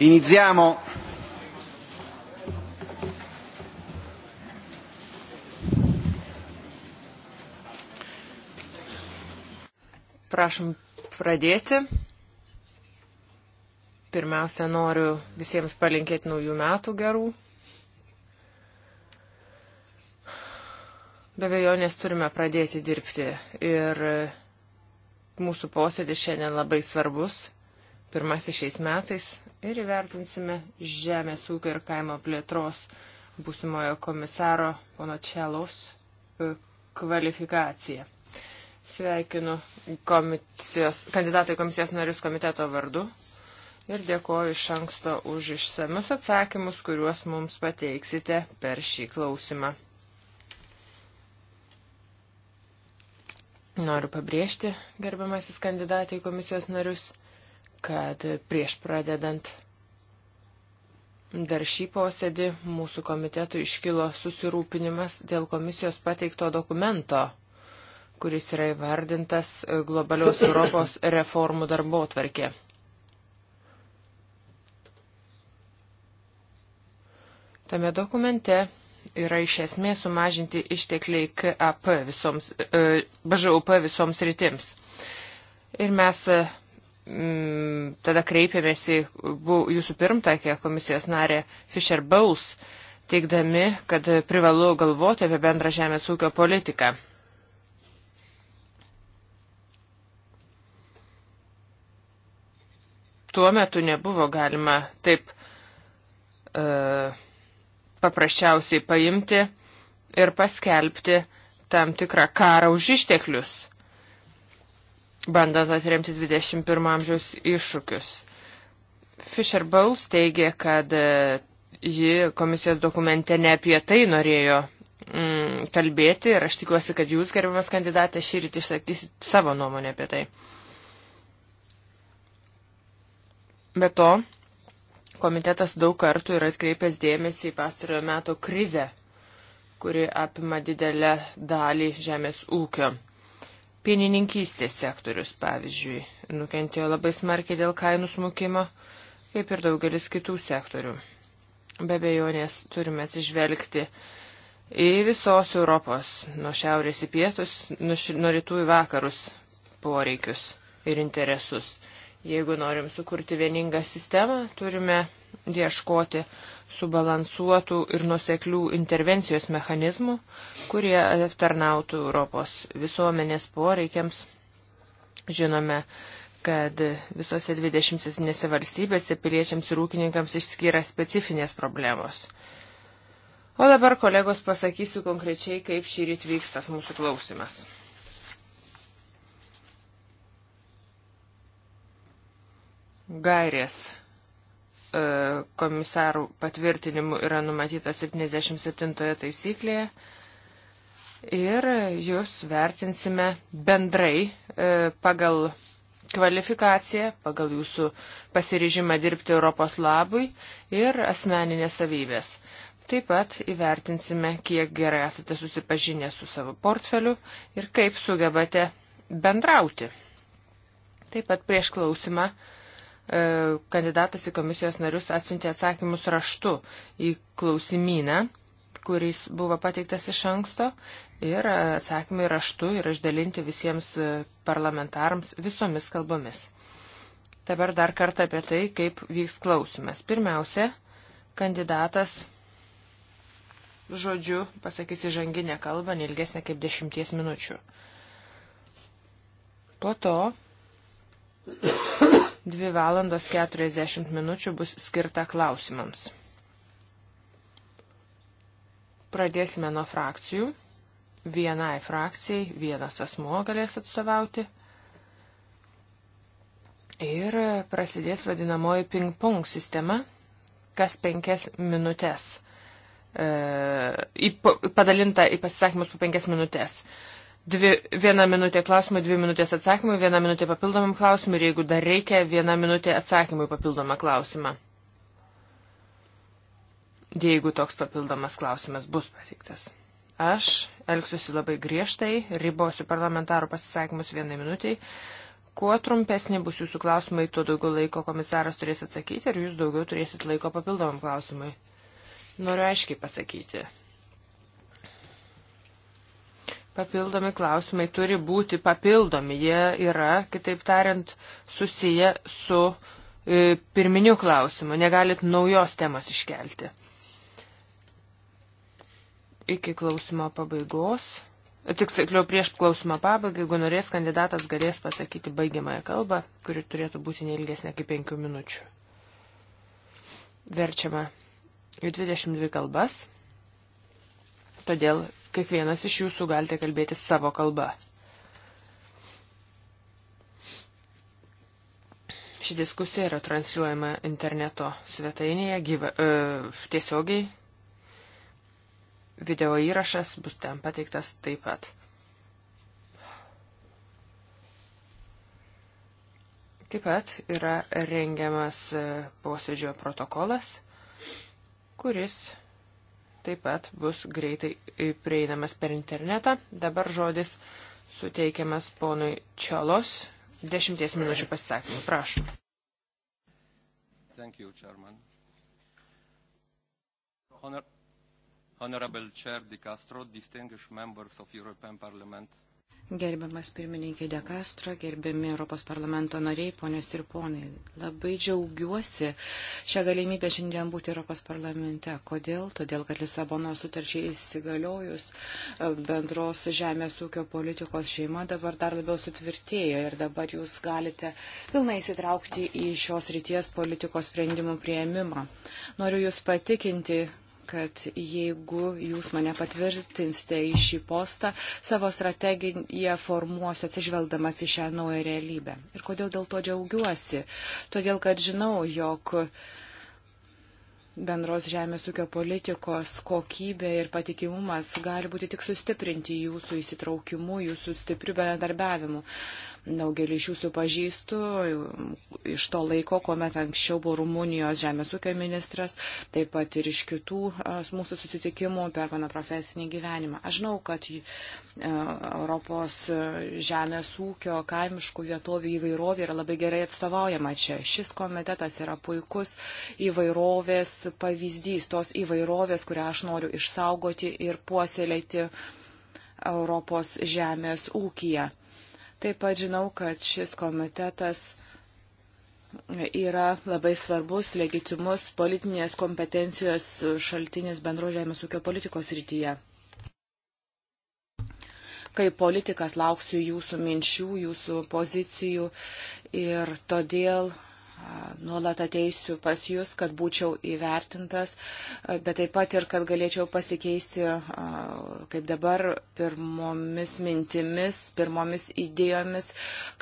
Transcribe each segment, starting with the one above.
Iniziamo. Prašom pradėti. Pirmiausia, noriu visiems palinkėti naujų metų gerų. Be abejonės turime pradėti dirbti ir mūsų posėdis šiandien labai svarbus, pirmasis šiais metais ir įvertinsime Žemės ūkio ir kaimo plėtros būsimojo komisaro pono Čelos e, kvalifikaciją. Sveikinu komisijos, kandidatai komisijos narius komiteto vardu ir dėkoju iš anksto už išsamius atsakymus, kuriuos mums pateiksite per šį klausimą. Noriu pabrėžti, gerbiamasis kandidatai komisijos narius, kad prieš pradedant dar šį posėdį mūsų komitetų iškilo susirūpinimas dėl komisijos pateikto dokumento, kuris yra įvardintas globalios Europos reformų darbo tvarkė. Tame dokumente yra iš esmės sumažinti ištekliai KAP visoms, e, BŽUP visoms rytims. Ir mes e, Mm, tada kreipėmės į jūsų pirmtakę komisijos narę Fisher Bowles, teikdami, kad privalu galvoti apie bendrą žemės ūkio politiką. Tuo metu nebuvo galima taip e, paprasčiausiai paimti ir paskelbti tam tikrą karą už išteklius bandant atremti 21 amžiaus iššūkius. Fisher Bowles teigė, kad e, ji komisijos dokumente ne apie tai norėjo mm, kalbėti ir aš tikiuosi, kad jūs, gerbiamas kandidatė, šį rytį išsakysit savo nuomonę apie tai. Be to, komitetas daug kartų yra atkreipęs dėmesį į pastarojo meto krizę, kuri apima didelę dalį žemės ūkio. Pienininkystės sektorius, pavyzdžiui, nukentėjo labai smarkiai dėl kainų smukimo, kaip ir daugelis kitų sektorių. Be bejonės turime atsižvelgti į visos Europos, nuo šiaurės į pietus, nuo rytų į vakarus poreikius ir interesus. Jeigu norim sukurti vieningą sistemą, turime ieškoti subalansuotų ir nuseklių intervencijos mechanizmų, kurie aptarnautų Europos visuomenės poreikiams. Žinome, kad visose 27 valstybėse piliečiams ir ūkininkams išskyra specifinės problemos. O dabar, kolegos, pasakysiu konkrečiai, kaip šį rytį vyksta mūsų klausimas. Gairės E, komisarų patvirtinimų yra numatyta 77 taisyklėje. Ir jūs vertinsime bendrai e, pagal kvalifikaciją, pagal jūsų pasiryžimą dirbti Europos labui ir asmeninės savybės. Taip pat įvertinsime, kiek gerai esate susipažinę su savo portfeliu ir kaip sugebate bendrauti. Taip pat prieš klausimą uh, E, kandidatas į komisijos narius atsiuntė atsakymus raštu į klausimyną, kuris buvo pateiktas iš anksto ir e, atsakymai raštu yra išdalinti visiems e, parlamentarams visomis kalbomis. Dabar dar kartą apie tai, kaip vyks klausimas. Pirmiausia, kandidatas žodžiu pasakys įžanginę kalbą, neilgesnę kaip dešimties minučių. Po to 2 valandos 40 minučių bus skirta klausimams. Pradėsime nuo frakcijų. Vienai frakcijai vienas asmuo galės atstovauti. Ir prasidės vadinamoji ping-pong sistema, kas penkias minutės, e, į, padalinta į pasisakymus po penkias minutės. E, Dvi, viena minutė klausimui, dvi minutės atsakymui, viena minutė papildomam klausimui ir jeigu dar reikia, viena minutė atsakymui papildomą klausimą. Jeigu toks papildomas klausimas bus pasiktas. Aš elgsiuosi labai griežtai, ribosiu parlamentarų pasisakymus vienai minutiai. Kuo trumpesnė bus jūsų klausimai, tuo daugiau laiko komisaras turės atsakyti ir jūs daugiau turėsit laiko papildomam klausimui. Noriu aiškiai pasakyti papildomi klausimai turi būti papildomi. Jie yra, kitaip tariant, susiję su e, pirminiu klausimu. Negalit naujos temos iškelti. Iki klausimo pabaigos. E, tiksliau, prieš klausimą pabaigą, jeigu norės, kandidatas galės pasakyti baigiamąją kalbą, kuri turėtų būti neilgesnė kaip penkių minučių. Verčiama į 22 kalbas, todėl Kiekvienas iš jūsų galite kalbėti savo kalbą. Ši diskusija yra transliuojama interneto svetainėje gyva, e, tiesiogiai. Video įrašas bus ten pateiktas taip pat. Taip pat yra rengiamas e, posėdžio protokolas, kuris taip pat bus greitai prieinamas per internetą. Dabar žodis suteikiamas ponui Čiolos. Dešimties minučių pasisakymų. Prašom. Thank you, Chairman. Honor, honorable Chair Di Castro, distinguished members of European Parliament, Gerbiamas pirmininkė De Castro, gerbiami Europos parlamento nariai, ponios ir ponai, labai džiaugiuosi šią galimybę šiandien būti Europos parlamente. Kodėl? Todėl, kad Lisabono sutarčiai įsigaliojus e, bendros žemės ūkio politikos šeima dabar dar labiau sutvirtėjo ir dabar jūs galite pilnai įsitraukti į šios ryties politikos sprendimų prieimimą. Noriu jūs patikinti, kad jeigu jūs mane patvirtinsite į šį postą, savo strategiją formuosiu atsižvelgdamas į šią naują realybę. Ir kodėl dėl to džiaugiuosi? Todėl, kad žinau, jog bendros žemės ūkio politikos kokybė ir patikimumas gali būti tik sustiprinti jūsų įsitraukimu, jūsų stipriu bendradarbiavimu. Daugelį iš jūsų pažįstu iš to laiko, kuomet anksčiau buvo Rumunijos žemės ūkio ministras, taip pat ir iš kitų mūsų susitikimų per mano profesinį gyvenimą. Aš žinau, kad Europos žemės ūkio kaimiškų vietovių įvairovė yra labai gerai atstovaujama čia. Šis komitetas yra puikus įvairovės pavyzdys, tos įvairovės, kurią aš noriu išsaugoti ir puoselėti Europos žemės ūkiją. Taip pat žinau, kad šis komitetas yra labai svarbus, legitimus politinės kompetencijos šaltinis bendro žemės ūkio politikos rytyje. Kaip politikas lauksiu jūsų minčių, jūsų pozicijų ir todėl nuolat ateisiu pas jūs, kad būčiau įvertintas, bet taip pat ir kad galėčiau pasikeisti, kaip dabar, pirmomis mintimis, pirmomis idėjomis,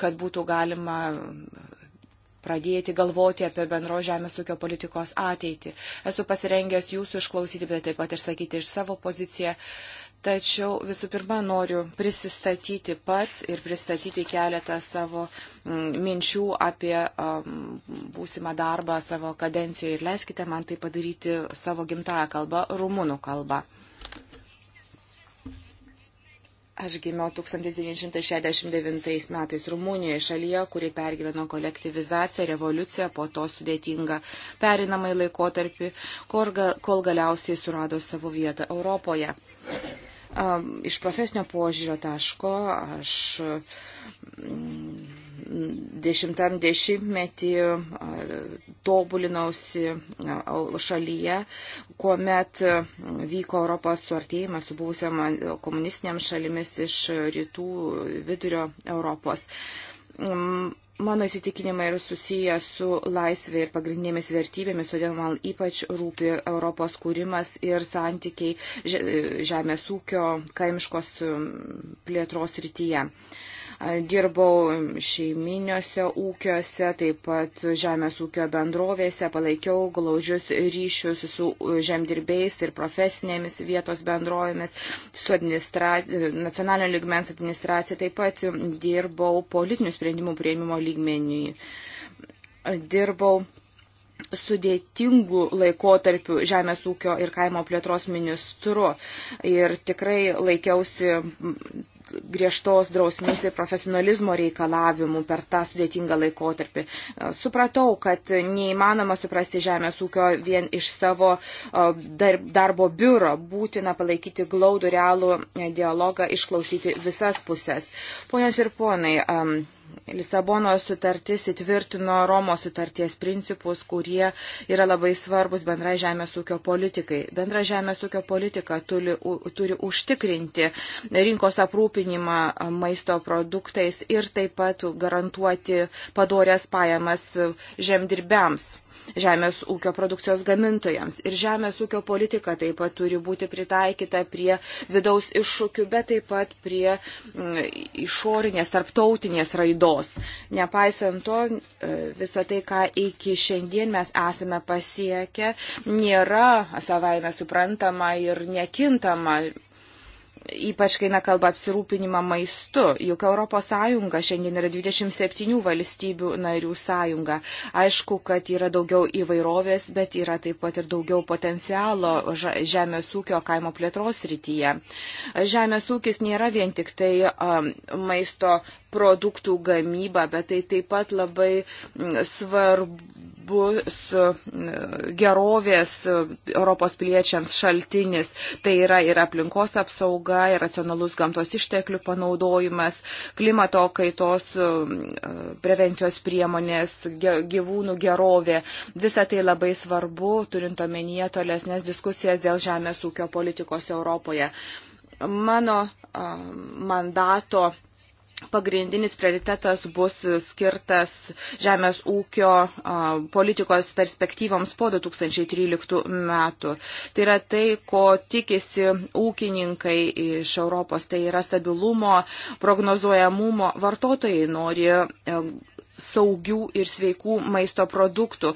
kad būtų galima pradėti galvoti apie bendro žemės ūkio politikos ateitį. Esu pasirengęs jūsų išklausyti, bet taip pat išsakyti iš savo poziciją Tačiau visų pirma noriu prisistatyti pats ir pristatyti keletą savo mm, minčių apie būsimą darbą savo kadencijoje ir leiskite man tai padaryti savo gimtąją kalbą, rumunų kalbą. Aš gimiau 1969 metais Rumunijoje, šalyje, kuri pergyveno kolektivizaciją, revoliuciją, po to sudėtingą perinamai laikotarpį, kol galiausiai surado savo vietą Europoje. Iš profesinio požiūrio taško aš mm, dešimtam dešimtmetį tobulinausi šalyje, kuomet mm, vyko Europos suartėjimas su buvusiam komunistiniam šalimis iš rytų vidurio Europos mm, Mano įsitikinimai yra susiję su laisvė ir pagrindinėmis vertybėmis, todėl man ypač rūpi Europos kūrimas ir santykiai žemės ūkio kaimiškos plėtros rytyje. Uh, Dirbau šeiminiuose ūkiuose, taip pat žemės ūkio bendrovėse, palaikiau glaužius ryšius su žemdirbiais ir profesinėmis vietos bendrovėmis, su administra... nacionalinio ligmens administracija, taip pat dirbau politinių sprendimų prieimimo lygmenį. Dirbau sudėtingų laikotarpių žemės ūkio ir kaimo plėtros ministru ir tikrai laikiausi griežtos drausmės ir profesionalizmo reikalavimų per tą sudėtingą laikotarpį. E, supratau, kad neįmanoma suprasti žemės ūkio vien iš savo e, darbo biuro. Būtina palaikyti glaudų realų dialogą, išklausyti visas pusės. Ponios ir ponai, um, Lisabono sutartis įtvirtino Romos sutarties principus, kurie yra labai svarbus bendrai žemės ūkio politikai. Bendra žemės ūkio politika turi, u, turi užtikrinti rinkos aprūpinimą maisto produktais ir taip pat garantuoti padorės pajamas žemdirbiams žemės ūkio produkcijos gamintojams. Ir žemės ūkio politika taip pat turi būti pritaikyta prie vidaus iššūkių, bet taip pat prie mm, išorinės, tarptautinės raidos. Nepaisant to, e, visą tai, ką iki šiandien mes esame pasiekę, nėra savaime suprantama ir nekintama ypač kai na kalba apsirūpinimą maistu, juk ES šiandien yra 27 valstybių narių sąjunga. Aišku, kad yra daugiau įvairovės, bet yra taip pat ir daugiau potencialo žemės ūkio kaimo plėtros rytyje. Žemės ūkis nėra vien tik tai um, maisto produktų gamyba, bet tai taip pat labai svarbus gerovės Europos piliečiams šaltinis. Tai yra ir aplinkos apsauga, apsauga ir racionalus gamtos išteklių panaudojimas, klimato kaitos um, e, prevencijos priemonės, gyvūnų gerovė. Visa tai labai svarbu, turint omenyje tolesnės diskusijas dėl žemės ūkio politikos Europoje. Mano um, mandato pagrindinis prioritetas bus skirtas žemės ūkio politikos perspektyvoms po 2013 metų. Tai yra tai, ko tikisi ūkininkai iš Europos, tai yra stabilumo, prognozuojamumo. Vartotojai nori e, saugių ir sveikų maisto produktų.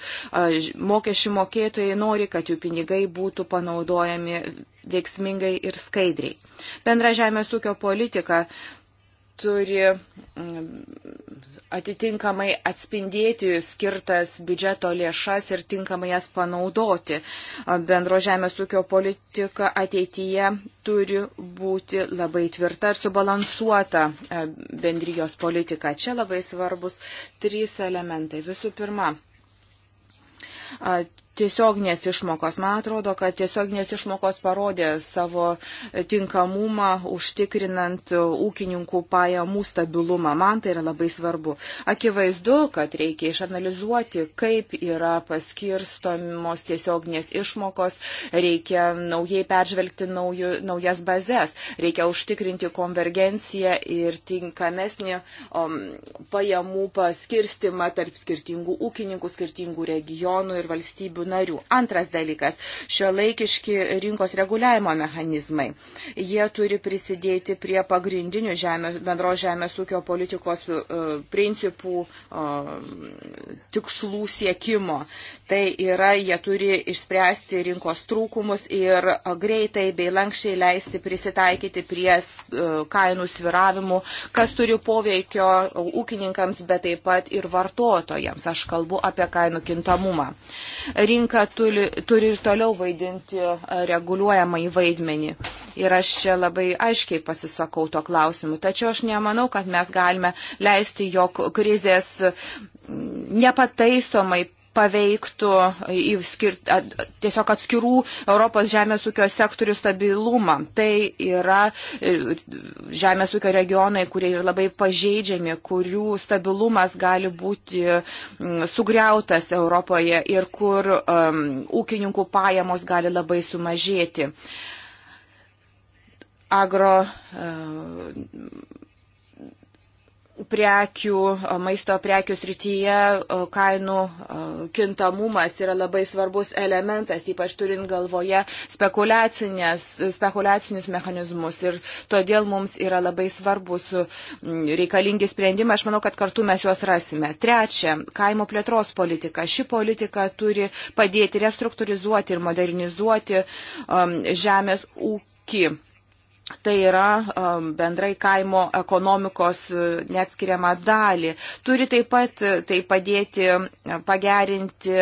Mokesčių mokėtojai nori, kad jų pinigai būtų panaudojami veiksmingai ir skaidriai. Bendra žemės ūkio politika turi mm, atitinkamai atspindėti skirtas biudžeto lėšas ir tinkamai jas panaudoti. Bendro žemės ūkio politika ateityje turi būti labai tvirta ir subalansuota e, bendrijos politika. Čia labai svarbus trys elementai. Visų pirma, tiesioginės išmokos. Man atrodo, kad tiesioginės išmokos parodė savo tinkamumą užtikrinant ūkininkų pajamų stabilumą. Man tai yra labai svarbu. Akivaizdu, kad reikia išanalizuoti, kaip yra paskirstomos tiesioginės išmokos, reikia naujai peržvelgti naujų, naujas bazės, reikia užtikrinti konvergenciją ir tinkamesnį um, pajamų paskirstimą tarp skirtingų ūkininkų, skirtingų regionų ir valstybių valstybių narių. Antras dalykas - šio laikiški rinkos reguliavimo mechanizmai. Jie turi prisidėti prie pagrindinių žemė, bendros žemės ūkio politikos uh, principų uh, tikslų siekimo. Tai yra, jie turi išspręsti rinkos trūkumus ir greitai bei lankščiai leisti prisitaikyti prie e, kainų sviravimų, kas turi poveikio ūkininkams, bet taip pat ir vartotojams. Aš kalbu apie kainų kintamumą. Rinka turi, turi ir toliau vaidinti e, reguliuojamą į vaidmenį. Ir aš čia labai aiškiai pasisakau to klausimu. Tačiau aš nemanau, kad mes galime leisti, jog krizės nepataisomai paveiktų skir, tiesiog atskirų Europos žemės ūkio sektorių stabilumą. Tai yra e, žemės ūkio regionai, kurie yra labai pažeidžiami, kurių stabilumas gali būti sugriautas Europoje ir kur um, ūkininkų pajamos gali labai sumažėti. Agro uh, um, prekių, maisto prekių srityje kainų kintamumas yra labai svarbus elementas, ypač turint galvoje spekuliacinius mechanizmus. Ir todėl mums yra labai svarbus reikalingi sprendimai. Aš manau, kad kartu mes juos rasime. Trečia, kaimo plėtros politika. Ši politika turi padėti restruktūrizuoti ir modernizuoti um, žemės ūkį Tai yra um, bendrai kaimo ekonomikos uh, neatskiriamą dalį. Turi taip pat uh, tai padėti uh, pagerinti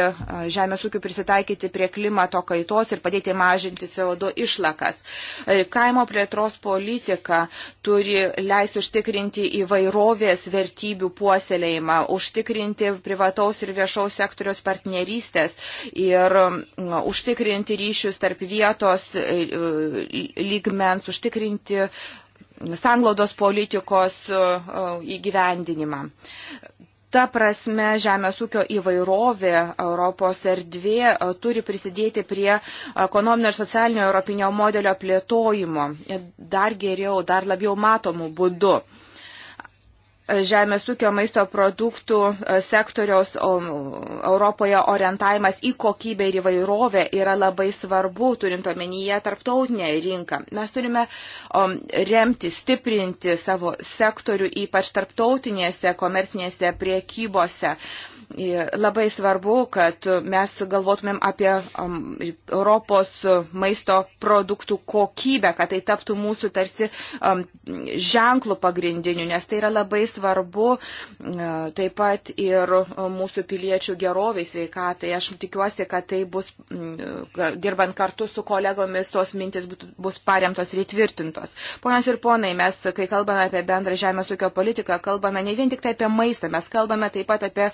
žemės ūkių prisitaikyti prie klimato kaitos ir padėti mažinti CO2 išlakas. Kaimo plėtros politika turi leisti užtikrinti įvairovės vertybių puoselėjimą, užtikrinti privataus ir viešaus sektorios partnerystės ir um, užtikrinti ryšius tarp vietos lygmens, užtikrinti užtikrinti sanglaudos politikos e, e, įgyvendinimą. Ta prasme, žemės ūkio įvairovė Europos erdvė e, turi prisidėti prie ekonominio ir socialinio europinio modelio plėtojimo dar geriau, dar labiau matomų būdų žemės ūkio maisto produktų e, sektoriaus Europoje orientavimas į kokybę ir įvairovę yra labai svarbu, turint omenyje tarptautinę rinką. Mes turime remti, stiprinti savo sektorių, ypač tarptautinėse komercinėse priekybose. Labai svarbu, kad mes galvotumėm apie um, Europos maisto produktų kokybę, kad tai taptų mūsų tarsi um, ženklų pagrindinių, nes tai yra labai svarbu uh, taip pat ir uh, mūsų piliečių geroviai sveikatai. Aš tikiuosi, kad tai bus, mm, dirbant kartu su kolegomis, tos mintis bus paremtos ir įtvirtintos. Ponios ir ponai, mes, kai kalbame apie bendrą žemės ūkio politiką, kalbame ne vien tik tai apie maistą, mes kalbame taip pat apie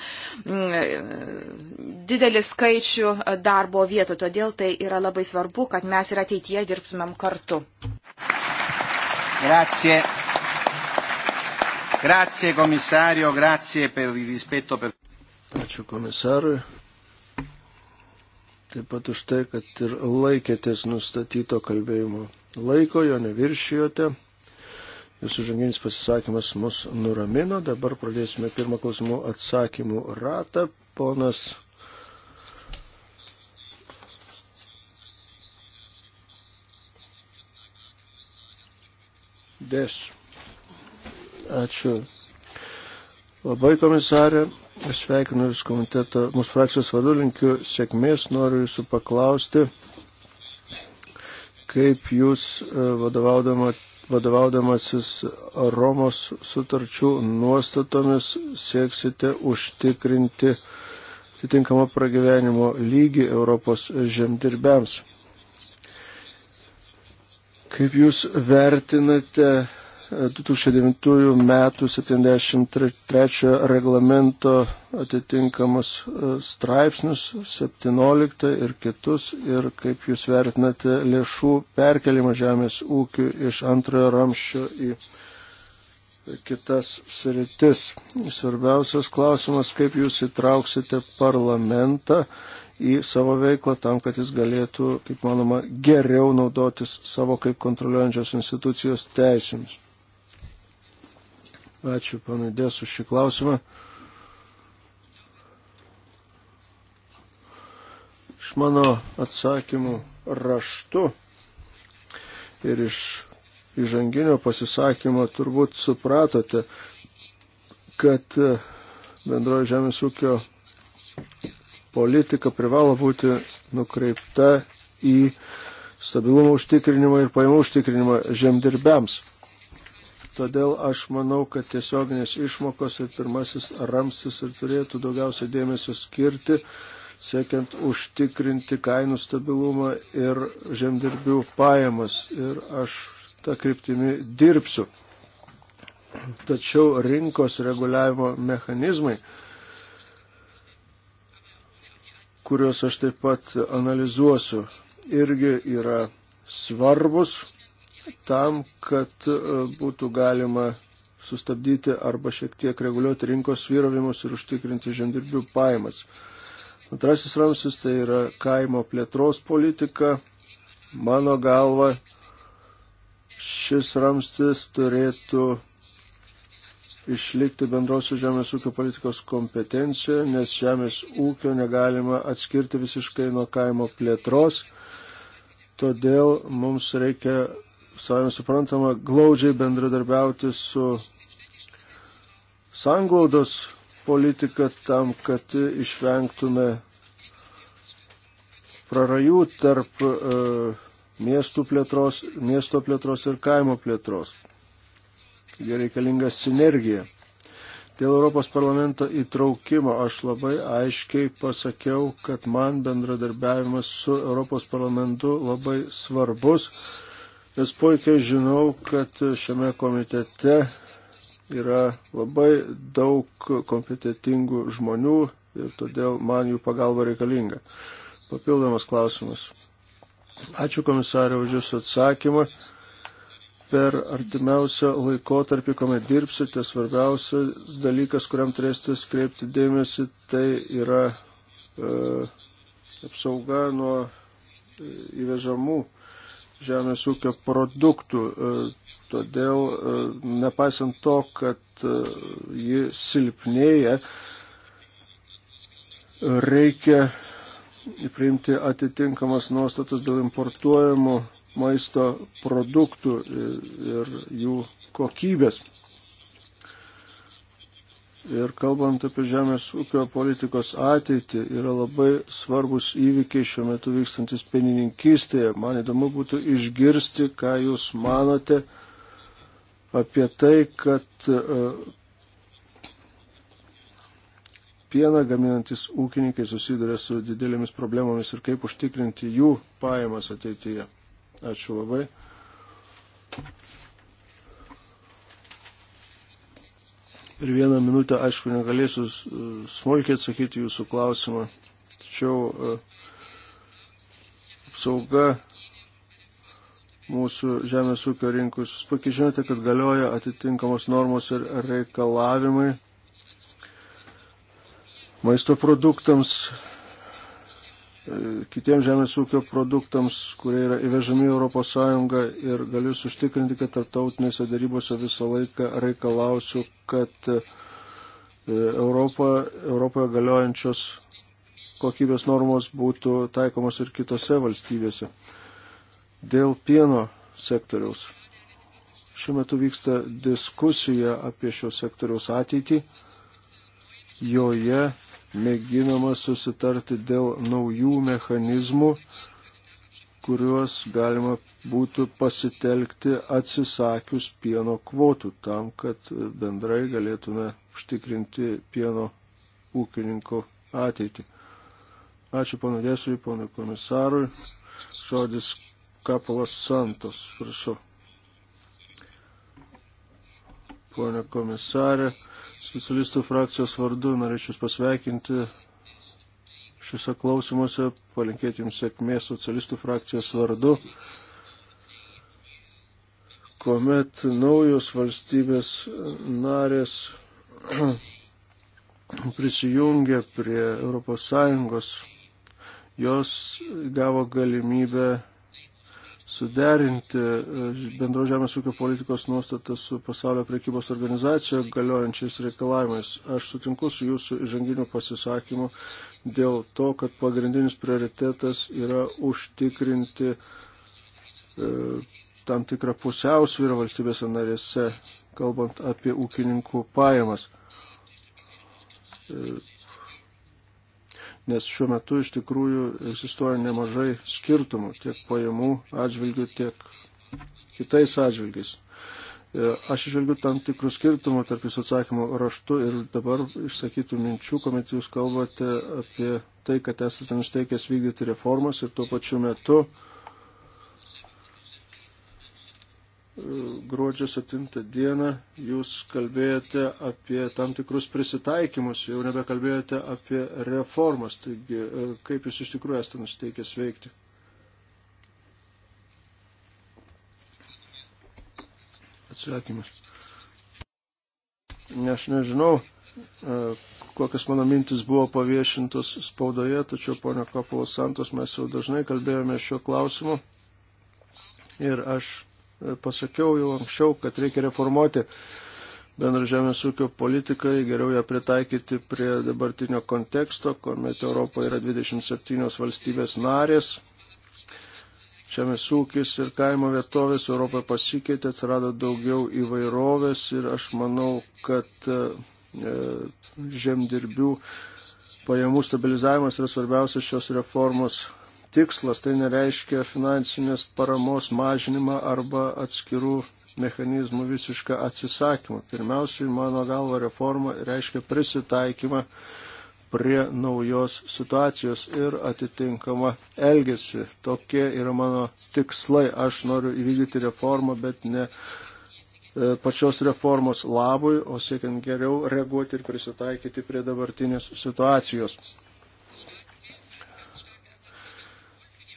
Mm, didelį skaičių darbo vietų, todėl tai yra labai svarbu, kad mes ir ateityje dirbtumėm kartu. Grazie. Grazie komisario, grazie per il rispetto per. Ačiū komisarui. Taip pat už tai, kad ir laikėtės nustatyto kalbėjimo laiko, jo neviršijote. Jūsų žanginis pasisakymas mus nuramino. Dabar pradėsime pirmą klausimų atsakymų ratą. Ponas Deš. Ačiū. Labai komisarė, sveikinu Jūs komiteto, mūsų frakcijos vadu, linkiu sėkmės, noriu Jūsų paklausti, kaip Jūs e, vadovaudama vadovaudamasis Romos sutarčių nuostatomis sieksite užtikrinti atitinkamą pragyvenimo lygį Europos žemdirbiams. Kaip jūs vertinate 2009 metų 73 reglamento atitinkamus e, straipsnius 17 ir kitus ir kaip jūs vertinate lėšų perkelimą žemės ūkių iš antrojo ramščio į kitas sritis. Svarbiausias klausimas, kaip jūs įtrauksite parlamentą į savo veiklą tam, kad jis galėtų, kaip manoma, geriau naudotis savo kaip kontroliuojančios institucijos teisėmis. Ačiū, panai Dės, už šį klausimą. Iš mano atsakymų raštu ir iš įžanginio pasisakymo turbūt supratote, kad e, bendroji žemės ūkio politika privalo būti nukreipta į stabilumo užtikrinimą ir pajamų užtikrinimą žemdirbiams. Todėl aš manau, kad tiesioginės išmokos ir pirmasis ramstis ir turėtų daugiausia dėmesio skirti, siekiant užtikrinti kainų stabilumą ir žemdirbių pajamas. Ir aš tą kryptimį dirbsiu. Tačiau rinkos reguliavimo mechanizmai, kuriuos aš taip pat analizuosiu, irgi yra svarbus tam, kad e, būtų galima sustabdyti arba šiek tiek reguliuoti rinkos vyravimus ir užtikrinti žemdirbių pajamas. Antrasis ramsis tai yra kaimo plėtros politika. Mano galva, šis ramstis turėtų išlikti bendrosios žemės ūkio politikos kompetencijoje, nes žemės ūkio negalima atskirti visiškai nuo kaimo plėtros. Todėl mums reikia savame suprantama, glaudžiai bendradarbiauti su sanglaudos politika tam, kad išvengtume prarajų tarp uh, miestų plėtros, miesto plėtros ir kaimo plėtros. Jie reikalinga sinergija. Dėl Europos parlamento įtraukimo aš labai aiškiai pasakiau, kad man bendradarbiavimas su Europos parlamentu labai svarbus. Uh, nes puikiai žinau, kad šiame komitete yra labai daug kompetitingų žmonių ir todėl man jų pagalba reikalinga. Papildomas klausimas. Ačiū komisarė už Jūsų atsakymą. Per artimiausią laikotarpį, kuomet dirbsite, svarbiausias dalykas, kuriam turėsite skreipti dėmesį, tai yra e, apsauga nuo e, įvežamų žemės ūkio produktų. E, todėl, e, nepaisant to, kad e, ji silpnėja, reikia priimti atitinkamas nuostatas dėl importuojamų maisto produktų ir jų kokybės. Ir kalbant apie žemės ūkio politikos ateitį, yra labai svarbus įvykiai šiuo metu vykstantis pienininkystėje. Man įdomu būtų išgirsti, ką Jūs manote apie tai, kad e, pieną gaminantis ūkininkai susiduria su didelėmis problemomis ir kaip užtikrinti jų pajamas ateityje. Ačiū labai. Per vieną minutę, aišku, negalėsiu e, smulkiai atsakyti jūsų klausimą, tačiau e, apsauga mūsų žemės ūkio rinkus. Jūs puikiai žinote, kad galioja atitinkamos normos ir reikalavimai maisto produktams E, kitiems žemės ūkio produktams, kurie yra įvežami ES ir galiu suštikrinti, kad tarptautinėse darybose visą laiką reikalausiu, kad e, Europa, Europoje galiojančios kokybės normos būtų taikomos ir kitose valstybėse. Dėl pieno sektoriaus. Šiuo metu vyksta diskusija apie šio sektoriaus ateitį. Joje mėginama susitarti dėl naujų mechanizmų, kuriuos galima būtų pasitelkti atsisakius pieno kvotų tam, kad bendrai galėtume užtikrinti pieno ūkininko ateitį. Ačiū panu Dėsui, panu komisarui. Žodis Kapalas Santos, prašau. Pone komisarė, Socialistų frakcijos vardu norėčiau pasveikinti šiuose klausimuose, palinkėti jums sėkmės socialistų frakcijos vardu, kuomet naujos valstybės narės prisijungė prie ES, jos gavo galimybę suderinti e, bendro žemės ūkio politikos nuostatas su pasaulio prekybos organizacija galiojančiais reikalavimais. Aš sutinku su jūsų įžanginiu pasisakymu dėl to, kad pagrindinis prioritetas yra užtikrinti e, tam tikrą pusiausvyrą valstybėse narėse, kalbant apie ūkininkų pajamas. E, nes šiuo metu iš tikrųjų egzistuoja nemažai skirtumų tiek pajamų atžvilgių, tiek kitais atžvilgiais. E, aš išvelgiu tam tikrų skirtumų tarp jūsų atsakymų raštu ir dabar išsakytų minčių, kuomet jūs kalbate apie tai, kad esate nusteikęs vykdyti reformas ir tuo pačiu metu uh, gruodžio 7 dieną jūs kalbėjote apie tam tikrus prisitaikymus, jau nebekalbėjote apie reformas. Taigi, e, kaip jūs iš tikrųjų esate nusteikęs veikti? Atsakymas. Aš nežinau, e, kokias mano mintis buvo paviešintos spaudoje, tačiau ponio Kapolos Santos mes jau dažnai kalbėjome šiuo klausimu. Ir aš E, pasakiau jau anksčiau, kad reikia reformuoti bendrą žemės ūkio politiką, geriau ją pritaikyti prie dabartinio konteksto, kuomet Europoje yra 27 valstybės narės. Žemės ūkis ir kaimo vietovės Europoje pasikeitė, atsirado daugiau įvairovės ir aš manau, kad e, e, žemdirbių pajamų stabilizavimas yra svarbiausias šios reformos tikslas, tai nereiškia finansinės paramos mažinimą arba atskirų mechanizmų visišką atsisakymą. Pirmiausiai, mano galva, reforma reiškia prisitaikymą prie naujos situacijos ir atitinkamą elgesį. Tokie yra mano tikslai. Aš noriu įvykdyti reformą, bet ne e, pačios reformos labui, o siekiant geriau reaguoti ir prisitaikyti prie dabartinės situacijos.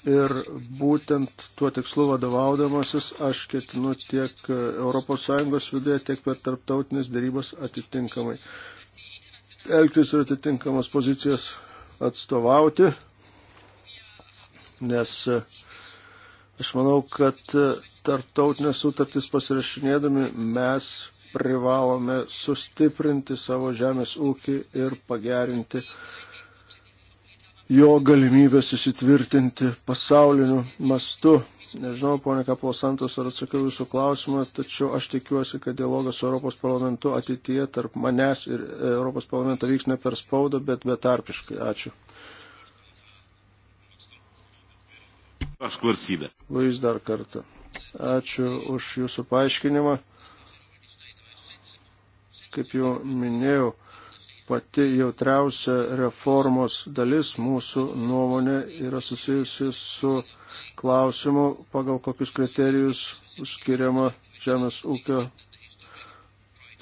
Ir būtent tuo tikslu vadovaudamasis aš ketinu tiek ES viduje, tiek per tarptautinės dėrybas atitinkamai elgtis ir atitinkamas pozicijas atstovauti, nes e, aš manau, kad e, tarptautinės sutartys pasirašinėdami mes privalome sustiprinti savo žemės ūkį ir pagerinti uh, jo galimybės įsitvirtinti pasauliniu mastu. Nežinau, ponė Kaplosantos, ar atsakiau jūsų klausimą, tačiau aš tikiuosi, kad dialogas su Europos parlamentu ateityje tarp manęs ir Europos parlamento vyks ne per spaudą, bet betarpiškai. Ačiū. Aš klausydė. Luis dar kartą. Ačiū už jūsų paaiškinimą. Kaip jau minėjau, pati jautriausia reformos dalis mūsų nuomonė yra susijusi su klausimu, pagal kokius kriterijus skiriama žemės ūkio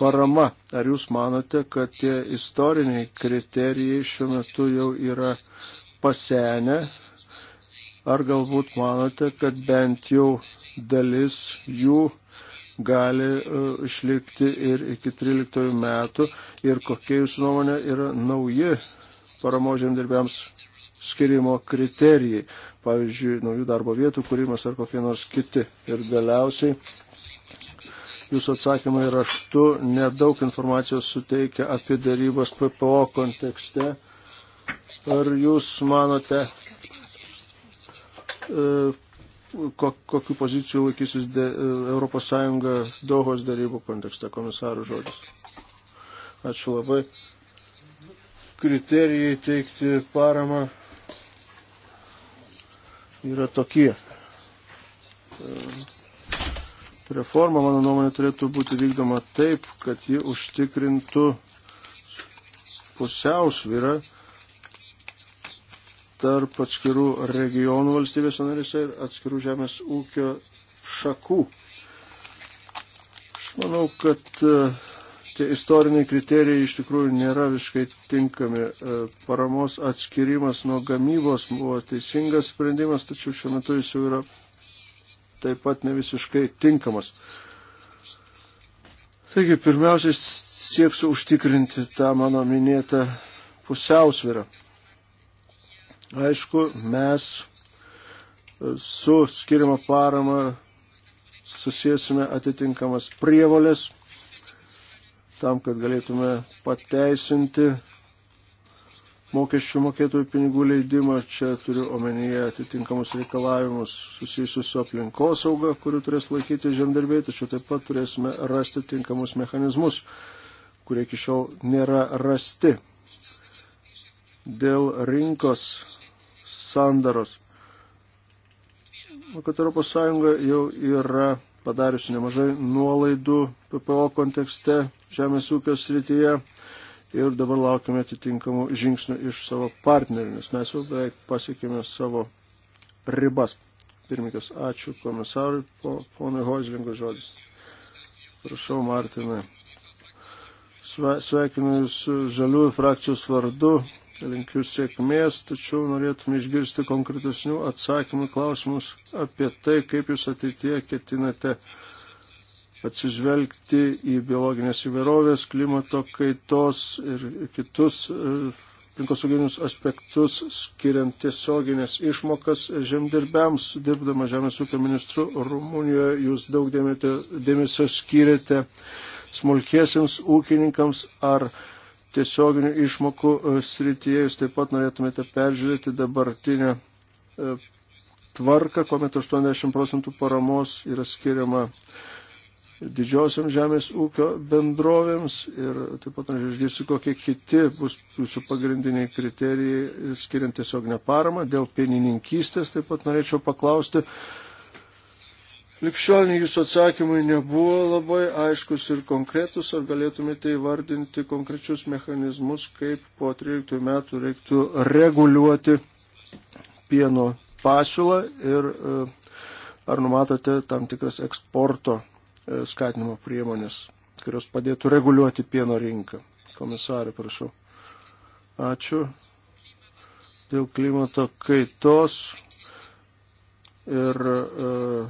parama. Ar jūs manote, kad tie istoriniai kriterijai šiuo metu jau yra pasenę? Ar galbūt manote, kad bent jau dalis jų gali e, išlikti ir iki 13 metų ir kokie jūsų nuomonė yra nauji paramos žemdirbiams skirimo kriterijai, pavyzdžiui, naujų darbo vietų kūrimas ar kokie nors kiti. Ir galiausiai jūsų atsakymai raštu nedaug informacijos suteikia apie darybos PPO kontekste. Ar jūs manote, e, kokiu pozicijų laikysis ES Dohos darybų kontekste, komisarų žodis. Ačiū labai. Kriterijai teikti paramą yra tokie. E, reforma, mano nuomonė, turėtų būti vykdoma taip, kad ji užtikrintų pusiausvyrą tarp atskirų regionų valstybės analise ir atskirų žemės ūkio šakų. Aš manau, kad e, tie istoriniai kriterijai iš tikrųjų nėra visiškai tinkami. E, paramos atskirimas nuo gamybos buvo teisingas sprendimas, tačiau šiuo metu jis jau yra taip pat ne visiškai tinkamas. Taigi, pirmiausia, sieksiu užtikrinti tą mano minėtą pusiausvyrą. Aišku, mes su skiriama parama susijęsime atitinkamas prievolės tam, kad galėtume pateisinti mokesčių mokėtojų pinigų leidimą. Čia turiu omenyje atitinkamus reikalavimus susijusius su aplinkosauga, kurių turės laikyti žemdirbiai, tačiau taip pat turėsime rasti tinkamus mechanizmus, kurie iki šiol nėra rasti. Dėl rinkos sandaros. Manau, kad ES jau yra padariusi nemažai nuolaidų PPO kontekste žemės ūkio srityje ir dabar laukime atitinkamų žingsnių iš savo partnerių, nes mes jau beveik pasiekėme savo ribas. Pirmikas, ačiū komisarui, po, ponui Hoizlingo žodis. Prašau, Martinai. Sveikinu Jūs žaliųjų frakcijos vardu linkiu sėkmės, tačiau norėtume išgirsti konkretesnių atsakymų klausimus apie tai, kaip jūs ateitie ketinate atsižvelgti į biologinės įvairovės, klimato kaitos ir kitus e, aplinkosauginius aspektus, skiriant tiesioginės išmokas žemdirbiams, dirbdama Žemės ūkio ministru Rumunijoje, jūs daug dėmesio skiriate smulkiesiams ūkininkams ar tiesioginių išmokų e, srityje jūs taip pat norėtumėte peržiūrėti dabartinę e, tvarką, kuomet 80 procentų paramos yra skiriama didžiosiam žemės ūkio bendrovėms ir taip pat norėčiau išgirsti, kokie kiti bus jūsų pagrindiniai kriterijai skiriant tiesioginę paramą. Dėl pienininkystės taip pat norėčiau paklausti, Likščioliniai jūsų atsakymai nebuvo labai aiškus ir konkretus, ar galėtumėte įvardinti konkrečius mechanizmus, kaip po 13 metų reiktų reguliuoti pieno pasiūlą ir e, ar numatote tam tikras eksporto e, skatinimo priemonės, kurios padėtų reguliuoti pieno rinką. Komisarė, prašau. Ačiū. Dėl klimato kaitos ir uh,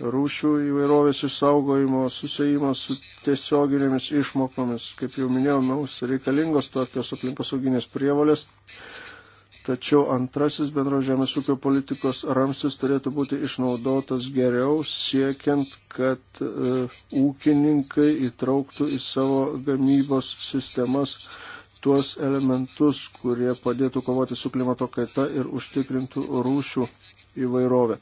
rūšių įvairovės išsaugojimo susijimas su tiesioginėmis išmokomis. Kaip jau minėjau, mums reikalingos tokios aplinkosauginės prievalės. Tačiau antrasis bendro žemės ūkio politikos ramstis turėtų būti išnaudotas geriau, siekiant, kad e, ūkininkai įtrauktų į savo gamybos sistemas tuos elementus, kurie padėtų kovoti su klimato kaita ir užtikrintų rūšių įvairovę.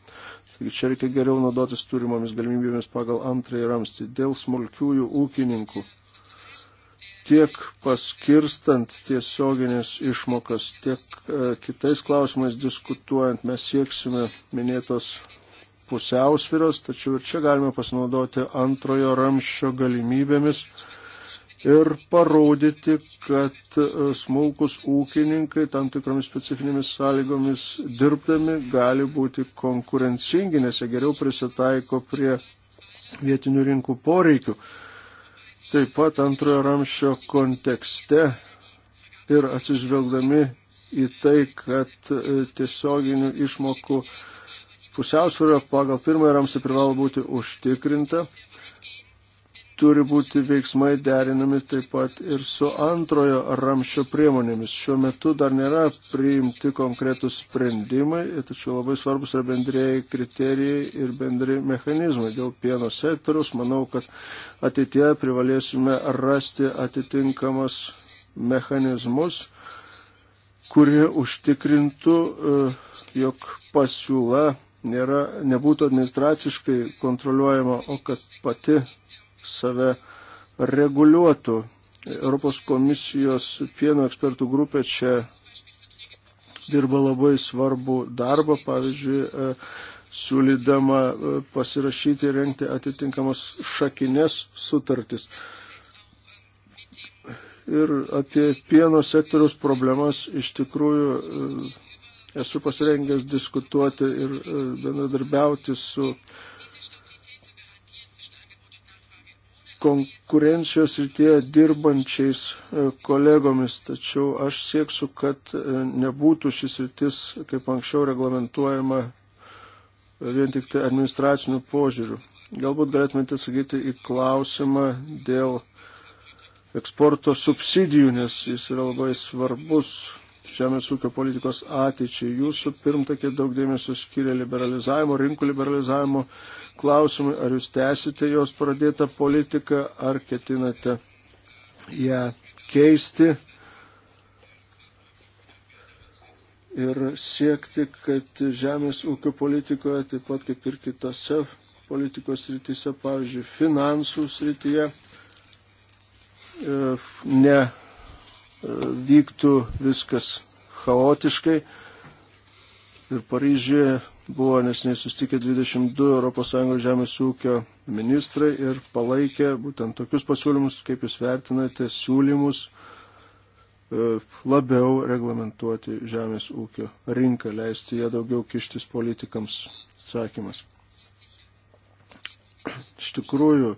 Taigi čia reikia geriau naudotis turimomis galimybėmis pagal antrąjį ramstį. Dėl smulkiųjų ūkininkų tiek paskirstant tiesioginės išmokas, tiek e, kitais klausimais diskutuojant mes sieksime minėtos pusiausviros, tačiau ir čia galime pasinaudoti antrojo ramščio galimybėmis ir parodyti, kad e, smulkus ūkininkai tam tikromis specifinėmis sąlygomis dirbdami gali būti konkurencingi, nes jie geriau prisitaiko prie vietinių rinkų poreikių. Taip pat antrojo ramščio kontekste ir atsižvelgdami į tai, kad e, tiesioginių išmokų pusiausvyrą pagal pirmąjį ramstį privalo būti užtikrinta, turi būti veiksmai derinami taip pat ir su antrojo ramščio priemonėmis. Šiuo metu dar nėra priimti konkretus sprendimai, tačiau labai svarbus yra bendrėjai kriterijai ir bendri mechanizmai. Dėl pieno sektoriaus manau, kad ateitie privalėsime rasti atitinkamas mechanizmus, kurie užtikrintų, e, jog pasiūla nėra, nebūtų administraciškai kontroliuojama, o kad pati save reguliuotų. Europos komisijos pieno ekspertų grupė čia dirba labai svarbu darbą, pavyzdžiui, e, siūlydama e, pasirašyti ir renkti atitinkamas šakinės sutartis. Ir apie pieno sektoriaus problemas iš tikrųjų e, esu pasirengęs diskutuoti ir bendradarbiauti su uh, konkurencijos rytėje dirbančiais e, kolegomis, tačiau aš sieksiu, kad e, nebūtų šis rytis, kaip anksčiau, reglamentuojama vien tik tai administracinių požiūrių. Galbūt galėtumėte atsakyti į klausimą dėl eksporto subsidijų, nes jis yra labai svarbus žemės ūkio politikos ateičiai. Jūsų pirmtakė daug dėmesio skiria liberalizavimo, rinkų liberalizavimo klausimui. Ar jūs tęsite jos pradėtą politiką, ar ketinate ją keisti ir siekti, kad žemės ūkio politikoje, taip pat kaip ir kitose politikos rytise, pavyzdžiui, finansų srityje, e, ne vyktų viskas chaotiškai. Ir Paryžiuje buvo nesiniai sustikę 22 ES žemės ūkio ministrai ir palaikė būtent tokius pasiūlymus, kaip jūs vertinate, siūlymus e, labiau reglamentuoti žemės ūkio rinką, leisti ją daugiau kištis politikams. Sakymas. Iš tikrųjų,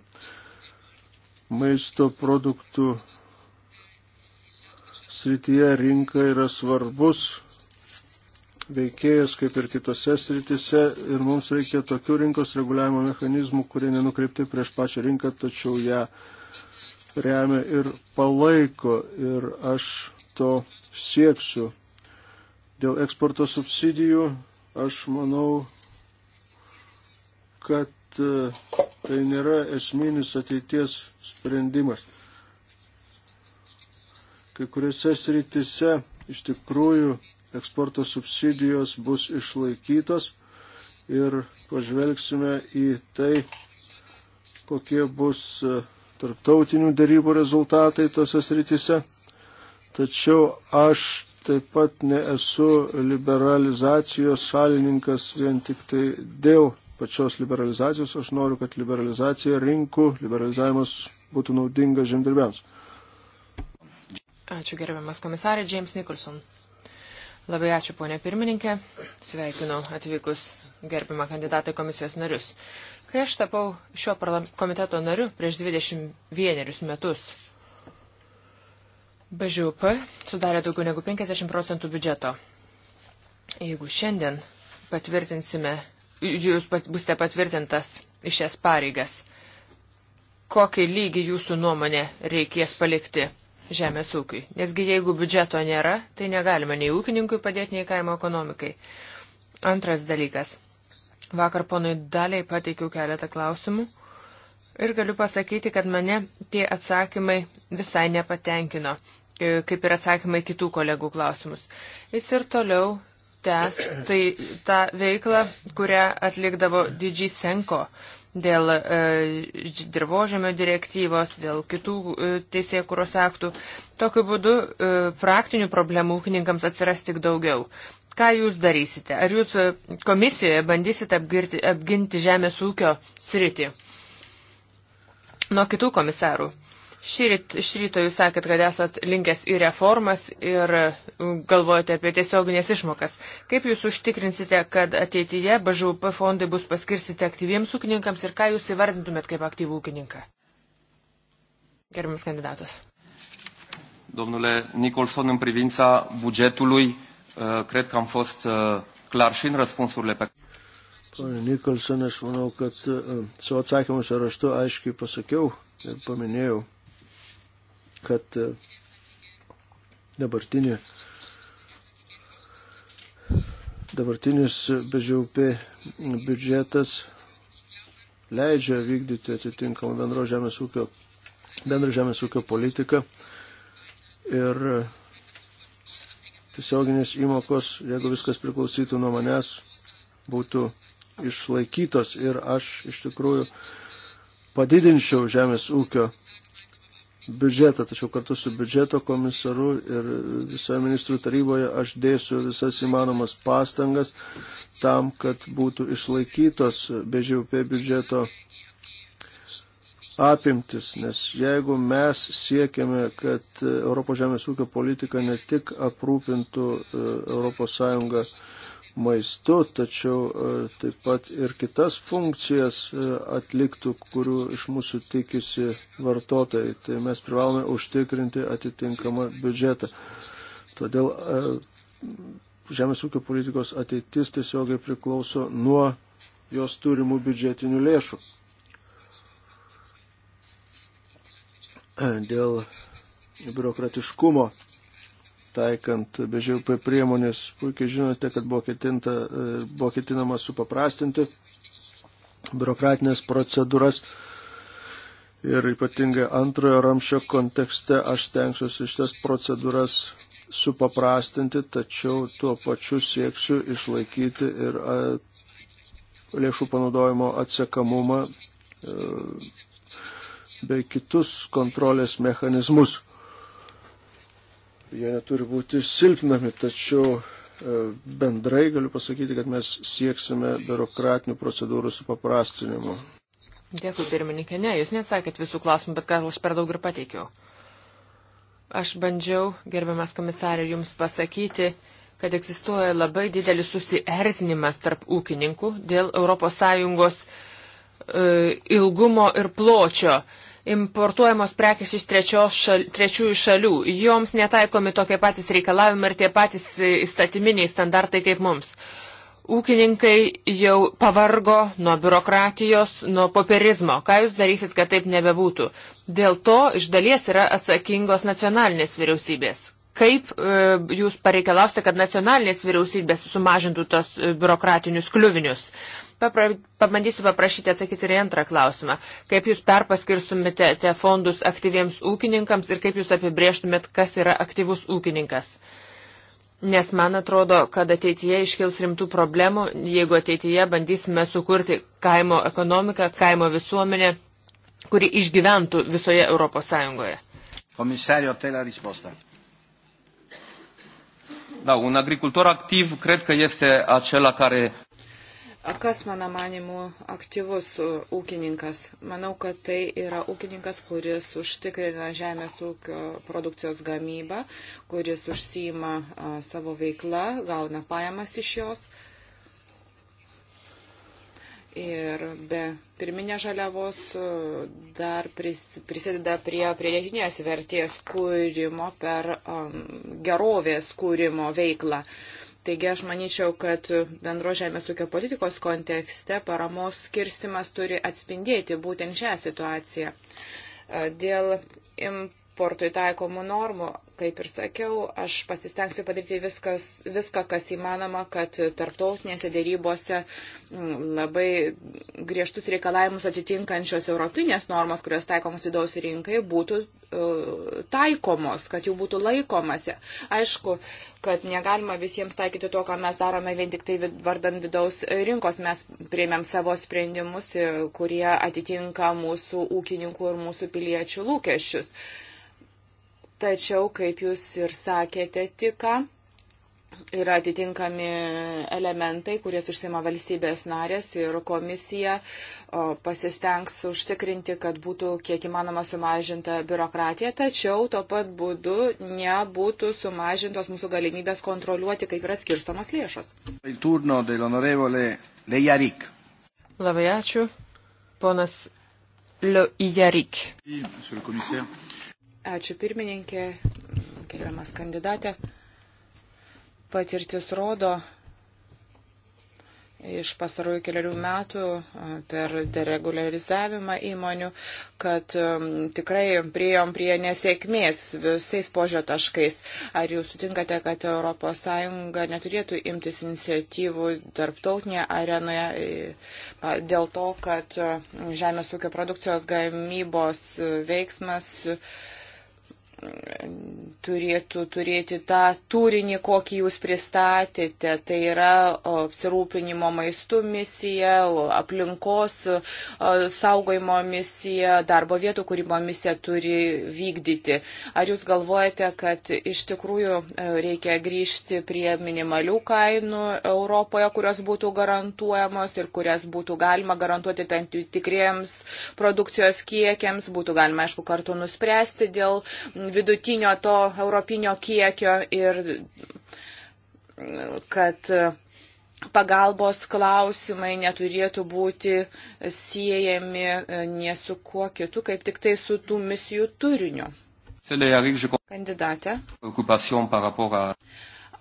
maisto produktų srityje rinka yra svarbus veikėjas, kaip ir kitose sritise, ir mums reikia tokių rinkos reguliavimo mechanizmų, kurie nenukreipti prieš pačią rinką, tačiau ją remia ir palaiko. Ir aš to sieksiu. Dėl eksporto subsidijų aš manau, kad e, tai nėra esminis ateities sprendimas. Kai kuriuose sritise iš tikrųjų eksporto subsidijos bus išlaikytos ir pažvelgsime į tai, kokie bus e, tarptautinių darybų rezultatai tose sritise. Tačiau aš taip pat nesu liberalizacijos šalininkas vien tik tai dėl pačios liberalizacijos. Aš noriu, kad liberalizacija rinkų, liberalizavimas būtų naudinga žemdirbėms. Ačiū gerbiamas komisarė James Nicholson. Labai ačiū, ponė pirmininkė. Sveikinu atvykus gerbimą kandidatą į komisijos narius. Kai aš tapau šio komiteto nariu prieš 21 metus, BŽUP sudarė daugiau negu 50 procentų biudžeto. Jeigu šiandien patvirtinsime, jūs pat, būsite patvirtintas į šias pareigas, kokį lygį jūsų nuomonė reikės palikti žemės ūkiui. Nesgi jeigu biudžeto nėra, tai negalima nei ūkininkui padėti, nei kaimo ekonomikai. Antras dalykas. Vakar ponui daliai pateikiau keletą klausimų ir galiu pasakyti, kad mane tie atsakymai visai nepatenkino, e, kaip ir atsakymai kitų kolegų klausimus. Jis ir toliau tęs tai tą veiklą, kurią atlikdavo Didžiai Senko dėl e, dirbožėmio direktyvos, dėl kitų e, teisėkuros aktų. Tokiu būdu e, praktinių problemų ūkininkams atsiras tik daugiau. Ką jūs darysite? Ar jūs komisijoje bandysite apgirti, apginti žemės ūkio sritį nuo kitų komisarų? Šįryt, šryto jūs sakėt, kad esat linkęs į reformas ir mm, galvojate apie tiesioginės išmokas. Kaip jūs užtikrinsite, kad ateityje BŽUP fondai bus paskirstyti aktyviems ūkininkams ir ką jūs įvardintumėt kaip aktyvų ūkininką? Gerbiamas kandidatas. Domnule Nicholson, în privința bugetului, e, cred că am fost e, clar și în răspunsurile pe care. Pone Nikolson, aš manau, kad e, savo atsakymus raštu aiškiai pasakiau ir paminėjau kad e, dabartinė dabartinis BŽUP biudžetas leidžia vykdyti atitinkamą bendro žemės ūkio, bendro žemės ūkio politiką ir tiesioginės įmokos, jeigu viskas priklausytų nuo manęs, būtų išlaikytos ir aš iš tikrųjų padidinčiau žemės ūkio biudžetą, tačiau kartu su biudžeto komisaru ir visoje ministrų taryboje aš dėsiu visas įmanomas pastangas tam, kad būtų išlaikytos BŽUP biudžeto apimtis, nes jeigu mes siekiame, kad Europos žemės ūkio politika ne tik aprūpintų ES maistu, tačiau e, taip pat ir kitas funkcijas e, atliktų, kurių iš mūsų tikisi vartotojai. Tai mes privalome užtikrinti atitinkamą biudžetą. Todėl e, žemės ūkio politikos ateitis tiesiogiai priklauso nuo jos turimų biudžetinių lėšų. Dėl biurokratiškumo taikant BŽP priemonės. Puikiai žinote, kad buvo, ketinta, e, buvo ketinama supaprastinti biurokratinės procedūras. Ir ypatingai antrojo ramšio kontekste aš stengsiuosi šitas procedūras supaprastinti, tačiau tuo pačiu sieksiu išlaikyti ir lėšų panaudojimo atsekamumą e, bei kitus kontrolės mechanizmus jie neturi būti silpnami, tačiau e, bendrai galiu pasakyti, kad mes sieksime biurokratinių procedūrų supaprastinimo. Dėkui, pirmininkė. Ne, jūs neatsakėt visų klausimų, bet gal aš per daug ir pateikiau. Aš bandžiau, gerbiamas komisarė, jums pasakyti, kad egzistuoja labai didelis susierzinimas tarp ūkininkų dėl ES e, ilgumo ir pločio importuojamos prekis iš šal, trečiųjų šalių. Joms netaikomi tokie patys reikalavimai ir tie patys įstatyminiai standartai kaip mums. Ūkininkai jau pavargo nuo biurokratijos, nuo popierizmo. Ką jūs darysit, kad taip nebebūtų? Dėl to iš dalies yra atsakingos nacionalinės vyriausybės. Kaip e, jūs pareikalausite, kad nacionalinės vyriausybės sumažintų tos e, biurokratinius kliuvinius? E, Papra, pabandysiu paprašyti atsakyti ir antrą klausimą. Kaip jūs perpaskirstumėte fondus aktyviems ūkininkams ir kaip jūs apibrieštumėt, kas yra aktyvus ūkininkas? Nes man atrodo, kad ateityje iškils rimtų problemų, jeigu ateityje bandysime sukurti kaimo ekonomiką, kaimo visuomenę, kuri išgyventų visoje Europos Sąjungoje. Komisario, tai la risposta. Da, un agricultor activ cred că este acela care Kas, mano manimu, aktyvus ūkininkas? Manau, kad tai yra ūkininkas, kuris užtikrina žemės ūkio produkcijos gamybą, kuris užsima savo veiklą, gauna pajamas iš jos. Ir be pirminės žaliavos dar prisideda prie pridėtinės vertės kūrimo per um, gerovės kūrimo veiklą. Uh, Taigi aš manyčiau, kad bendro žemės ūkio politikos kontekste paramos skirstimas turi atspindėti būtent šią situaciją. Dėl imp eksportui taikomų normų. Kaip ir sakiau, aš pasistengsiu padaryti viskas, viską, kas įmanoma, kad tarptautinėse dėrybose mm, labai griežtus reikalavimus atitinkančios europinės normos, kurios taikomos vidaus rinkai, būtų e, taikomos, kad jų būtų laikomasi. Aišku, kad negalima visiems taikyti to, ką mes darome vien tik tai vardan vidaus rinkos. Mes priemėm savo sprendimus, e, kurie atitinka mūsų ūkininkų ir mūsų piliečių lūkesčius. Uh, Tačiau, kaip jūs ir sakėte tik, yra atitinkami elementai, kuriais užsima valstybės narės ir komisija pasistengs užtikrinti, kad būtų kiek įmanoma sumažinta biurokratija, tačiau tuo pat būdu nebūtų sumažintos mūsų galimybės kontroliuoti, kaip yra skirstomos lėšos. Labai ačiū, ponas Liujarik. Monsieur le commissaire, Ačiū pirmininkė, gerbiamas kandidatė. Patirtis rodo, iš pastarųjų keliarių metų per deregularizavimą įmonių, kad tikrai priejom prie nesėkmės visais požio taškais. Ar jūs sutinkate, kad ES neturėtų imtis iniciatyvų tarptautinėje arenoje e, dėl to, kad žemės ūkio produkcijos gamybos e, veiksmas turėtų turėti tą turinį, kokį jūs pristatėte. Tai yra apsirūpinimo maistų misija, aplinkos saugojimo misija, darbo vietų kūrimo misija turi vykdyti. Ar jūs galvojate, kad iš tikrųjų e, reikia grįžti prie minimalių kainų Europoje, kurios būtų garantuojamos ir kurias būtų galima garantuoti tam tikriems produkcijos kiekiams, būtų galima, aišku, kartu nuspręsti dėl vidutinio to europinio kiekio ir kad pagalbos klausimai neturėtų būti siejami ne su kuo kitu, kaip tik tai su tų misijų turiniu. Kandidatė.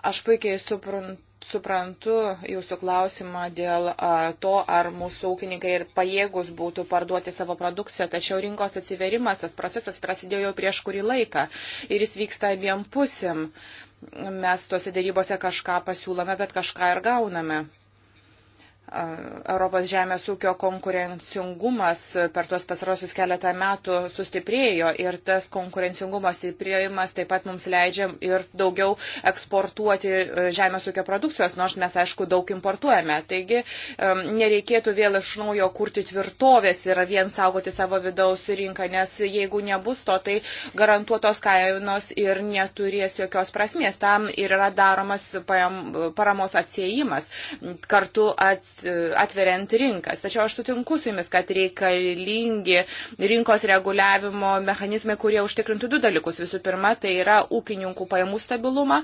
Aš puikiai suprantu suprantu jūsų klausimą dėl to, ar mūsų ūkininkai ir pajėgus būtų parduoti savo produkciją, tačiau rinkos atsiverimas, tas procesas prasidėjo jau prieš kurį laiką ir jis vyksta abiem pusėm. Mes tuose dėrybose kažką pasiūlome, bet kažką ir gauname. Europos žemės ūkio konkurencingumas per tuos pasarosius keletą metų sustiprėjo ir tas konkurencingumo stiprėjimas taip pat mums leidžia ir daugiau eksportuoti e, žemės ūkio produkcijos, nors mes aišku daug importuojame. Taigi e, nereikėtų vėl iš naujo kurti tvirtovės ir vien saugoti savo vidaus rinką, nes jeigu nebus to, tai garantuotos kainos ir neturės jokios prasmės. Tam ir yra daromas paramos atsiejimas. Kartu atsiejimas atveriant rinkas. Tačiau aš sutinku su jumis, kad reikalingi rinkos reguliavimo mechanizmai, kurie užtikrintų du dalykus. Visų pirma, tai yra ūkininkų pajamų stabilumą.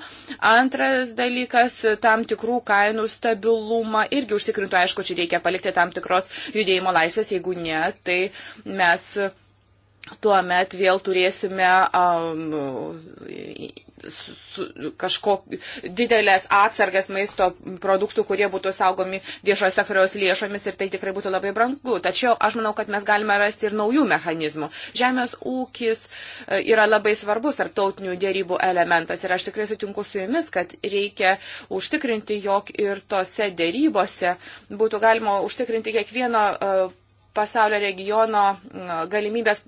Antras dalykas, tam tikrų kainų stabilumą. Irgi užtikrintų, aišku, čia reikia palikti tam tikros judėjimo laisvės. Jeigu ne, tai mes tuomet vėl turėsime um, kažkokias didelės atsargas maisto produktų, kurie būtų saugomi viešojo sektoriaus lėšomis ir tai tikrai būtų labai brangu. Tačiau aš manau, kad mes galime rasti ir naujų mechanizmų. Žemės ūkis e, yra labai svarbus tarptautinių dėrybų elementas ir aš tikrai sutinku su jumis, kad reikia užtikrinti, jog ir tose dėrybose būtų galima užtikrinti kiekvieno e, pasaulio regiono galimybės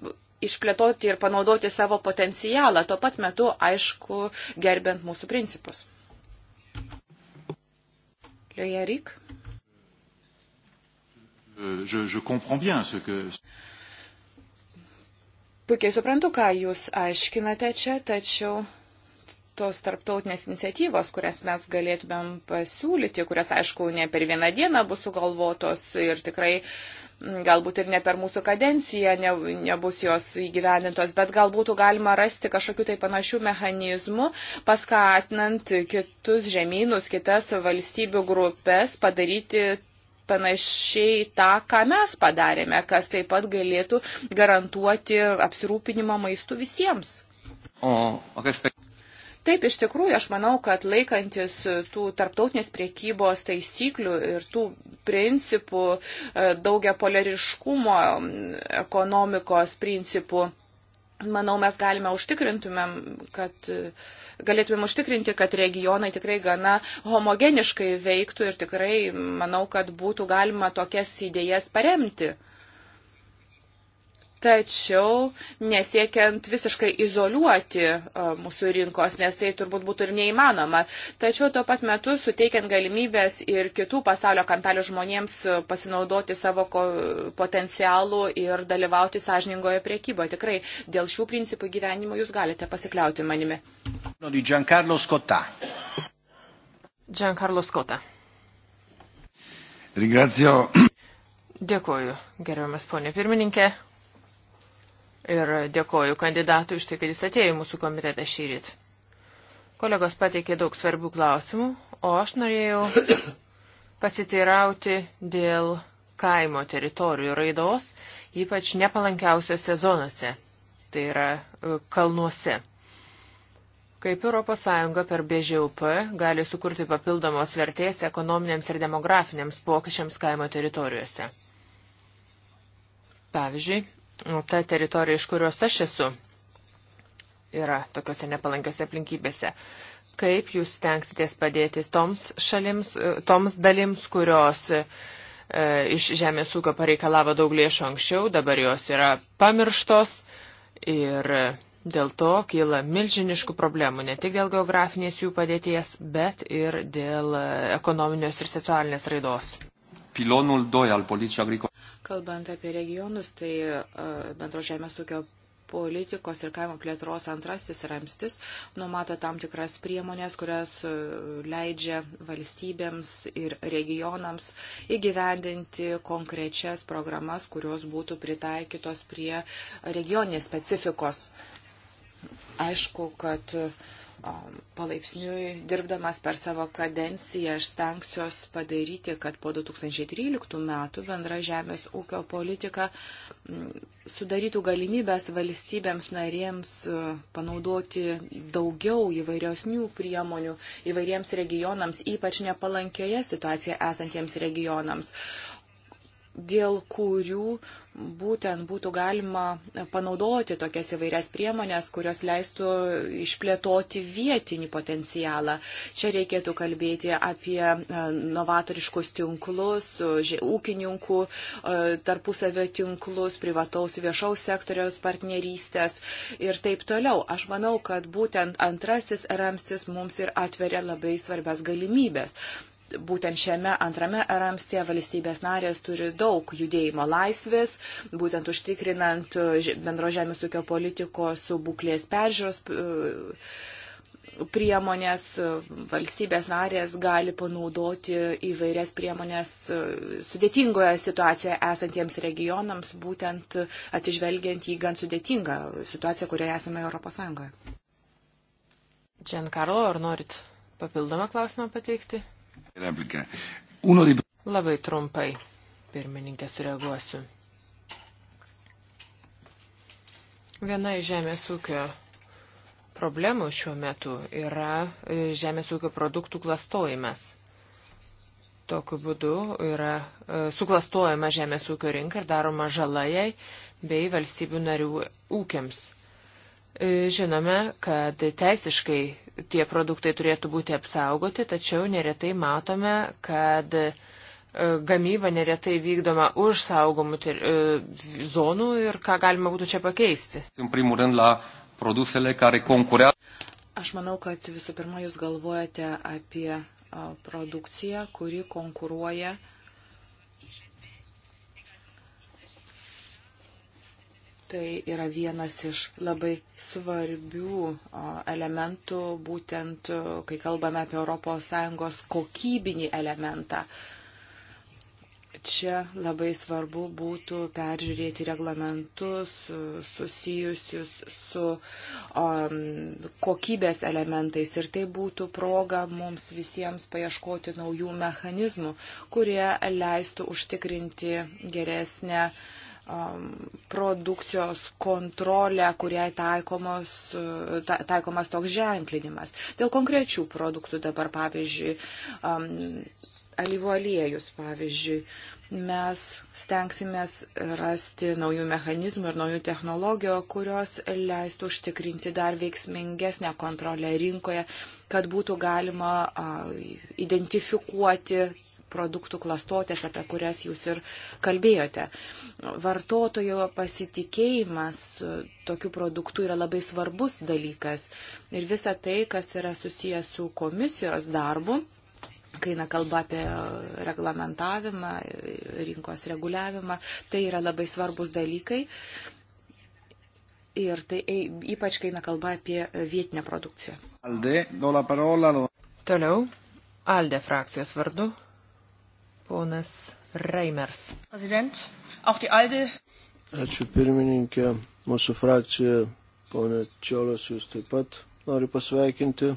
išplėtoti ir panaudoti savo potencialą, tuo pat metu, aišku, gerbent mūsų principus. Lioja Ryk. Euh, je, je comprends bien ce que. Puikiai suprantu, ką jūs aiškinate čia, tačiau tos tarptautinės iniciatyvos, kurias mes galėtumėm pasiūlyti, kurias, aišku, ne per vieną dieną bus sugalvotos ir tikrai uh, galbūt ir ne per mūsų kadenciją ne, nebus jos įgyvendintos, bet galbūt galima rasti kažkokių tai panašių mechanizmų, paskatinant kitus žemynus, kitas valstybių grupės padaryti panašiai tą, ką mes padarėme, kas taip pat galėtų garantuoti apsirūpinimą maistu visiems. O, o kas tai? Taip, iš tikrųjų, aš manau, kad laikantis tų tarptautinės priekybos taisyklių ir tų principų, e, daugia polariškumo ekonomikos principų, manau, mes galime užtikrintumėm, kad e, galėtumėm užtikrinti, kad regionai tikrai gana homogeniškai veiktų ir tikrai manau, kad būtų galima tokias idėjas paremti tačiau nesiekiant visiškai izoliuoti e, mūsų rinkos, nes tai turbūt būtų ir neįmanoma. Tačiau tuo pat metu suteikiant galimybės ir kitų pasaulio kampelių žmonėms e, pasinaudoti savo potencialų ir dalyvauti sąžiningoje priekyboje. Tikrai dėl šių principų gyvenimo jūs galite pasikliauti manimi. Giancarlo Scotta. Giancarlo Scotta. Ringrazio. Dėkuoju, gerbiamas ponė pirmininkė. Ir dėkoju kandidatui iš tai, kad jis atėjo į mūsų komitetą šyrit. Kolegos pateikė daug svarbių klausimų, o aš norėjau pasiteirauti dėl kaimo teritorijų raidos, ypač nepalankiausiose zonose, tai yra e, kalnuose. Kaip ES per BŽUP gali sukurti papildomos vertės ekonominiams ir demografiniams pokyčiams kaimo teritorijose? Pavyzdžiui, ta teritorija, iš kurios aš esu, yra tokiuose nepalankiuose aplinkybėse. Kaip jūs tenksitės padėti toms šalims, e, toms dalims, kurios e, iš žemės ūkio pareikalavo daug lėšų anksčiau, dabar jos yra pamirštos ir e, dėl to kyla milžiniškų problemų, ne tik dėl geografinės jų padėties, bet ir dėl e, ekonominės ir socialinės raidos. Pilonul 2 al policijos agrikolo. Kalbant apie regionus, tai e, bendro žemės ūkio politikos ir kaimo plėtros antrasis ramstis numato tam tikras priemonės, kurias e, leidžia valstybėms ir regionams įgyvendinti konkrečias programas, kurios būtų pritaikytos prie regioninės specifikos. Aišku, kad uh, Um, palaipsniui dirbdamas per savo kadenciją aš tenksiuos padaryti, kad po 2013 metų bendra žemės ūkio politika mm, sudarytų galimybės valstybėms narėms uh, panaudoti daugiau įvairiosnių priemonių įvairiems regionams, ypač nepalankioje situacijoje esantiems regionams dėl kurių būtent būtų galima panaudoti tokias įvairias priemonės, kurios leistų išplėtoti vietinį potencialą. Čia reikėtų kalbėti apie e, novatoriškus tinklus, ūkininkų e, tarpusavio tinklus, privataus viešaus sektoriaus partnerystės ir taip toliau. Aš manau, kad būtent antrasis ramstis mums ir atveria labai svarbias galimybės būtent šiame antrame ramstėje valstybės narės turi daug judėjimo laisvės, būtent užtikrinant e, bendro žemės ūkio politikos būklės peržiūros e, priemonės, e, valstybės narės gali panaudoti įvairias priemonės sudėtingoje situacijoje esantiems regionams, būtent atsižvelgiant į gan sudėtingą situaciją, kurioje esame Europos Sąjungoje. Džen Karlo, ar norit papildomą klausimą pateikti? Replika. Uno di... Labai trumpai, pirmininkė, sureaguosiu. Viena iš žemės ūkio problemų šiuo metu yra e, žemės ūkio produktų klastojimas. Tokiu būdu yra e, suklastojama žemės ūkio rinka ir daroma žalajai bei valstybių narių ūkiams. E, žinome, kad teisiškai tie produktai turėtų būti apsaugoti, tačiau neretai matome, kad e, gamyba neretai vykdoma už saugomų ter, e, zonų ir ką galima būtų čia pakeisti. Aš manau, kad visų pirma jūs galvojate apie produkciją, kuri konkuruoja uh, Tai yra vienas iš labai svarbių elementų, būtent kai kalbame apie ES kokybinį elementą. Čia labai svarbu būtų peržiūrėti reglamentus susijusius su um, kokybės elementais ir tai būtų proga mums visiems paieškoti naujų mechanizmų, kurie leistų užtikrinti geresnę uh, Um, produkcijos kontrolę, kuriai taikomos, uh, ta, taikomas toks ženklinimas. Dėl konkrečių produktų dabar, pavyzdžiui, um, alyvų aliejus, pavyzdžiui, mes stengsimės rasti naujų mechanizmų ir naujų technologijų, kurios leistų užtikrinti dar veiksmingesnę kontrolę rinkoje, kad būtų galima uh, identifikuoti produktų klastotės, apie kurias jūs ir kalbėjote. Vartotojo pasitikėjimas tokių produktų yra labai svarbus dalykas ir visa tai, kas yra susijęs su komisijos darbu kai na kalba apie reglamentavimą, rinkos reguliavimą, tai yra labai svarbus dalykai. Ir tai ypač, kai na kalba apie vietinę produkciją. Alde, do la parola, do... Toliau, Alde frakcijos vardu, Ponas Reimers. Ačiū pirmininkė, mūsų frakcija, ponė Čiolas, jūs taip pat noriu pasveikinti.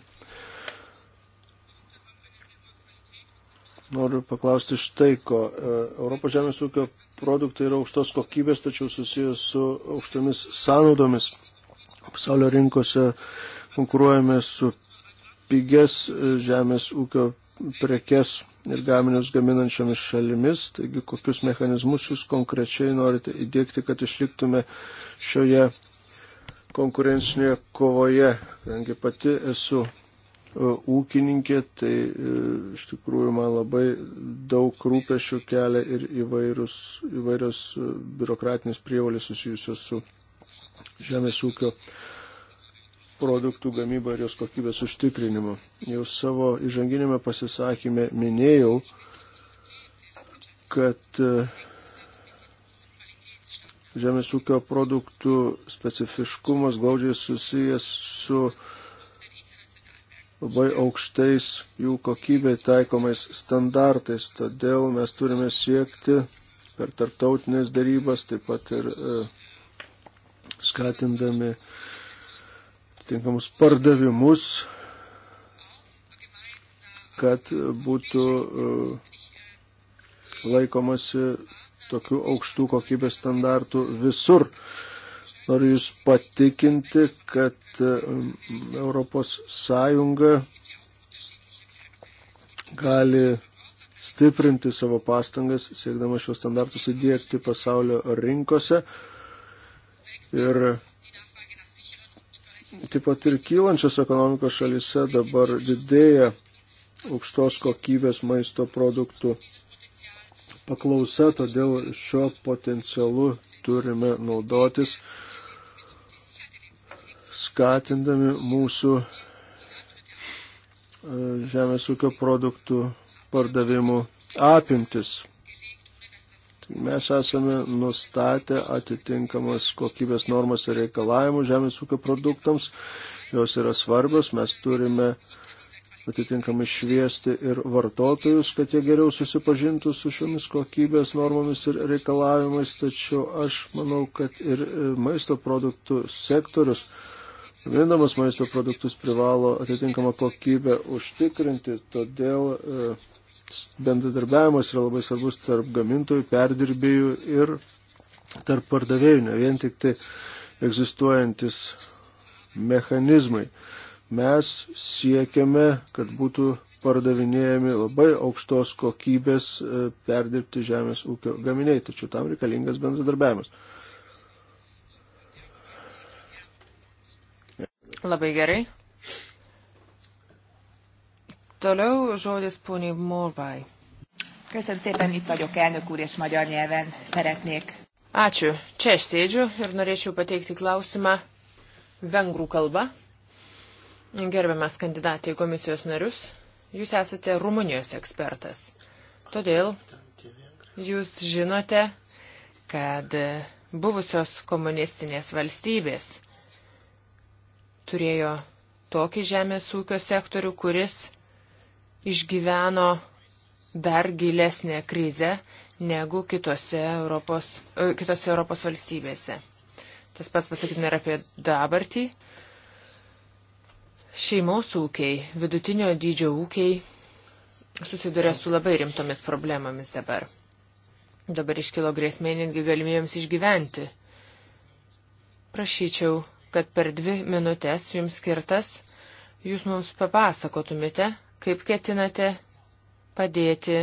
Noriu paklausti štai ko. E, Europos žemės ūkio produktai yra aukštos kokybės, tačiau susijęs su aukštomis sąnaudomis. Pasaulio rinkose konkuruojame su pigias e, žemės ūkio prekes ir gaminius gaminančiomis šalimis. Taigi, kokius mechanizmus jūs konkrečiai norite įdėkti, kad išliktume šioje konkurencinėje kovoje, kadangi pati esu e, ūkininkė, tai e, iš tikrųjų man labai daug rūpešių kelia ir įvairūs, įvairios e, biurokratinės prievolės susijusios su žemės ūkio produktų gamybą ir jos kokybės užtikrinimu. Jau savo įžanginėme pasisakymė minėjau, kad e, žemės ūkio produktų specifiškumas glaudžiai susijęs su labai aukštais jų kokybei taikomais standartais. Todėl mes turime siekti per tarptautinės darybas, taip pat ir e, skatindami uh, atitinkamus pardavimus, kad būtų e, laikomasi tokių aukštų kokybės standartų visur. Noriu Jūs patikinti, kad e, Europos Sąjunga gali stiprinti savo pastangas, siekdama šios standartus įdėkti pasaulio rinkose. Ir Taip pat ir kylančios ekonomikos šalise dabar didėja aukštos kokybės maisto produktų paklausa, todėl šio potencialu turime naudotis, skatindami mūsų e, žemės ūkio produktų pardavimų apimtis. Mes esame nustatę atitinkamas kokybės normas ir reikalavimų žemės ūkio produktams. Jos yra svarbios. Mes turime atitinkamai šviesti ir vartotojus, kad jie geriau susipažintų su šiomis kokybės normomis ir reikalavimais, tačiau aš manau, kad ir maisto produktų sektorius, gamindamas maisto produktus, privalo atitinkamą kokybę užtikrinti, todėl e, bendradarbiavimas yra labai svarbus tarp gamintojų, perdirbėjų ir tarp pardavėjų, ne vien tik tai egzistuojantis mechanizmai. Mes siekiame, kad būtų pardavinėjami labai aukštos kokybės e, perdirbti žemės ūkio gaminiai, tačiau tam reikalingas bendradarbiavimas. Labai gerai. Toliau žodis poniai Morvai. Köszönöm szépen, itt vagyok elnök úr, és magyar nyelven szeretnék. Ačiū. Čia aš sėdžiu ir norėčiau pateikti klausimą vengrų kalba. Gerbiamas kandidatė į komisijos narius, jūs esate Rumunijos ekspertas. Todėl jūs žinote, kad buvusios komunistinės valstybės turėjo tokį žemės ūkio sektorių, kuris išgyveno dar gilesnę krizę negu kitose Europos, e, kitose Europos valstybėse. Tas pats pasakytume ir apie dabartį. Šeimos ūkiai, vidutinio dydžio ūkiai susiduria su labai rimtomis problemomis dabar. Dabar iškilo grėsmė netgi galimybėms išgyventi. Prašyčiau, kad per dvi minutės jums skirtas jūs mums papasakotumėte kaip ketinate padėti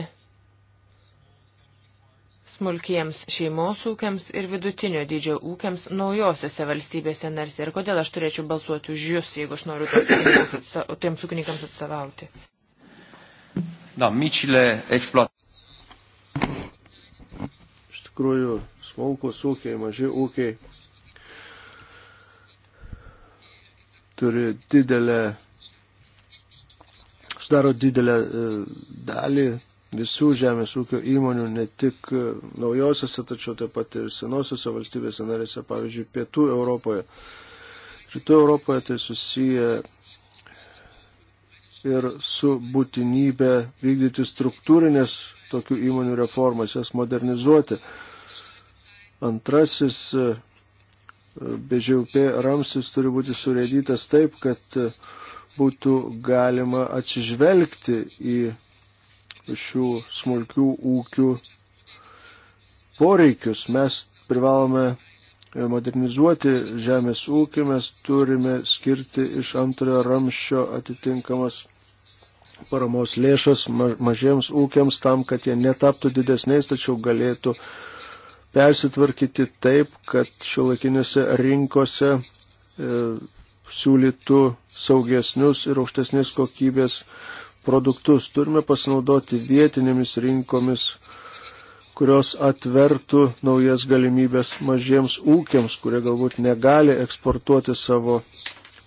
smulkiems šeimos ūkiams ir vidutinio dydžio ūkiams naujosiose valstybėse narse. Ir kodėl aš turėčiau balsuoti už jūs, jeigu aš noriu atsa tiems ūkininkams atstovauti? Da, myčilė eksploat. Iš tikrųjų, smulkus ūkiai, maži ūkiai turi didelę sudaro didelę e, dalį visų žemės ūkio įmonių, ne tik e, naujosiose, tačiau taip pat ir senosiose valstybėse narėse, pavyzdžiui, Pietų Europoje. Rytų Europoje tai susiję ir su būtinybė vykdyti struktūrinės tokių įmonių reformas, jas modernizuoti. Antrasis e, bežiaupė ramsis turi būti surėdytas taip, kad būtų galima atsižvelgti į šių smulkių ūkių poreikius. Mes privalome modernizuoti žemės ūkį, mes turime skirti iš antrojo ramščio atitinkamas paramos lėšas mažiems ūkiams tam, kad jie netaptų didesniais, tačiau galėtų persitvarkyti taip, kad šiuolaikinėse rinkose e, siūlytų saugesnius ir aukštesnės kokybės produktus. Turime pasinaudoti vietinėmis rinkomis, kurios atvertų naujas galimybės mažiems ūkiams, kurie galbūt negali eksportuoti savo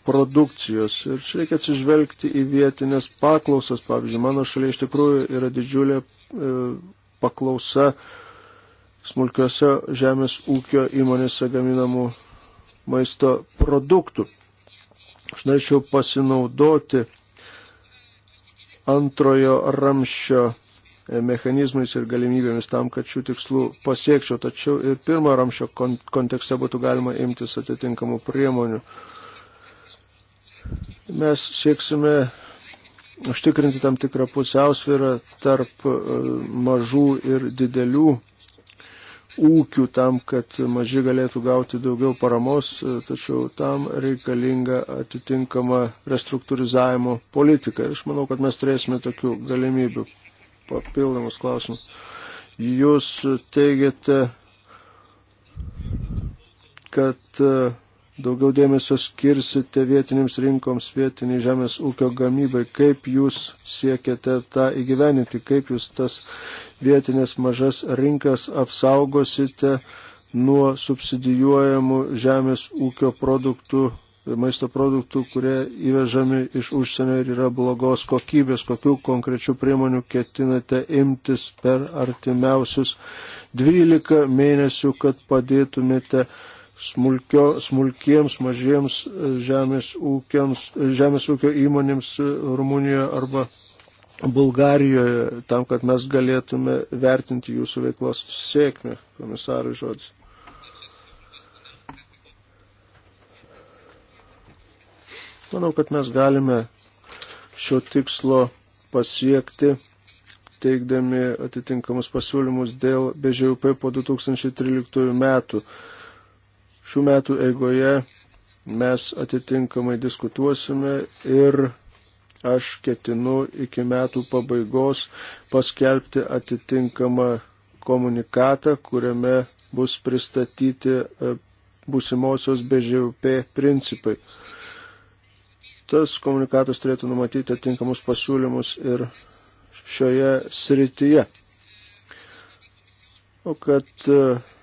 produkcijos. Ir čia reikia atsižvelgti į vietinės paklausas. Pavyzdžiui, mano šalia iš tikrųjų yra didžiulė e, paklausa smulkiose žemės ūkio įmonėse gaminamų maisto produktų. Aš norėčiau pasinaudoti antrojo ramščio e, mechanizmais ir galimybėmis tam, kad šių tikslų pasiekčiau. Tačiau ir pirmo ramščio kontekste būtų galima imtis atitinkamų priemonių. Mes sieksime užtikrinti tam tikrą pusiausvyrą tarp e, mažų ir didelių ūkių tam, kad maži galėtų gauti daugiau paramos, tačiau tam reikalinga atitinkama restruktūrizavimo politika. Ir aš manau, kad mes turėsime tokių galimybių. Papildomus klausimus. Jūs teigiate, kad daugiau dėmesio skirsite vietinėms rinkoms, vietiniai žemės ūkio gamybai, kaip jūs siekiate tą įgyveninti, kaip jūs tas vietinės mažas rinkas apsaugosite nuo subsidijuojamų žemės ūkio produktų, maisto produktų, kurie įvežami iš užsienio ir yra blogos kokybės, kokių konkrečių priemonių ketinate imtis per artimiausius 12 mėnesių, kad padėtumėte smulkio, smulkiems, mažiems e, žemės, ūkiams, e, žemės ūkio įmonėms e, Rumunijoje arba Bulgarijoje, tam, kad mes galėtume vertinti jūsų veiklos sėkmę, komisarai žodis. Manau, kad mes galime šio tikslo pasiekti, teikdami atitinkamus pasiūlymus dėl BŽUP po 2013 metų. Šių metų eigoje mes atitinkamai diskutuosime ir aš ketinu iki metų pabaigos paskelbti atitinkamą komunikatą, kuriame bus pristatyti e, būsimosios BŽUP principai. Tas komunikatas turėtų numatyti atitinkamus pasiūlymus ir šioje srityje. O kad uh,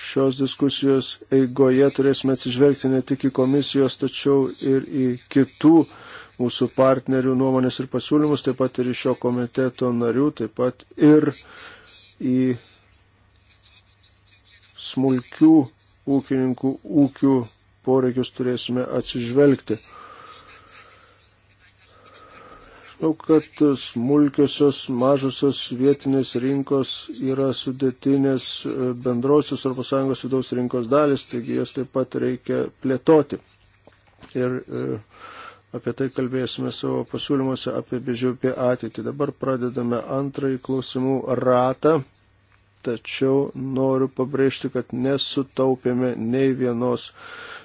šios diskusijos eigoje turėsime atsižvelgti ne tik į komisijos, tačiau ir į kitų mūsų partnerių nuomonės ir pasiūlymus, taip pat ir iš šio komiteto narių, taip pat ir į smulkių ūkininkų ūkių poreikius turėsime atsižvelgti. Manau, kad smulkiosios, mažosios vietinės rinkos yra sudėtinės e, bendrosios ES vidaus rinkos dalis, taigi jas taip pat reikia plėtoti. Ir e, apie tai kalbėsime savo pasiūlymuose apie bežiūpį ateitį. Dabar pradedame antrąjį klausimų ratą tačiau noriu pabrėžti, kad nesutaupėme nei vienos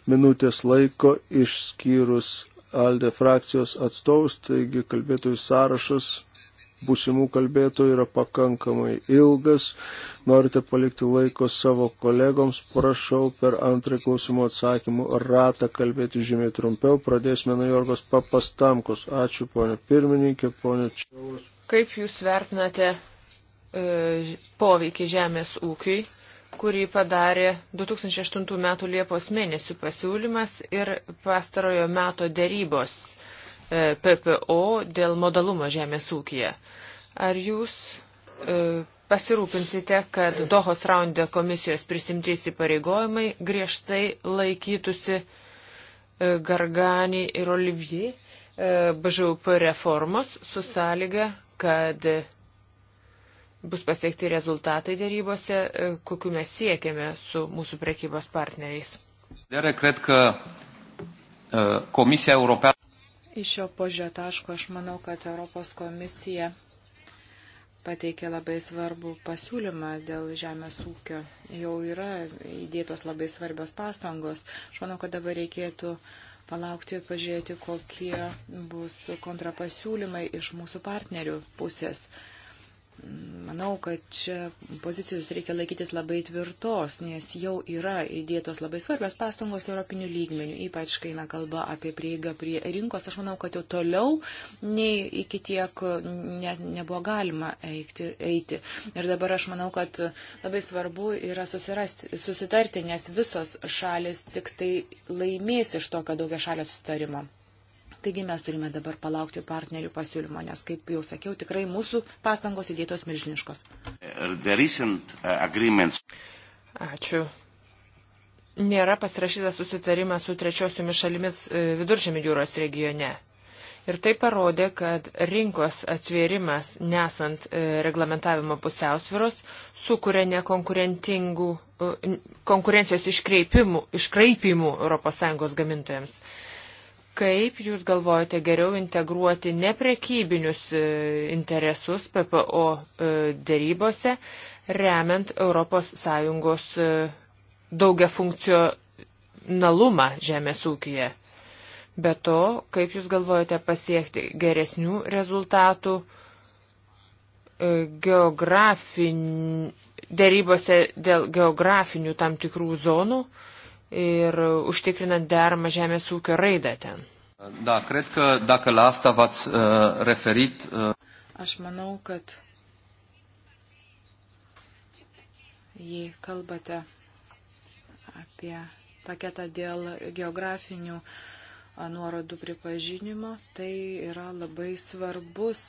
minutės laiko išskyrus Alde frakcijos atstovus, taigi kalbėtojų sąrašas būsimų kalbėtojų yra pakankamai ilgas. Norite palikti laiko savo kolegoms, prašau per antrą klausimų atsakymų ratą kalbėti žymiai trumpiau. Pradėsime nuo Jorgos papastamkos. Ačiū, ponė pirmininkė, ponė Čiaus. Kaip jūs vertinate e, poveikį žemės ūkiai? kurį padarė 2008 m. Liepos mėnesių pasiūlymas ir pastarojo meto dėrybos e, PPO dėl modalumo žemės ūkija. Ar jūs e, pasirūpinsite, kad Dohos raundė komisijos prisimti įsipareigojimai griežtai laikytųsi e, Garganį ir Olivier BŽUP reformos su sąlyga, kad bus pasiekti rezultatai dėrybose, e, kokiu mes siekiame su mūsų prekybos partneriais. E, iš šio požiūrio taško aš manau, kad Europos komisija pateikė labai svarbų pasiūlymą dėl žemės ūkio. Jau yra įdėtos labai svarbios pastangos. Aš manau, kad dabar reikėtų palaukti ir pažiūrėti, kokie bus kontrapasiūlymai iš mūsų partnerių pusės. Manau, kad čia pozicijos reikia laikytis labai tvirtos, nes jau yra įdėtos labai svarbios pastangos europinių lygmenių, ypač kai eina kalba apie prieigą prie rinkos. Aš manau, kad jau toliau nei iki tiek net nebuvo galima eikti, eiti. Ir dabar aš manau, kad labai svarbu yra susitarti, nes visos šalis tik tai laimės iš tokio daugia šalio susitarimo. Taigi mes turime dabar palaukti partnerių pasiūlymo, nes, kaip jau sakiau, tikrai mūsų pastangos įdėtos milžiniškos. Uh, Ačiū. Nėra pasirašytas susitarimas su trečiosiomis šalimis e, viduržėmi jūros regione. Ir tai parodė, kad rinkos atvėrimas, nesant e, reglamentavimo pusiausviros, sukuria nekonkurencijos e, iškreipimų, iškraipimų ES gamintojams. Kaip Jūs galvojate geriau integruoti neprekybinius e, interesus PPO e, dėrybose, remiant ES e, daugia funkcijo nalumą žemės ūkyje? Be to, kaip Jūs galvojate pasiekti geresnių rezultatų geografin... dėrybose dėl geografinių tam tikrų zonų? ir užtikrinant deramą žemės ūkio raidą ten. Da, cred că dacă la asta v-ați uh, referit. Uh... Aš manau, kad jei kalbate apie paketą dėl geografinių nuorodų pripažinimo, tai yra labai svarbus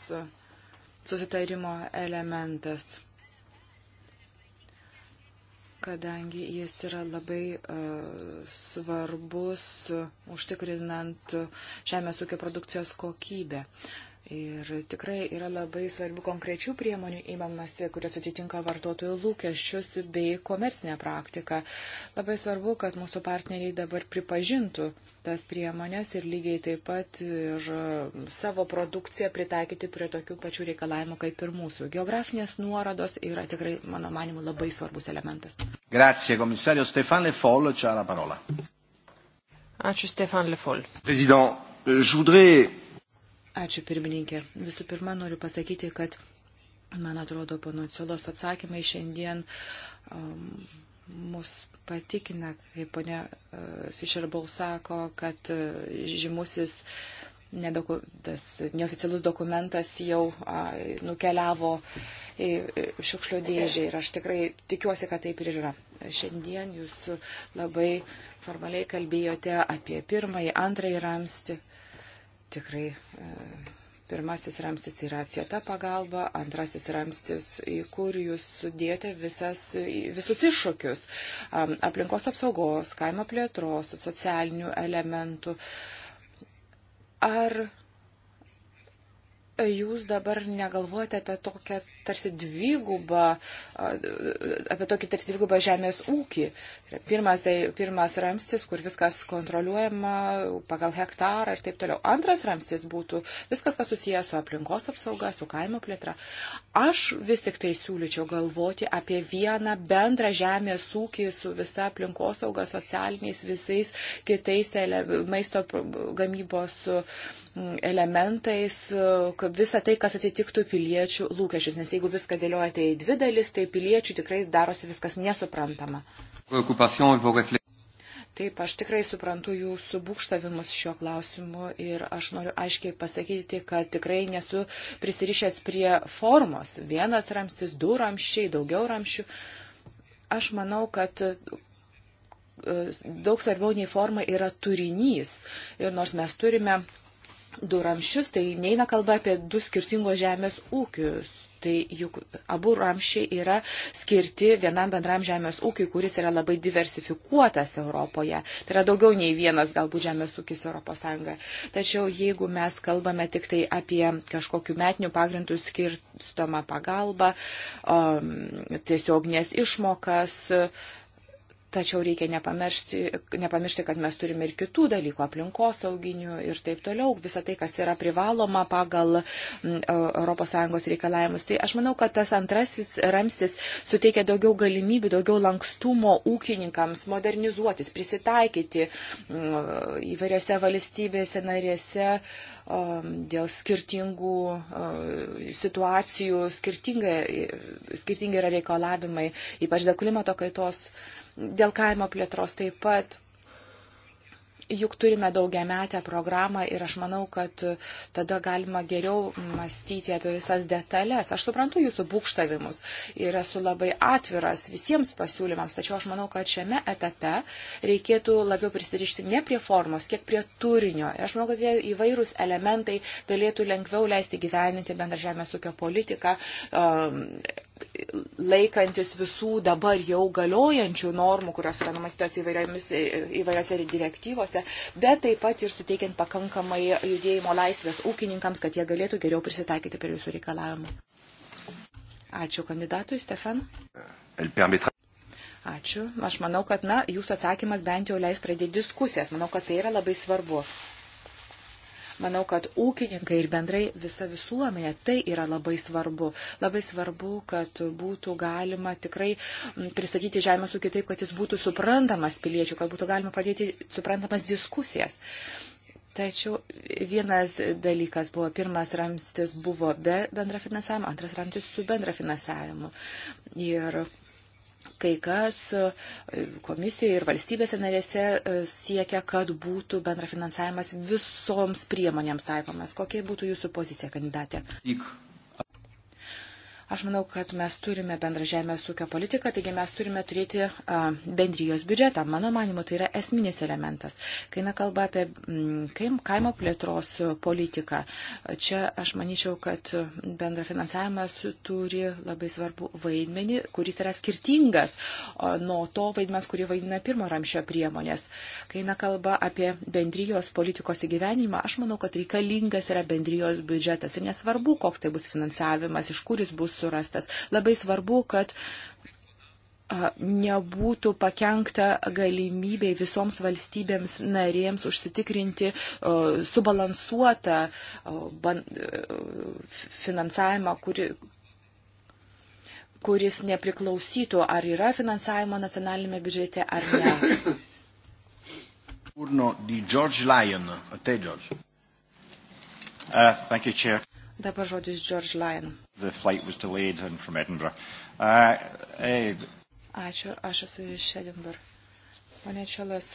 susitarimo elementas kadangi jis yra labai uh, svarbus uh, užtikrinant uh, žemės ūkio produkcijos kokybę. Ir tikrai yra labai svarbių konkrečių priemonių įmamasi, kurios atitinka vartotojų lūkesčius bei komercinę praktiką. Labai svarbu, kad mūsų partneriai dabar pripažintų tas priemonės ir lygiai taip pat ir savo produkciją pritaikyti prie tokių pačių reikalavimų kaip ir mūsų. Geografinės nuorodos yra tikrai, mano manimu, labai svarbus elementas. Grazie, komisario Stefan Lefol, čia la parola. Ačiū, Stefan Lefol. Prezident, euh, je voudrais Ačiū pirmininkė. Visų pirma, noriu pasakyti, kad, man atrodo, pono Ciolos atsakymai šiandien um, mus patikina, kaip ponia uh, Fischer-Ball sako, kad uh, žymusis nedoku, tas neoficialus dokumentas jau a, uh, nukeliavo į šiukšlių dėžę ir aš tikrai tikiuosi, kad taip ir yra. Šiandien jūs labai formaliai kalbėjote apie pirmąjį, antrąjį ramstį. Tikrai e, pirmasis ramstis yra atsieta pagalba, antrasis ramstis, į kur jūs sudėjote visas, visus iššūkius - aplinkos apsaugos, kaimo plėtros, socialinių elementų. Ar jūs dabar negalvojate apie tokią tarsi dvigubą, apie tokį tarsi dvigubą žemės ūkį. Pirmas, tai, pirmas ramstis, kur viskas kontroliuojama pagal hektarą ir taip toliau. Antras ramstis būtų viskas, kas susijęs su aplinkos apsauga, su kaimo plėtra. Aš vis tik tai siūlyčiau galvoti apie vieną bendrą žemės ūkį su visa aplinkos sauga, socialiniais, visais kitais ele, maisto gamybos. Su, elementais, visą tai, kas atitiktų piliečių lūkesčius. Nes jeigu viską dėliojate į dvi dalis, tai piliečių tikrai darosi viskas nesuprantama. Taip, aš tikrai suprantu jūsų būkštavimus šiuo klausimu ir aš noriu aiškiai pasakyti, kad tikrai nesu prisirišęs prie formos. Vienas ramstis, du ramščiai, daugiau ramščių. Aš manau, kad e, daug svarbiau nei forma yra turinys. Ir nors mes turime du ramščius, tai neina kalba apie du skirtingos žemės ūkius. Tai juk abu ramšiai yra skirti vienam bendram žemės ūkiui, kuris yra labai diversifikuotas Europoje. Tai yra daugiau nei vienas galbūt žemės ūkis ES. Tačiau jeigu mes kalbame tik tai apie kažkokiu metiniu pagrindu skirstomą pagalbą, um, tiesiognės išmokas, uh, Tačiau reikia nepamiršti, nepamiršti, kad mes turime ir kitų dalykų, aplinkosauginių ir taip toliau, visą tai, kas yra privaloma pagal mm, e, ES reikalavimus. Tai aš manau, kad tas antrasis ramstis suteikia daugiau galimybių, daugiau lankstumo ūkininkams modernizuotis, prisitaikyti mm, e, įvairiose valstybėse narėse e, dėl skirtingų situacijų, skirtingai, skirtingai yra reikalavimai, ypač dėl klimato kaitos. Uh, Dėl kaimo plėtros taip pat juk turime daugiametę programą ir aš manau, kad tada galima geriau mąstyti apie visas detalės. Aš suprantu jūsų būkštavimus ir esu labai atviras visiems pasiūlymams, tačiau aš manau, kad šiame etape reikėtų labiau prisirišti ne prie formos, kiek prie turinio. Ir aš manau, kad tie įvairūs elementai galėtų lengviau leisti gyveninti bendra žemės ūkio politiką, um, laikantis visų dabar jau galiojančių normų, kurios yra numatytos įvairiose direktyvose, bet taip pat ir suteikiant pakankamai judėjimo laisvės ūkininkams, kad jie galėtų geriau prisitaikyti prie jūsų reikalavimų. Ačiū kandidatui, Stefan. Ačiū. Aš manau, kad, na, jūsų atsakymas bent jau leis pradėti diskusijas. Manau, kad tai yra labai svarbu. Manau, kad ūkininkai ir bendrai visa visuomenė tai yra labai svarbu. Labai svarbu, kad būtų galima tikrai mm, pristatyti žemės ūkį taip, kad jis būtų suprantamas piliečių, kad būtų galima pradėti suprantamas diskusijas. Tačiau vienas dalykas buvo, pirmas ramstis buvo be bendra finansavimo, antras ramstis su bendra finansavimu. Ir kai kas e, komisijoje ir valstybėse narėse e, siekia, kad būtų bendrafinansavimas visoms priemonėms taikomas. Kokia būtų jūsų pozicija, kandidatė? Tik Aš manau, kad mes turime bendrą žemės ūkio politiką, taigi mes turime turėti bendrijos biudžetą. Mano manimu, tai yra esminis elementas. Kai na kalba apie mm, kaimo plėtros politiką, čia aš manyčiau, kad bendra finansavimas turi labai svarbu vaidmenį, kuris yra skirtingas nuo to vaidmens, kurį vaidina pirmo ramšio priemonės. Kai na kalba apie bendrijos politikos įgyvenimą, aš manau, kad reikalingas yra bendrijos biudžetas. Ir nesvarbu, koks tai bus finansavimas, iš kuris bus surastas. Labai svarbu, kad nebūtų pakengta galimybė visoms valstybėms narėms užsitikrinti subalansuotą e, finansavimą, kuri, kuris nepriklausytų, ar yra finansavimo nacionalinėme biudžete ar ne. Urno di George Lyon. A te, George. Uh, thank you, Chair. Dabar žodis George Lyon. Uh, hey. Eh, Ačiū, aš esu iš Edinburgh. Pane Čelas,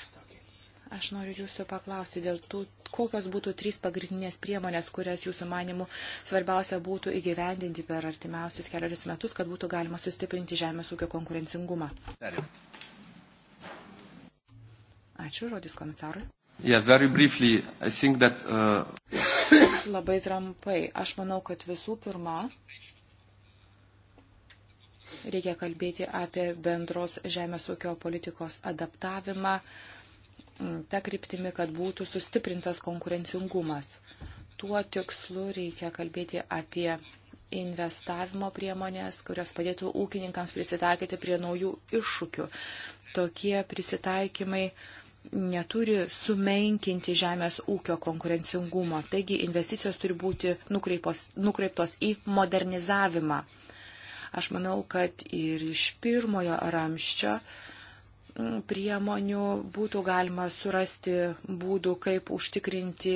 aš noriu jūsų paklausti dėl tų, kokios būtų trys pagrindinės priemonės, kurias jūsų manimų svarbiausia būtų įgyvendinti per artimiausius keliarius metus, kad būtų galima sustiprinti žemės ūkio konkurencingumą. Ačiū, žodis komisarui. Yeah, briefly, that, uh... Labai trumpai. Aš manau, kad visų pirma, reikia kalbėti apie bendros žemės ūkio politikos adaptavimą, ta kryptimi, kad būtų sustiprintas konkurencingumas. Tuo tikslu reikia kalbėti apie investavimo priemonės, kurios padėtų ūkininkams prisitaikyti prie naujų iššūkių. Tokie prisitaikymai uh, neturi sumenkinti žemės ūkio konkurencingumo. Taigi investicijos turi būti nukreipos, nukreiptos į modernizavimą. Aš manau, kad ir iš pirmojo ramščio uh, priemonių būtų galima surasti būdų, kaip užtikrinti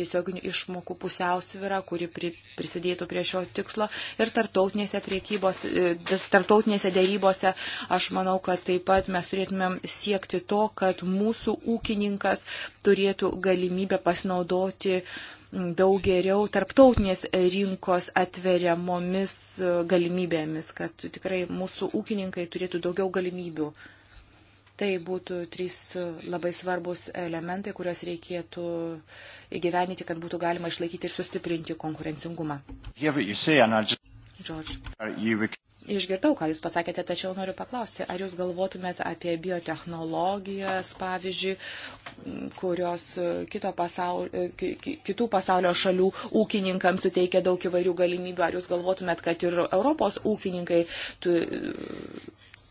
tiesioginių išmokų pusiausvyrą, kuri pri, prisidėtų prie šio tikslo. Ir tarptautinėse, e, tarptautinėse dėrybose aš manau, kad taip pat mes turėtumėm siekti to, kad mūsų ūkininkas turėtų galimybę pasinaudoti daug geriau tarptautinės rinkos atveriamomis e, galimybėmis, kad tikrai mūsų ūkininkai turėtų daugiau galimybių. Tai būtų trys labai svarbus elementai, kuriuos reikėtų įgyveninti, kad būtų galima išlaikyti ir sustiprinti konkurencingumą. George. Išgirdau, ką Jūs pasakėte, tačiau noriu paklausti, ar Jūs galvotumėt apie biotehnologijas, pavyzdžiui, kurios pasaulio, kitų pasaulio šalių ūkininkams suteikia daug įvairių galimybių, ar Jūs galvotumėt, kad ir Europos ūkininkai tu,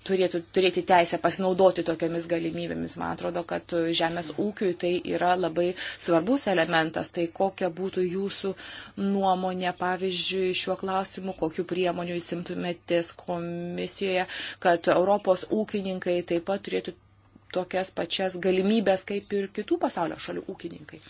turėtų turėti teisę pasinaudoti tokiamis galimybėmis. Man atrodo, kad žemės ūkiui tai yra labai svarbus elementas. Tai kokia būtų jūsų nuomonė, pavyzdžiui, šiuo klausimu, kokiu priemoniu įsimtumėtės komisijoje, kad Europos ūkininkai taip pat turėtų tokias pačias galimybės kaip ir kitų pasaulio šalių ūkininkai.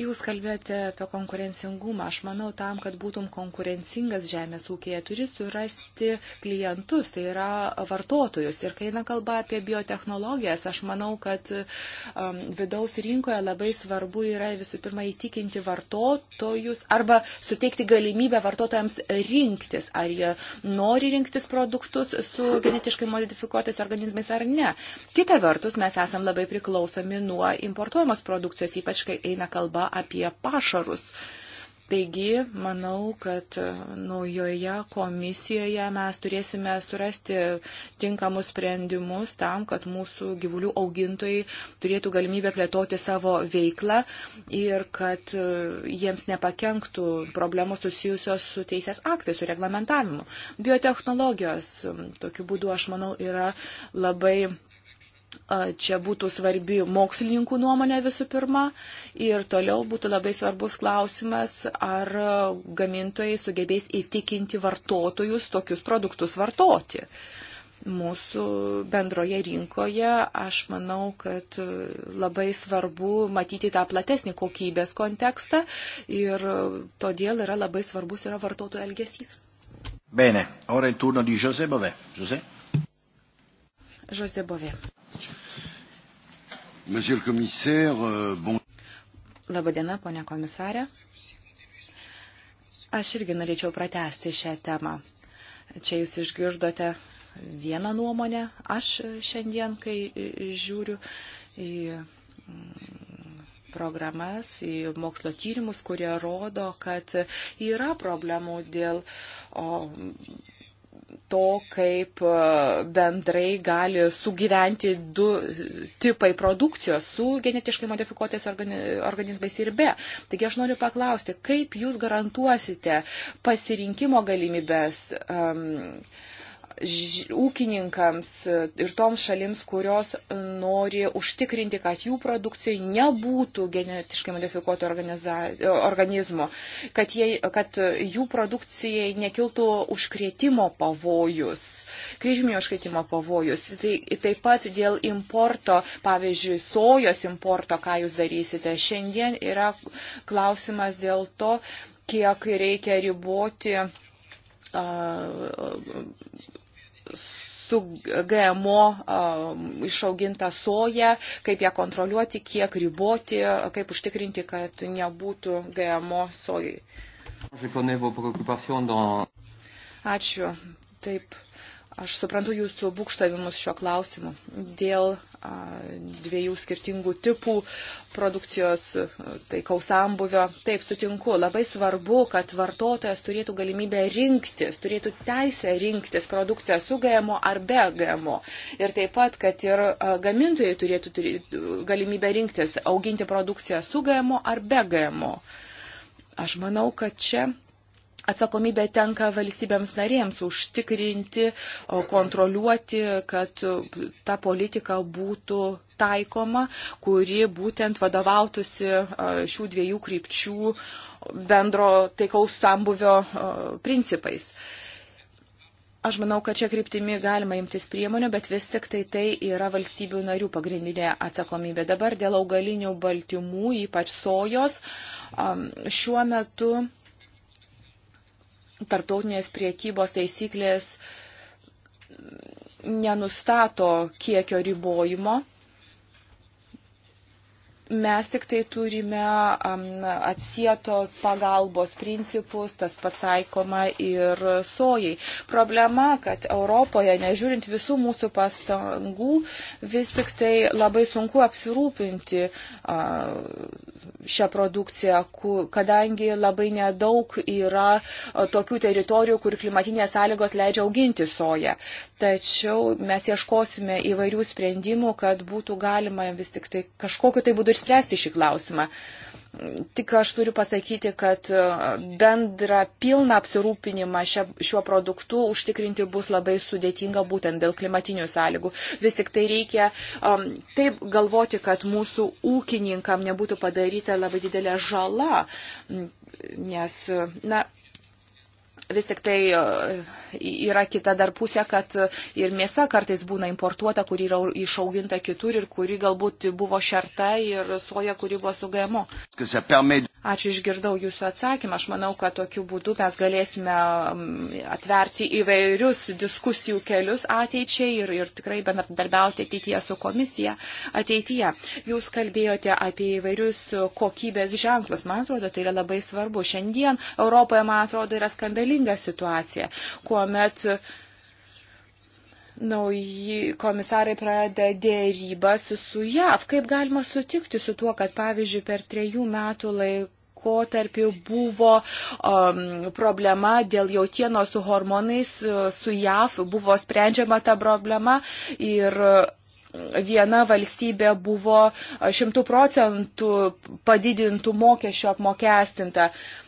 Jūs kalbėjote apie konkurencingumą. Aš manau, tam, kad būtum konkurencingas žemės ūkėje, turi surasti klientus, tai yra vartotojus. Ir kai eina kalba apie biotehnologijas, aš manau, kad um, vidaus rinkoje labai svarbu yra visų pirma įtikinti vartotojus arba suteikti galimybę vartotojams rinktis, ar jie nori rinktis produktus su genetiškai modifikuotais organizmais ar ne. Kita vertus, mes esam labai priklausomi nuo importo importuojamos produkcijos, ypač kai eina kalba apie pašarus. Taigi, manau, kad naujoje komisijoje mes turėsime surasti tinkamus sprendimus tam, kad mūsų gyvulių augintojai turėtų galimybę plėtoti savo veiklą ir kad e, jiems nepakenktų problemos susijusios su teisės aktais, su reglamentavimu. Biotehnologijos, tokiu būdu, aš manau, yra labai Čia būtų svarbi mokslininkų nuomonė visų pirma ir toliau būtų labai svarbus klausimas, ar gamintojai sugebės įtikinti vartotojus tokius produktus vartoti. Mūsų bendroje rinkoje aš manau, kad labai svarbu matyti tą platesnį kokybės kontekstą ir todėl yra labai svarbus yra vartotojų elgesys. Bene, ora il turno di José Bové. José? José Bovė. Euh, bon... Labadiena, ponia komisarė. Aš irgi norėčiau pratesti šią temą. Čia jūs išgirdote vieną nuomonę. Aš šiandien, kai žiūriu į mm, programas, į mokslo tyrimus, kurie rodo, kad yra problemų dėl o, to, kaip e, bendrai gali sugyventi du tipai produkcijos su genetiškai modifikuotais organizmais ir be. Taigi aš noriu paklausti, kaip jūs garantuosite pasirinkimo galimybės? Um, ūkininkams ir toms šalims, kurios nori užtikrinti, kad jų produkcijai nebūtų genetiškai modifikuoto organizmo, kad, jie, kad jų produkcijai nekiltų užkrietimo pavojus kryžminio užkritimo pavojus. Tai, taip pat dėl importo, pavyzdžiui, sojos importo, ką jūs darysite. Šiandien yra klausimas dėl to, kiek reikia riboti uh, su GMO išauginta soja, kaip ją kontroliuoti, kiek riboti, kaip užtikrinti, kad nebūtų GMO sojai. Ačiū. Taip, aš suprantu jūsų būkštavimus šiuo klausimu. Dėl dviejų skirtingų tipų produkcijos, tai kausambuvio. Taip, sutinku, labai svarbu, kad vartotojas turėtų galimybę rinktis, turėtų teisę rinktis produkciją su GMO ar be GMO. Ir taip pat, kad ir gamintojai turėtų galimybę rinktis auginti produkciją su GMO ar be GMO. Aš manau, kad čia atsakomybė tenka valstybėms narėms užtikrinti, kontroliuoti, kad ta politika būtų taikoma, kuri būtent vadovautųsi šių dviejų krypčių bendro taikaus sambuvio principais. Aš manau, kad čia kryptimi galima imtis priemonių, bet vis tik tai tai yra valstybių narių pagrindinė atsakomybė. Dabar dėl augalinių baltymų, ypač sojos, šiuo metu tarptautinės priekybos taisyklės nenustato kiekio ribojimo mes tik tai turime um, atsietos pagalbos principus, tas pats taikoma ir sojai. Problema, kad Europoje, nežiūrint visų mūsų pastangų, vis tik tai labai sunku apsirūpinti uh, šią produkciją, kadangi labai nedaug yra tokių teritorijų, kur klimatinės sąlygos leidžia auginti soją. Tačiau mes ieškosime įvairių sprendimų, kad būtų galima vis tik tai kažkokiu tai būdu ir išspręsti šį klausimą. Tik aš turiu pasakyti, kad e, bendrą pilną apsirūpinimą šia, šiuo produktu užtikrinti bus labai sudėtinga būtent dėl klimatinių sąlygų. Vis tik tai reikia um, taip galvoti, kad mūsų ūkininkam nebūtų padaryta labai didelė žala, nes, na, vis tik tai e, yra kita dar pusė, kad ir mėsa kartais būna importuota, kuri yra išauginta kitur ir kuri galbūt buvo šerta ir soja, kuri buvo su GMO. Ačiū išgirdau jūsų atsakymą. Aš manau, kad tokiu būdu mes galėsime mm, atverti įvairius diskusijų kelius ateičiai ir, ir tikrai bendradarbiauti ateityje su komisija ateityje. Jūs kalbėjote apie įvairius kokybės ženklus. Man atrodo, tai yra labai svarbu. Šiandien Europoje, man atrodo, yra skandalinga situacija, kuomet uh, nauji komisarai pradeda dėrybas su JAV. Kaip galima sutikti su tuo, kad pavyzdžiui per trejų metų laikotarpį buvo um, problema dėl jautienos su hormonais, su JAV buvo sprendžiama ta problema ir um, viena valstybė buvo uh, šimtų procentų padidintų mokesčių apmokestinta. Um,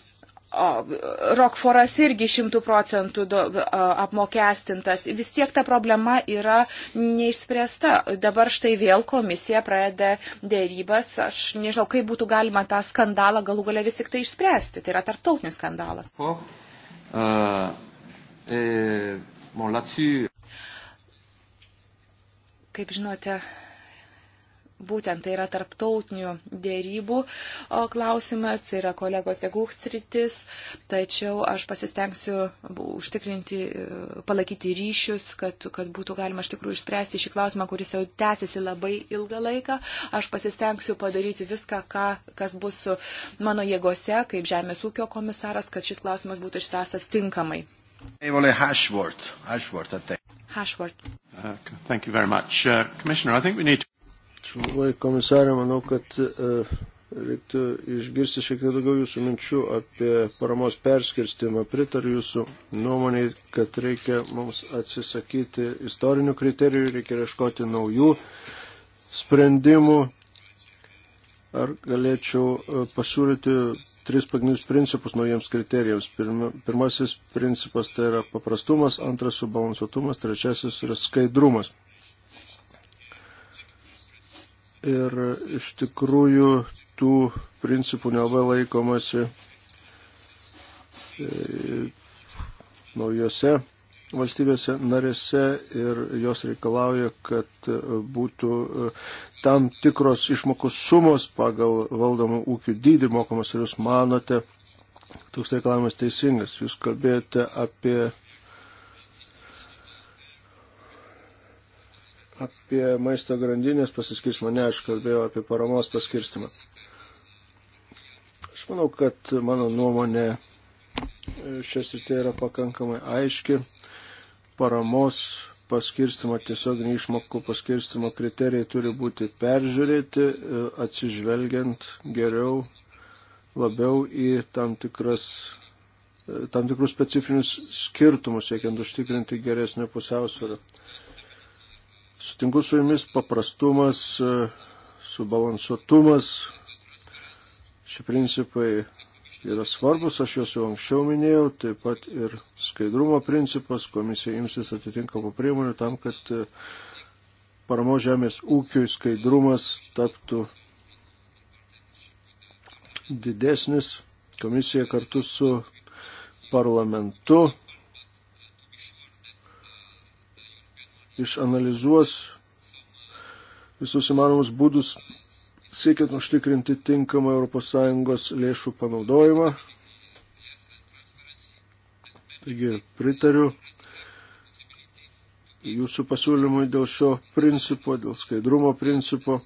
Rokforas irgi šimtų procentų apmokestintas. Vis tiek ta problema yra neišspręsta. Dabar štai vėl komisija pradeda dėrybas. Aš nežinau, kaip būtų galima tą skandalą galų galę vis tik tai išspręsti. Tai yra tarptautinis skandalas. O, uh, e, bon, Kaip žinote, Būtent tai yra tarptautinių dėrybų klausimas, tai yra kolegos degūks rytis, tačiau aš pasistengsiu užtikrinti, e, palaikyti ryšius, kad, kad būtų galima iš tikrųjų išspręsti šį klausimą, kuris jau tęsiasi labai ilgą laiką. Aš pasistengsiu padaryti viską, ką, kas bus mano jėgose, kaip Žemės ūkio komisaras, kad šis klausimas būtų išspręstas tinkamai. Évole Hashworth. Hashworth, I think. Hashworth. Uh, thank you very much. Uh, Commissioner, I think we need to... Labai komisarė, manau, kad e, reiktų išgirsti šiek tiek daugiau jūsų minčių apie paramos perskirstimą. Pritariu jūsų nuomonėj, kad reikia mums atsisakyti istorinių kriterijų, reikia ieškoti naujų sprendimų. Ar galėčiau e, pasiūlyti tris pagrindinius principus naujiems kriterijams? Pirma, pirmasis principas tai yra paprastumas, antras subalansuotumas, trečiasis yra skaidrumas. Ir iš tikrųjų tų principų nelabai laikomasi e, naujose valstybėse narėse ir jos reikalauja, kad būtų e, tam tikros išmokų sumos pagal valdomų ūkių dydį mokamas ir jūs manote, toks reikalavimas teisingas. Jūs kalbėjote apie apie maisto grandinės pasiskirstimą, ne, aš kalbėjau apie paramos paskirstimą. Aš manau, kad mano nuomonė e, šias rytė yra pakankamai aiški. Paramos paskirstimo, tiesioginių išmokų paskirstimo kriterijai turi būti peržiūrėti, e, atsižvelgiant geriau, labiau į tam, tikras, e, tam tikrus specifinius skirtumus, siekiant užtikrinti geresnę pusiausvyrą Sutinku su jumis paprastumas, e, subalansuotumas. Šie principai yra svarbus, aš juos jau anksčiau minėjau, taip pat ir skaidrumo principas, komisija imsis atitinkamų priemonių tam, kad e, paramo žemės ūkiui skaidrumas taptų didesnis. Komisija kartu su parlamentu išanalizuos visus įmanomus būdus siekiant užtikrinti tinkamą ES lėšų panaudojimą. Taigi pritariu jūsų pasiūlymui dėl šio principo, dėl skaidrumo principo.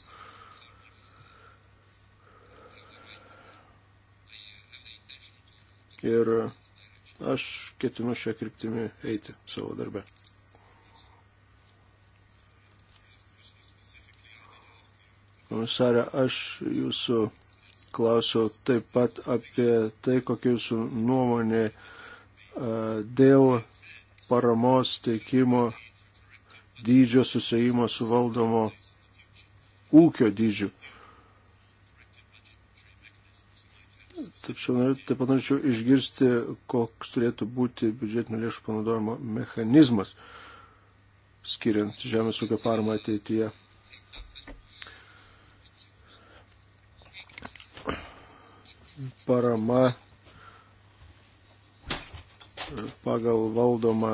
Ir aš ketinu šią kryptimį eiti savo darbę. Komisarė, aš jūsų klausiau taip pat apie tai, kokia jūsų nuomonė e, dėl paramos teikimo dydžio susijimo su valdomo ūkio dydžiu. Tačiau taip pat norėčiau išgirsti, koks turėtų būti biudžetinių lėšų panaudojimo mechanizmas, skiriant žemės ūkio paramą ateityje. parama pagal valdomą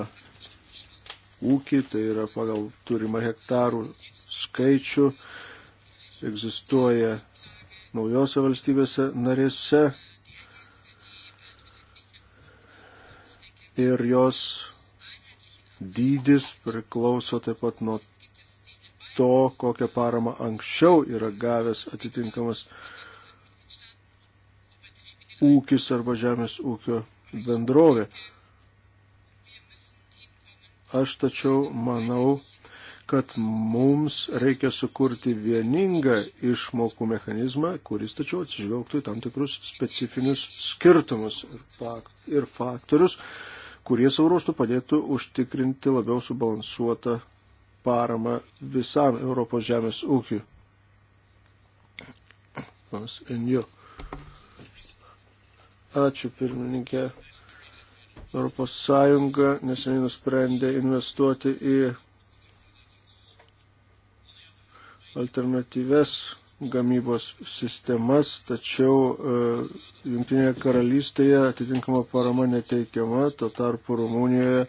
ūkį, tai yra pagal turimą hektarų skaičių, egzistuoja naujose valstybėse narėse ir jos dydis priklauso taip pat nuo to, kokią paramą anksčiau yra gavęs atitinkamas ūkis arba žemės ūkio bendrovė. Aš tačiau manau, kad mums reikia sukurti vieningą išmokų mechanizmą, kuris tačiau atsižvelgtų į tam tikrus specifinius skirtumus ir faktorius, kurie savo ruoštų padėtų užtikrinti labiau subalansuotą paramą visam Europos žemės ūkiu. Panas Enju. Ačiū pirmininkė. Europos Sąjunga neseniai nusprendė investuoti į alternatyves gamybos sistemas, tačiau e, Junktinėje karalystėje atitinkama parama neteikiama, to tarpu Rumunijoje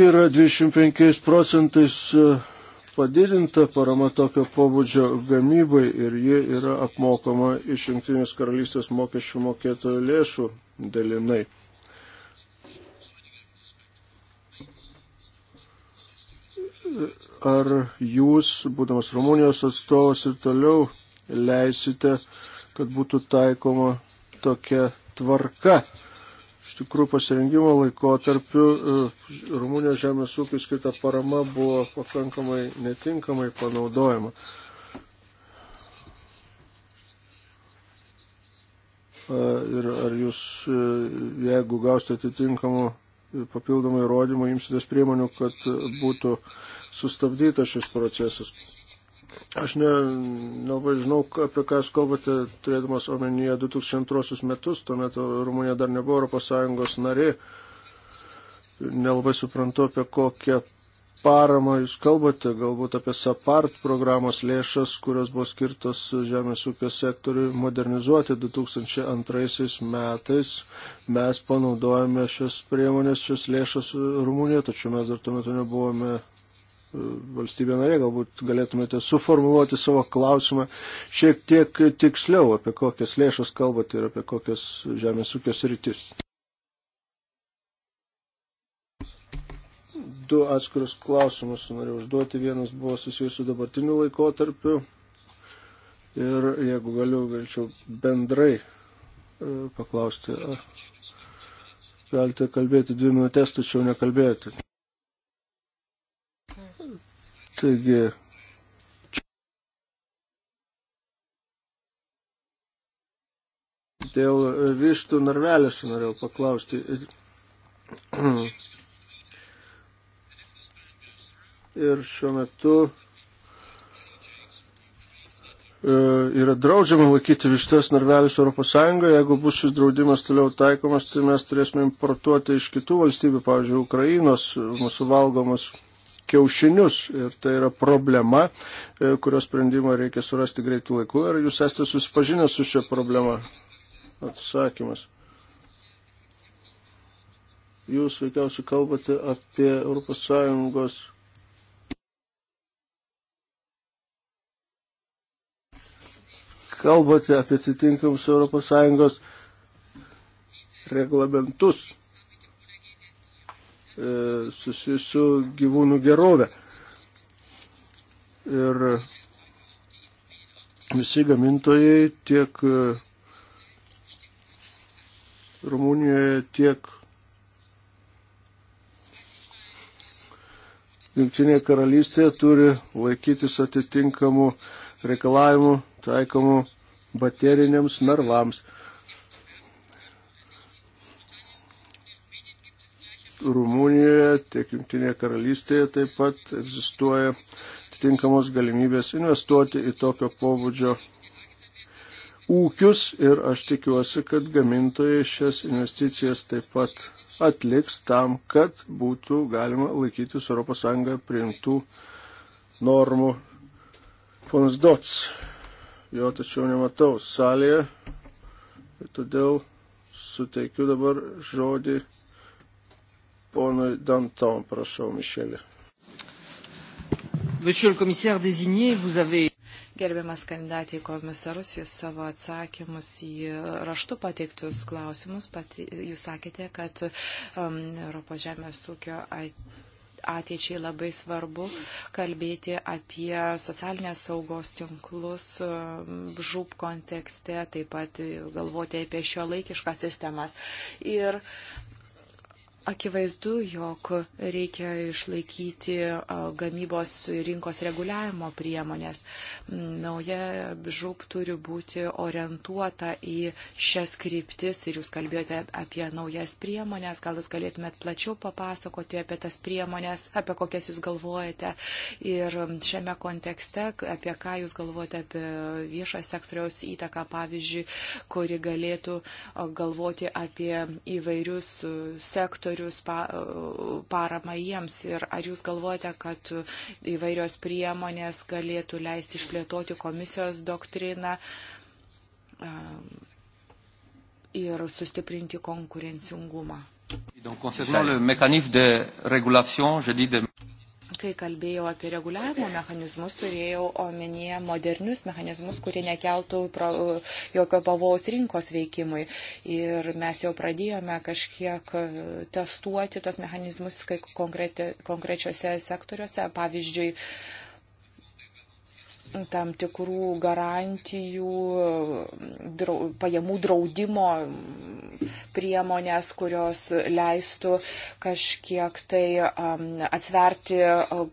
yra 25 procentais e, padidinta parama tokio pobūdžio gamybai ir ji yra apmokama iš Junktinės karalystės mokesčių mokėtojų lėšų dalinai. Ar jūs, būdamas Rumunijos atstovas, ir toliau leisite, kad būtų taikoma tokia tvarka? Iš tikrųjų, pasirengimo laikotarpiu e, Rumunijos žemės ūkiai skirta parama buvo pakankamai netinkamai panaudojama. Ir ar jūs, e, jeigu gausite atitinkamų e, papildomų įrodymų, imsitės priemonių, kad būtų sustabdytas šis procesas? Aš ne, nevažinau, apie ką jūs kalbate, turėdamas omenyje 2002 metus, tuomet Rumunija dar nebuvo ES nari. Nelabai suprantu, apie kokią paramą jūs kalbate, galbūt apie SAPART programos lėšas, kurios buvo skirtos žemės ūkio sektoriui modernizuoti 2002 metais. Mes panaudojame šias priemonės, šias lėšas Rumunijoje, tačiau mes dar tuo metu nebuvome valstybė narė, galbūt galėtumėte suformuoluoti savo klausimą šiek tiek tiksliau, apie kokias lėšas kalbate ir apie kokias žemės ūkios rytis. Du atskirus klausimus norėjau užduoti. Vienas buvo susijęs su dabartiniu laikotarpiu ir jeigu galiu, galčiau bendrai e, paklausti, ar galite kalbėti dvi minutės, tačiau nekalbėjote. Taigi, dėl vištų narvelės norėjau paklausti. Ir šiuo metu e, yra draudžiama laikyti vištas narvelius Europos Sąjungoje. Jeigu bus šis draudimas toliau taikomas, tai mes turėsime importuoti iš kitų valstybių, pavyzdžiui, Ukrainos, mūsų valgomas kiaušinius. Ir tai yra problema, e, kurios sprendimą reikia surasti greitų laikų. Ar jūs esate susipažinę su šia problema? Atsakymas. Jūs veikiausiai kalbate apie ES kalbate apie atitinkamus ES reglamentus. E, susijusių su gyvūnų gerovė. Ir visi gamintojai tiek e, Rumunijoje, tiek Junktinėje karalystėje turi laikytis atitinkamų reikalavimų taikomų bateriniams narvams. Rumunijoje, tiek Junktinėje karalystėje taip pat egzistuoja atitinkamos galimybės investuoti į tokio pobūdžio ūkius ir aš tikiuosi, kad gamintojai šias investicijas taip pat atliks tam, kad būtų galima laikytis ES priimtų normų. Ponas Dots, jo tačiau nematau salėje, todėl suteikiu dabar žodį Ponui Danton, prašau, Mišelė. Monsieur le commissaire désigné, vous avez Gerbiamas kandidatė į komisarus, jūs savo atsakymus į raštu pateiktus klausimus, pati, jūs sakėte, kad um, Europos žemės ūkio ateičiai labai svarbu kalbėti apie socialinės saugos tinklus um, žūp kontekste, taip pat galvoti apie šio laikiškas sistemas. Ir Akivaizdu, jog reikia išlaikyti gamybos rinkos reguliavimo priemonės. Nauja žūp turi būti orientuota į šias kryptis ir jūs kalbėjote apie naujas priemonės. Gal jūs galėtumėt plačiau papasakoti apie tas priemonės, apie kokias jūs galvojate ir šiame kontekste, apie ką jūs galvojate apie viešo sektoriaus įtaką, pavyzdžiui, kuri galėtų galvoti apie įvairius sektorius sektorius, pa, parama jiems ir ar jūs galvojate, kad įvairios priemonės galėtų leisti išplėtoti komisijos doktriną um, ir sustiprinti konkurencingumą? Donc, concernant le mécanisme de régulation, je dis de... Kai kalbėjau apie reguliavimo mechanizmus, turėjau omenyje modernius mechanizmus, kurie nekeltų pro, jokio pavojaus rinkos veikimui. Ir mes jau pradėjome kažkiek e, testuoti tos mechanizmus konkreti, konkrečiose sektoriuose. Pavyzdžiui, uh, tam tikrų garantijų, drau, pajamų draudimo priemonės, kurios leistų kažkiek tai um, atsverti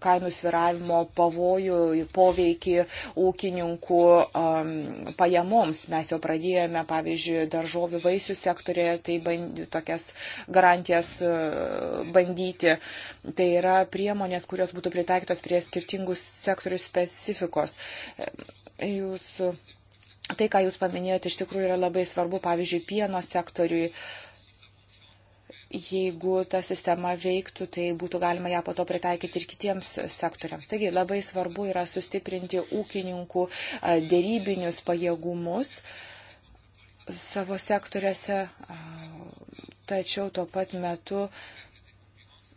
kainų sviravimo pavojų, poveikį ūkininkų um, pajamoms. Mes jau pradėjome, pavyzdžiui, daržovių vaisių sektorėje tai bandy, tokias garantijas bandyti. Tai yra priemonės, kurios būtų pritaikytos prie skirtingų sektorių specifikos Jūs, tai, ką jūs paminėjote, iš tikrųjų yra labai svarbu, pavyzdžiui, pieno sektoriui jeigu ta sistema veiktų, tai būtų galima ją po to pritaikyti ir kitiems sektoriams. Taigi labai svarbu yra sustiprinti ūkininkų dėrybinius pajėgumus savo sektoriuose, tačiau tuo pat metu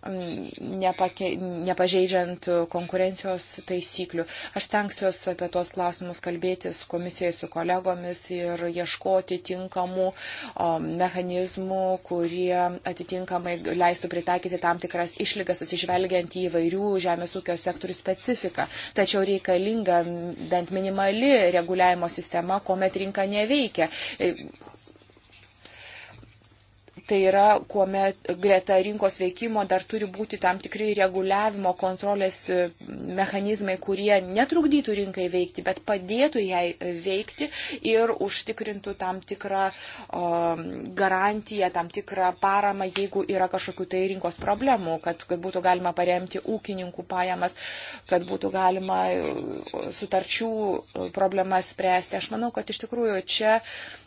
Mm, nepake, nepažeidžiant konkurencijos taisyklių. Aš stengsiuosi apie tuos klausimus kalbėtis komisijoje su kolegomis ir ieškoti tinkamų o, mechanizmų, kurie atitinkamai leistų pritaikyti tam tikras išlygas atsižvelgiant į įvairių žemės ūkio sektorių specifiką. Tačiau reikalinga bent minimali reguliavimo sistema, kuomet rinka neveikia Tai yra, kuomet greta rinkos veikimo dar turi būti tam tikri reguliavimo kontrolės e, mechanizmai, kurie netrukdytų rinkai veikti, bet padėtų jai veikti ir užtikrintų tam tikrą o, garantiją, tam tikrą paramą, jeigu yra kažkokių tai rinkos problemų, kad, kad būtų galima paremti ūkininkų pajamas, kad būtų galima e, sutarčių e, problemas spręsti. Aš manau, kad iš tikrųjų čia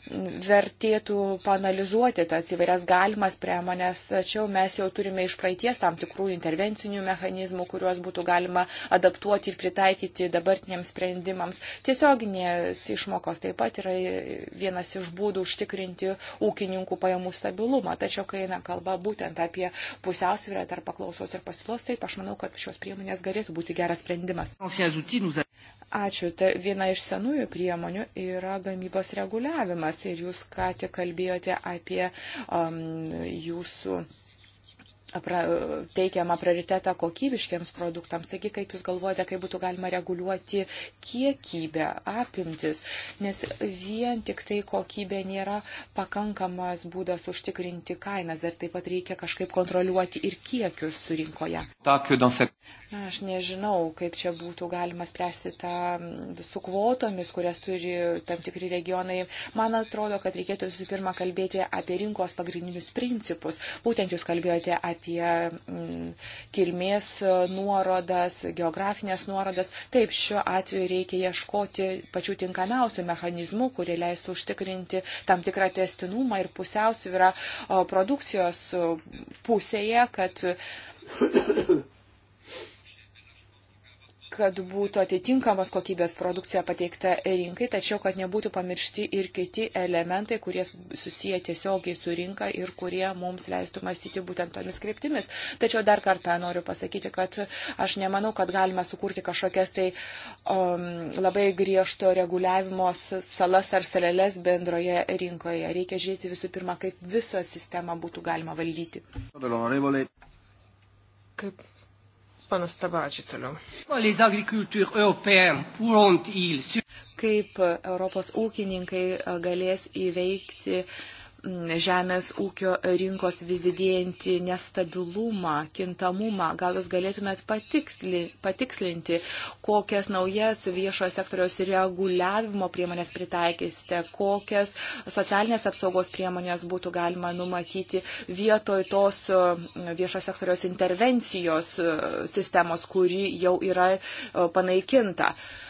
vertėtų panalizuoti tas įvairias galimas priemonės, tačiau mes jau turime iš praeities tam tikrų intervencinių mechanizmų, kuriuos būtų galima adaptuoti ir pritaikyti dabartiniams sprendimams. Tiesioginės išmokos taip pat yra vienas iš būdų užtikrinti ūkininkų pajamų stabilumą, tačiau kai eina kalba būtent apie pusiausvyrą tarp paklausos ir pasiūlos, taip aš manau, kad šios priemonės galėtų būti geras sprendimas. Ačiū. Ta viena iš senųjų priemonių yra gamybos reguliavimas ir jūs ką tik kalbėjote apie um, jūsų pra, teikiamą prioritetą kokybiškiams produktams. Taigi, kaip Jūs galvojate, kaip būtų galima reguliuoti kiekybę, apimtis, nes vien tik tai kokybė nėra pakankamas būdas užtikrinti kainas ir taip pat reikia kažkaip kontroliuoti ir kiekius rinkoje. Na, aš nežinau, kaip čia būtų galima spręsti tą su kvotomis, kurias turi tam tikri regionai. Man atrodo, kad reikėtų visų pirma kalbėti apie rinkos pagrindinius principus. Būtent jūs kalbėjote apie mm, kilmės nuorodas, geografinės nuorodas. Taip, šiuo atveju reikia ieškoti pačių tinkamiausių mechanizmų, kurie leistų užtikrinti tam tikrą testinumą ir pusiausvyrą produkcijos pusėje, kad kad būtų atitinkamos kokybės produkcija pateikta rinkai, tačiau kad nebūtų pamiršti ir kiti elementai, kurie susiję tiesiogiai su rinka ir kurie mums leistų mąstyti būtent tomis kryptimis. Tačiau dar kartą noriu pasakyti, kad aš nemanau, kad galime sukurti kažkokias tai um, labai griežto reguliavimo salas ar salelės bendroje rinkoje. Reikia žiūrėti visų pirma, kaip visą sistemą būtų galima valdyti. Kaip Panas Tabačiai toliau. Kaip Europos ūkininkai galės įveikti uh, žemės ūkio rinkos vizidėjantį nestabilumą, kintamumą. Gal jūs galėtumėt patiksli, patikslinti, kokias naujas viešojo sektoriaus reguliavimo priemonės pritaikysite, kokias socialinės apsaugos priemonės būtų galima numatyti vietoj tos e, viešojo sektoriaus intervencijos e, sistemos, kuri jau yra e, panaikinta. Uh,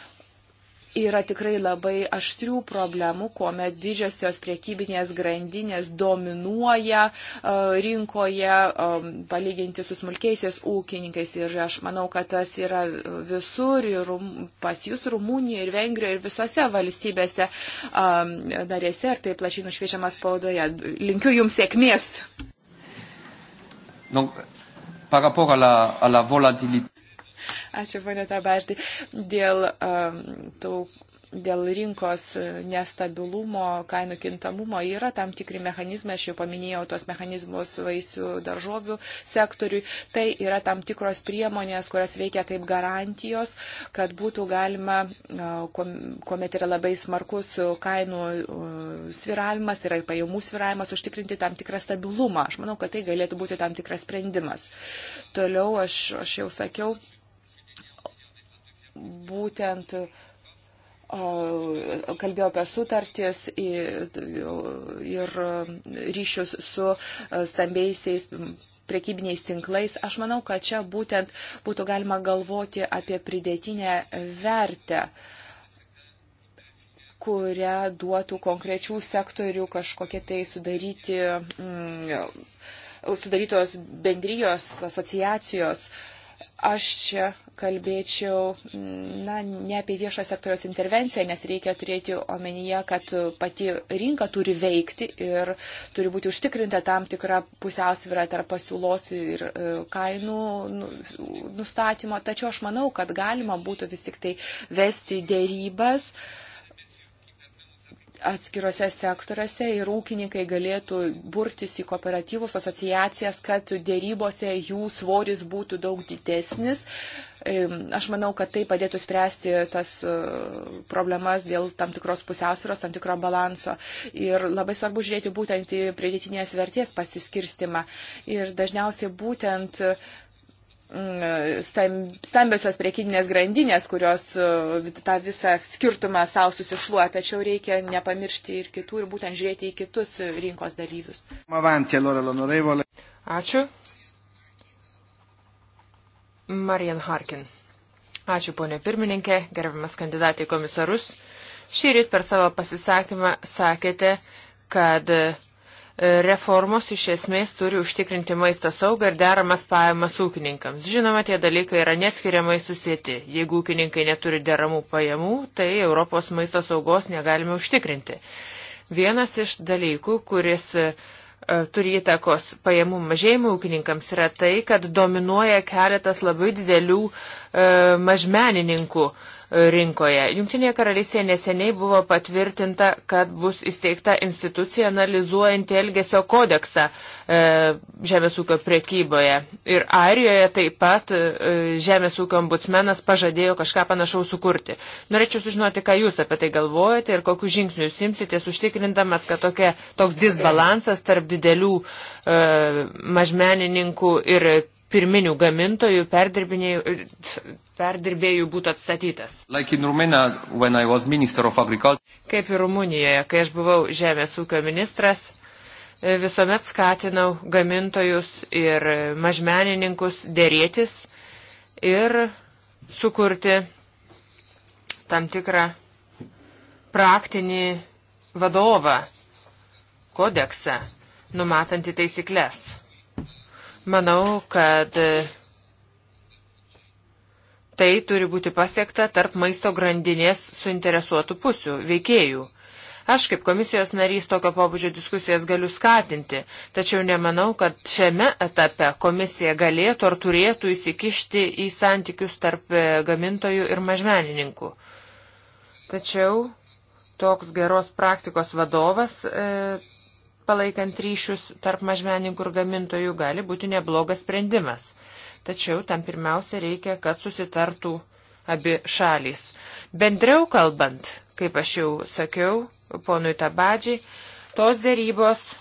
yra tikrai labai aštrių problemų, kuomet didžiosios priekybinės grandinės dominuoja e, rinkoje e, palyginti su smulkiaisiais ūkininkais. Ir aš manau, kad tas yra visur, ir pas jūs Rumunijoje, ir Vengrijoje, ir visose valstybėse e, narėse, ir tai plačiai nušviečiama spaudoje. Linkiu Jums sėkmės. Donc, par rapport à la, à la volatilité. Ačiū, ponė Tabaždai. Dėl um, tų dėl rinkos nestabilumo, kainų kintamumo yra tam tikri mechanizmai, aš jau paminėjau tos mechanizmus vaisių daržovių sektoriui, tai yra tam tikros priemonės, kurias veikia kaip garantijos, kad būtų galima, kuomet yra labai smarkus kainų sviravimas, yra ir pajamų sviravimas, užtikrinti tam tikrą stabilumą. Aš manau, kad tai galėtų būti tam tikras sprendimas. Toliau aš, aš jau sakiau, būtent kalbėjo apie sutartis ir ryšius su e, stambiaisiais prekybiniais tinklais. Aš manau, kad čia būtent būtų galima galvoti apie pridėtinę vertę, kurią duotų konkrečių sektorių kažkokie tai sudaryti, mm, sudarytos bendrijos, asociacijos. Uh, aš čia kalbėčiau na, ne apie viešo sektoriaus intervenciją, nes reikia turėti omenyje, kad pati rinka turi veikti ir turi būti užtikrinta tam tikra pusiausvyrą tarp pasiūlos ir e, kainų nu, nustatymo. Tačiau aš manau, kad galima būtų vis tik tai vesti dėrybas. Uh, atskirose sektoriuose ir ūkininkai galėtų burtis į kooperatyvus asociacijas, kad dėrybose jų svoris būtų daug didesnis. Aš manau, kad tai padėtų spręsti tas e, problemas dėl tam tikros pusiausvėros, tam tikro balanso. Ir labai svarbu žiūrėti būtent į pridėtinės vertės pasiskirstimą. Ir dažniausiai būtent uh, Mm, stambiosios priekybinės grandinės, kurios e, tą visą skirtumą savo susišluoja, tačiau reikia nepamiršti ir kitų ir būtent žiūrėti į kitus rinkos dalyvius. Ačiū. Marian Harkin. Ačiū, ponė pirmininkė, gerbiamas kandidatai komisarus. Šį rytą per savo pasisakymą sakėte, kad reformos iš esmės turi užtikrinti maisto saugą ir deramas pajamas ūkininkams. Žinoma, tie dalykai yra neatskiriamai susijęti. Jeigu ūkininkai neturi deramų pajamų, tai Europos maisto saugos negalime užtikrinti. Vienas iš dalykų, kuris e, turi įtakos pajamų mažėjimui ūkininkams yra tai, kad dominuoja keletas labai didelių e, mažmenininkų. E, rinkoje. Junktinėje karalystėje neseniai buvo patvirtinta, kad bus įsteigta institucija analizuojanti Elgesio kodeksą e, žemės ūkio priekyboje. Ir Airijoje taip pat e, žemės ūkio ombudsmenas pažadėjo kažką panašaus sukurti. Norėčiau sužinoti, ką jūs apie tai galvojate ir kokius žingsnius simsitės užtikrindamas, kad tokia, toks disbalansas tarp didelių e, mažmenininkų ir pirminių gamintojų perdirbėjų būtų atstatytas. Like Romania, Kaip ir Rumunijoje, kai aš buvau žemės ūkio ministras, e, visuomet skatinau gamintojus ir mažmenininkus dėrėtis ir sukurti tam tikrą praktinį vadovą, kodeksą, numatantį taisyklės. Manau, kad e, tai turi būti pasiekta tarp maisto grandinės suinteresuotų pusių, veikėjų. Aš kaip komisijos narys tokio pobūdžio diskusijas galiu skatinti, tačiau nemanau, kad šiame etape komisija galėtų ar turėtų įsikišti į santykius tarp e, gamintojų ir mažmenininkų. Tačiau toks geros praktikos vadovas e, palaikant ryšius tarp mažmeninkų ir gamintojų gali būti neblogas sprendimas. Tačiau tam pirmiausia reikia, kad susitartų abi šalys. Bendriau kalbant, kaip aš jau sakiau, ponui Tabadžiai, tos dėrybos e,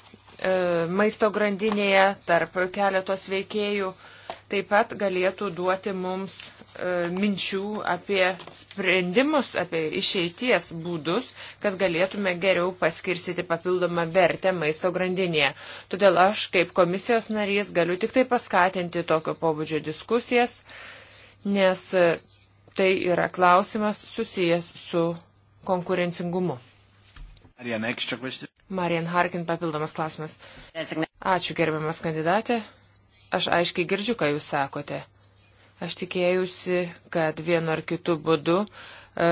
maisto grandinėje tarp keletos veikėjų e, taip pat galėtų duoti mums e, minčių apie sprendimus, apie išeities būdus, kad galėtume geriau paskirstyti papildomą vertę maisto grandinėje. Todėl aš kaip komisijos narys galiu tik tai paskatinti tokio pobūdžio diskusijas, nes e, tai yra klausimas susijęs su konkurencingumu. Marian Harkin papildomas klausimas. Ačiū gerbiamas kandidatė. Aš aiškiai girdžiu, ką jūs sakote. Aš tikėjausi, kad vienu ar kitu būdu e,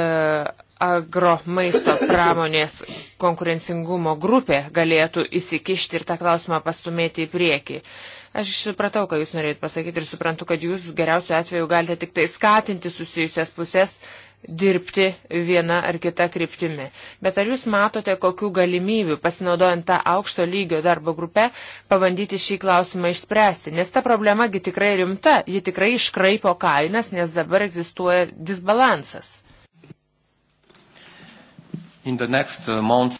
agro maisto pramonės konkurencingumo grupė galėtų įsikišti ir tą klausimą pastumėti į priekį. Aš supratau, ką jūs norėjot pasakyti ir suprantu, kad jūs geriausiu atveju galite tik tai skatinti susijusias pusės dirbti viena ar kita kryptimi. Bet ar jūs matote kokių galimybių, pasinaudojant tą aukšto lygio darbo grupę, pabandyti šį klausimą išspręsti? Nes ta problemagi tikrai rimta, ji tikrai iškraipo kainas, nes dabar egzistuoja disbalansas. Uh,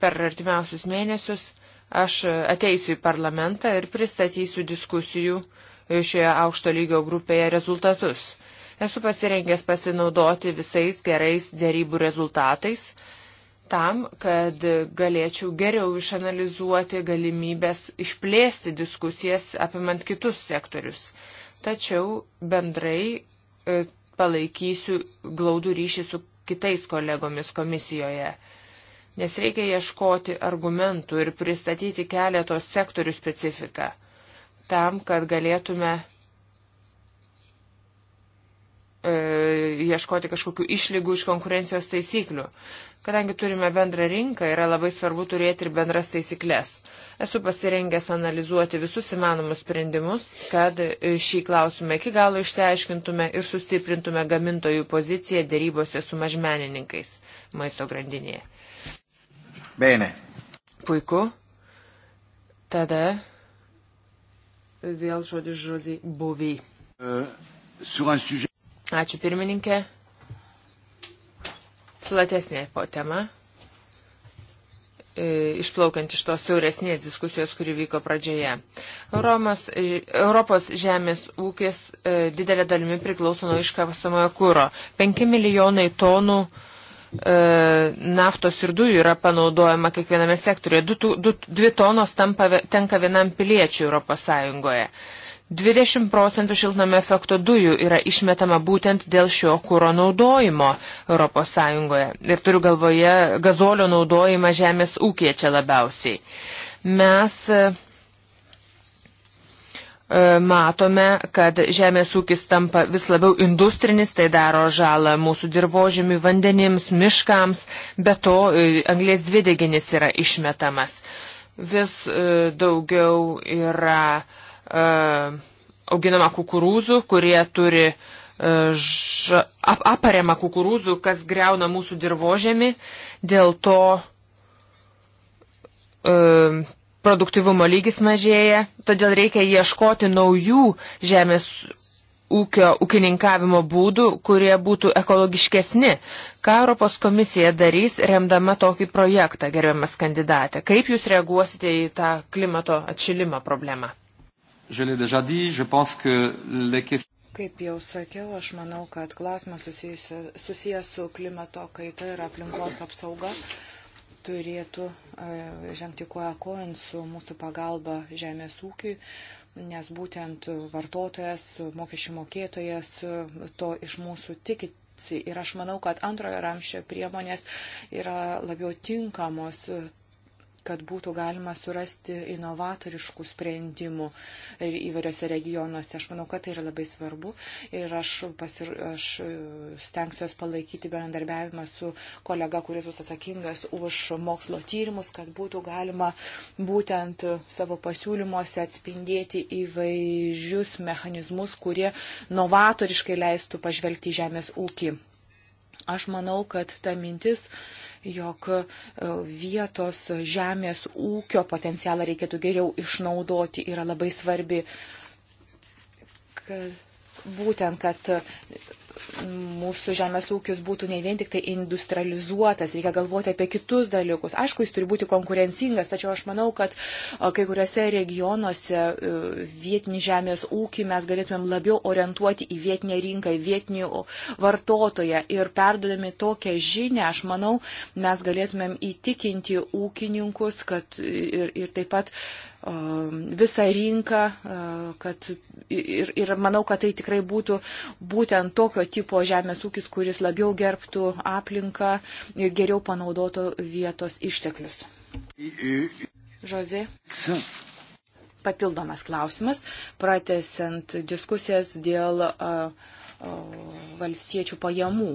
per artimiausius mėnesius aš ateisiu į parlamentą ir pristatysiu diskusijų šioje aukšto lygio grupėje rezultatus Esu pasirengęs pasinaudoti visais gerais dėrybų rezultatais tam, kad galėčiau geriau išanalizuoti galimybės išplėsti diskusijas apimant kitus sektorius. Tačiau bendrai e, palaikysiu glaudų ryšį su kitais kolegomis komisijoje. Nes reikia ieškoti argumentų ir pristatyti keletos sektorių specifiką, tam, kad galėtume E, ieškoti kažkokių išlygų iš konkurencijos taisyklių. Kadangi turime bendrą rinką, yra labai svarbu turėti ir bendras taisyklės. Esu pasirengęs analizuoti visus įmanomus sprendimus, kad e, šį klausimą iki galo išsiaiškintume ir sustiprintume gamintojų poziciją dėrybose su mažmenininkais maisto grandinėje. Bene. Puiku. Tada vėl žodis žodžiai buviai. Uh, Ačiū pirmininkė. Platesnė po tema. E, išplaukiant iš tos siauresnės diskusijos, kuri vyko pradžioje. Romos, e, Europos žemės ūkis e, didelė dalimi priklauso nuo iškasamojo kūro. 5 milijonai tonų naftos ir dujų yra panaudojama kiekviename sektoriuje. 2 tonos tampa, tenka vienam piliečiui Europos Sąjungoje. 20 procentų šiltnamio efekto dujų yra išmetama būtent dėl šio kūro naudojimo ES. Ir turiu galvoje gazolio naudojimą žemės ūkėje čia labiausiai. Mes e, e, matome, kad žemės ūkis tampa vis labiau industrinis, tai daro žalą mūsų dirbožėmiui, vandenims, miškams, be to e, anglės dvideginis yra išmetamas. Vis daugiau yra uh, E, auginama kukurūzų, kurie turi e, ž, ap, apariamą kukurūzų, kas greuna mūsų dirbožėmį, dėl to e, produktivumo lygis mažėja, todėl reikia ieškoti naujų žemės ūkio ūkininkavimo būdų, kurie būtų ekologiškesni. Ką Europos komisija darys, remdama tokį projektą, gerbiamas kandidatė? Kaip jūs reaguosite į tą klimato atšilimą problemą? Kaip jau sakiau, aš manau, kad klausimas susijęs su klimato kaita ir aplinkos apsauga turėtų e, žengti koja kojant su mūsų pagalba žemės ūkiui, nes būtent vartotojas, mokesčių mokėtojas e, to iš mūsų tiki Ir aš manau, kad antrojo ramščio priemonės yra labiau tinkamos kad būtų galima surasti inovatoriškų sprendimų įvairiose regionuose. Aš manau, kad tai yra labai svarbu ir aš, pasir, aš stengsiuos palaikyti bendarbiavimą su kolega, kuris bus atsakingas už mokslo tyrimus, kad būtų galima būtent savo pasiūlymuose atspindėti įvairius mechanizmus, kurie novatoriškai leistų pažvelgti į žemės ūkį. Aš manau, kad ta mintis jog e, vietos žemės ūkio potencialą reikėtų geriau išnaudoti yra labai svarbi. Kad būtent, kad mūsų žemės ūkis būtų ne vien tik tai industrializuotas, reikia galvoti apie kitus dalykus. Aišku, jis turi būti konkurencingas, tačiau aš manau, kad kai kuriuose regionuose e, vietinį žemės ūkį mes galėtumėm labiau orientuoti į vietinę rinką, į vietinį vartotoją ir perdodami tokią žinę, aš manau, mes galėtumėm įtikinti ūkininkus kad ir, ir taip pat Um, visą rinką, uh, kad ir, ir manau, kad tai tikrai būtų būtent tokio tipo žemės ūkis, kuris labiau gerbtų aplinką ir geriau panaudotų vietos išteklius. Žozė. Papildomas klausimas, pratesiant diskusijas dėl a, uh, a, uh, valstiečių pajamų.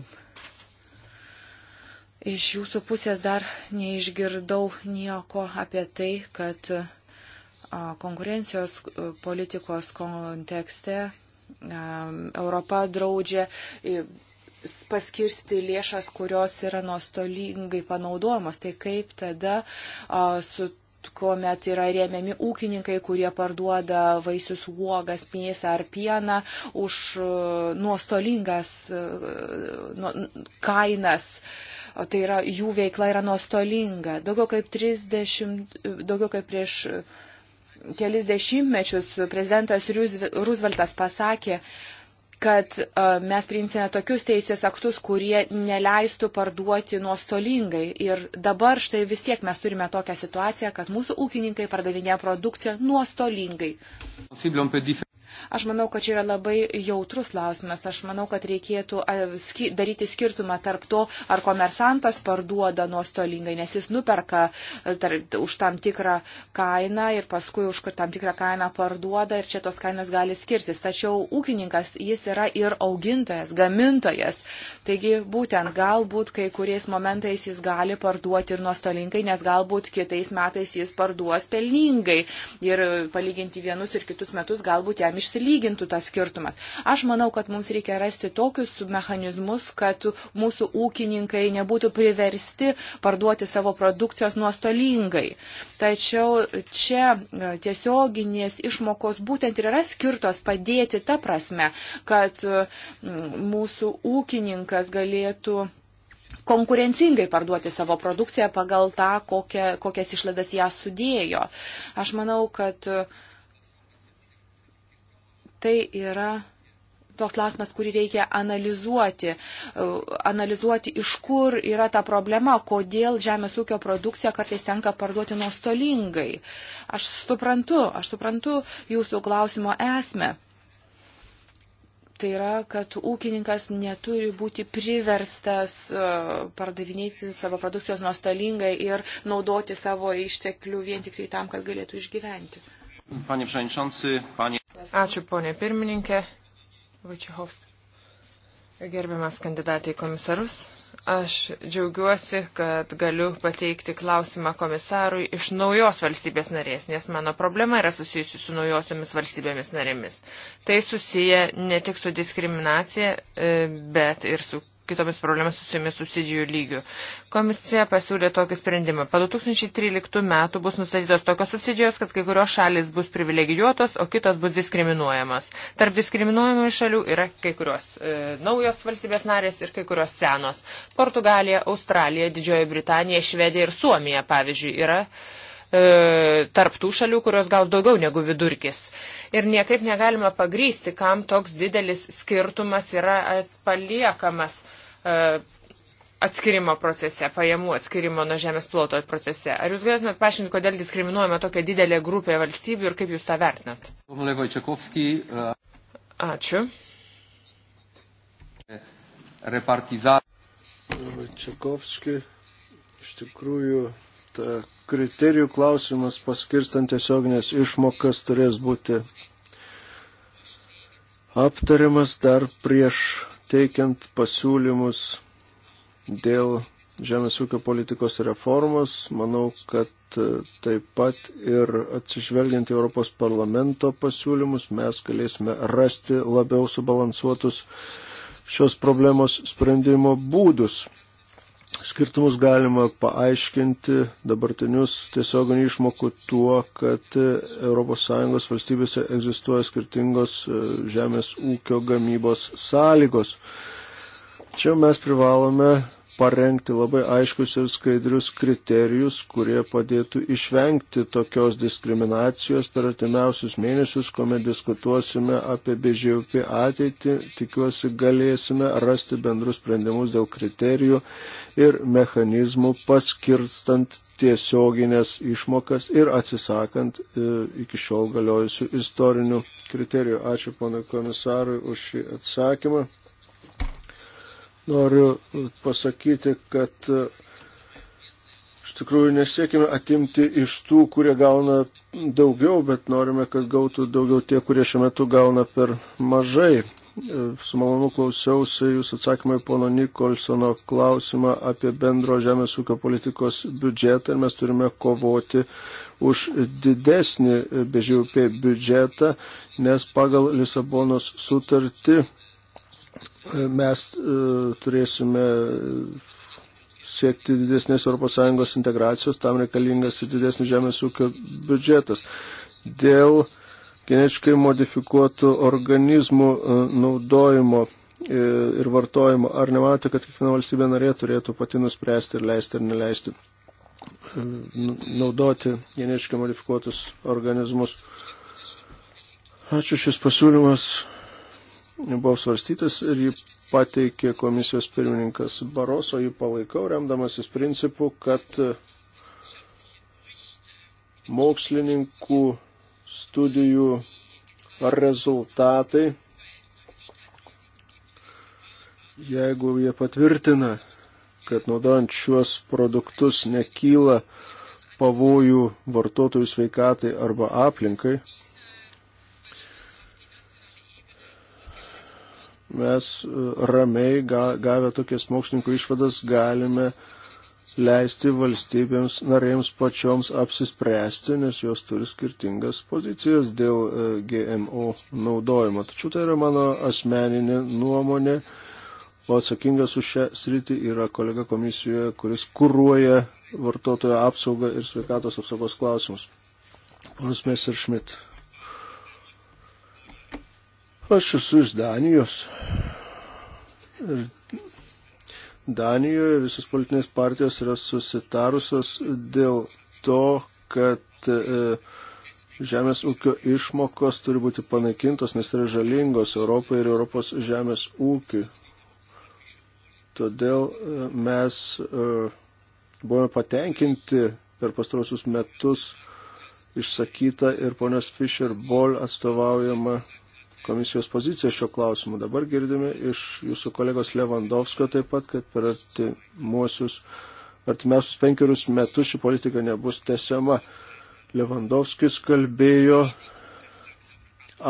Iš jūsų pusės dar neišgirdau nieko apie tai, kad a, konkurencijos politikos kontekste Europa draudžia paskirsti lėšas, kurios yra nuostolingai panaudojamos. Tai kaip tada su kuomet yra rėmiami ūkininkai, kurie parduoda vaisius, uogas, mėsą ar pieną už nuostolingas nu, kainas. Tai yra, jų veikla yra nuostolinga. Daugiau kaip 30, daugiau kaip prieš kelis dešimtmečius prezidentas Rooseveltas pasakė, kad e, mes priimsime tokius teisės aktus, kurie neleistų parduoti nuostolingai. Ir dabar štai vis tiek mes turime tokią situaciją, kad mūsų ūkininkai pardavinėja produkciją nuostolingai. Aš manau, kad čia yra labai jautrus klausimas. Aš manau, kad reikėtų daryti skirtumą tarp to, ar komersantas parduoda nuostolingai, nes jis nuperka e, tarp, už tam tikrą kainą ir paskui už tam tikrą kainą parduoda ir čia tos kainos gali skirtis. Tačiau ūkininkas, jis yra ir augintojas, gamintojas. Taigi būtent galbūt kai kuriais momentais jis gali parduoti ir nuostolingai, nes galbūt kitais metais jis parduos pelningai. Ir e, palyginti vienus ir kitus metus galbūt jam išsilygintų tas skirtumas. Aš manau, kad mums reikia rasti tokius mechanizmus, kad mūsų ūkininkai nebūtų priversti parduoti savo produkcijos nuostolingai. Tačiau čia e, tiesioginės išmokos būtent ir yra skirtos padėti tą prasme, kad e, mūsų ūkininkas galėtų konkurencingai parduoti savo produkciją pagal tą, kokia, kokias išlaidas ją sudėjo. Aš manau, kad uh, Tai yra toks klausimas, kurį reikia analizuoti, e, analizuoti, iš kur yra ta problema, kodėl žemės ūkio produkcija kartais tenka parduoti nuostolingai. Aš suprantu, aš suprantu jūsų klausimo esmę. Tai yra, kad ūkininkas neturi būti priverstas e, pardavinėti savo produkcijos nuostolingai ir naudoti savo išteklių vien tik tai tam, kad galėtų išgyventi. Panie Przewodniczący, panie. Ačiū, ponė pirmininkė. Vačiahovskis. Gerbiamas kandidatai komisarus, aš džiaugiuosi, kad galiu pateikti klausimą komisarui iš naujos valstybės narės, nes mano problema yra susijusi su naujosiomis valstybėmis narėmis. Tai susiję ne tik su diskriminacija, e, bet ir su kitomis problemas susijomis subsidijų lygių. Komisija pasiūlė tokį sprendimą. Po 2013 metų bus nustatytos tokios subsidijos, kad kai kurios šalis bus privilegijuotos, o kitos bus diskriminuojamas. Tarp diskriminuojamų šalių yra kai kurios e, naujos valstybės narės ir kai kurios senos. Portugalija, Australija, Didžioji Britanija, Švedija ir Suomija, pavyzdžiui, yra E, tarptų šalių, kurios gaus daugiau negu vidurkis. Ir niekaip negalima pagrysti, kam toks didelis skirtumas yra paliekamas e, atskirimo procese, pajamų atskirimo nuo žemės ploto procese. Ar jūs galėtumėt paaiškinti, kodėl diskriminuojama tokia didelė grupė valstybių ir kaip jūs tą vertinat? E, Ačiū. Repartizavimo. Čiakovski, iš tikrųjų, ta kriterijų klausimas paskirstant tiesioginės išmokas turės būti aptariamas dar prieš teikiant pasiūlymus dėl žemės ūkio politikos reformos. Manau, kad e, taip pat ir atsižvelgiant į Europos parlamento pasiūlymus mes galėsime rasti labiau subalansuotus šios problemos sprendimo būdus skirtumus galima paaiškinti dabartinius tiesioginių išmokų tuo, kad ES valstybėse egzistuoja skirtingos e, žemės ūkio gamybos sąlygos. Čia mes privalome parengti labai aiškius ir skaidrius kriterijus, kurie padėtų išvengti tokios diskriminacijos per atimiausius mėnesius, kuomet diskutuosime apie BŽUP ateitį. Tikiuosi, galėsime rasti bendrus sprendimus dėl kriterijų ir mechanizmų paskirstant tiesioginės išmokas ir atsisakant e, iki šiol galiojusių istorinių kriterijų. Ačiū ponui komisarui už šį atsakymą. Noriu pasakyti, kad e, iš tikrųjų nesiekime atimti iš tų, kurie gauna daugiau, bet norime, kad gautų daugiau tie, kurie šiuo metu gauna per mažai. E, su malonu klausiausi jūsų atsakymai pono Nikolsono klausimą apie bendro žemės ūkio politikos biudžetą ir mes turime kovoti už didesnį e, BŽUP biudžetą, nes pagal Lisabonos sutartį mes e, turėsime siekti didesnės ES integracijos, tam reikalingas ir didesnis žemės ūkio biudžetas. Dėl genetiškai modifikuotų organizmų e, naudojimo e, ir vartojimo, ar nematote, kad kiekviena valstybė narė turėtų pati nuspręsti ir leisti ar neleisti naudoti genetiškai modifikuotus organizmus? Ačiū šis pasiūlymas buvo svarstytas ir jį pateikė komisijos pirmininkas Baroso, jį palaikau, remdamasis principu, kad e, mokslininkų studijų rezultatai, jeigu jie patvirtina, kad naudojant šiuos produktus nekyla pavojų vartotojų sveikatai arba aplinkai, mes e, ramiai gavę tokias mokslininkų išvadas galime leisti valstybėms narėms pačioms apsispręsti, nes jos turi skirtingas pozicijas dėl e, GMO naudojimo. Tačiau tai yra mano asmeninė nuomonė, o atsakingas už šią sritį yra kolega komisijoje, kuris kūruoja vartotojo apsaugą ir sveikatos apsaugos klausimus. Ponas Messer Šmit. Aš esu iš Danijos. Ir Danijoje visos politinės partijos yra susitarusios dėl to, kad e, žemės ūkio išmokos turi būti panaikintos, nes yra žalingos Europai ir Europos žemės ūkiui. Todėl e, mes e, buvome patenkinti per pastarosius metus išsakytą ir ponios Fischer Boll atstovaujamą komisijos poziciją šio klausimu. Dabar girdime iš jūsų kolegos Levandovskio taip pat, kad per artimuosius, artimiausius penkerius metus ši politika nebus tesiama. Levandovskis kalbėjo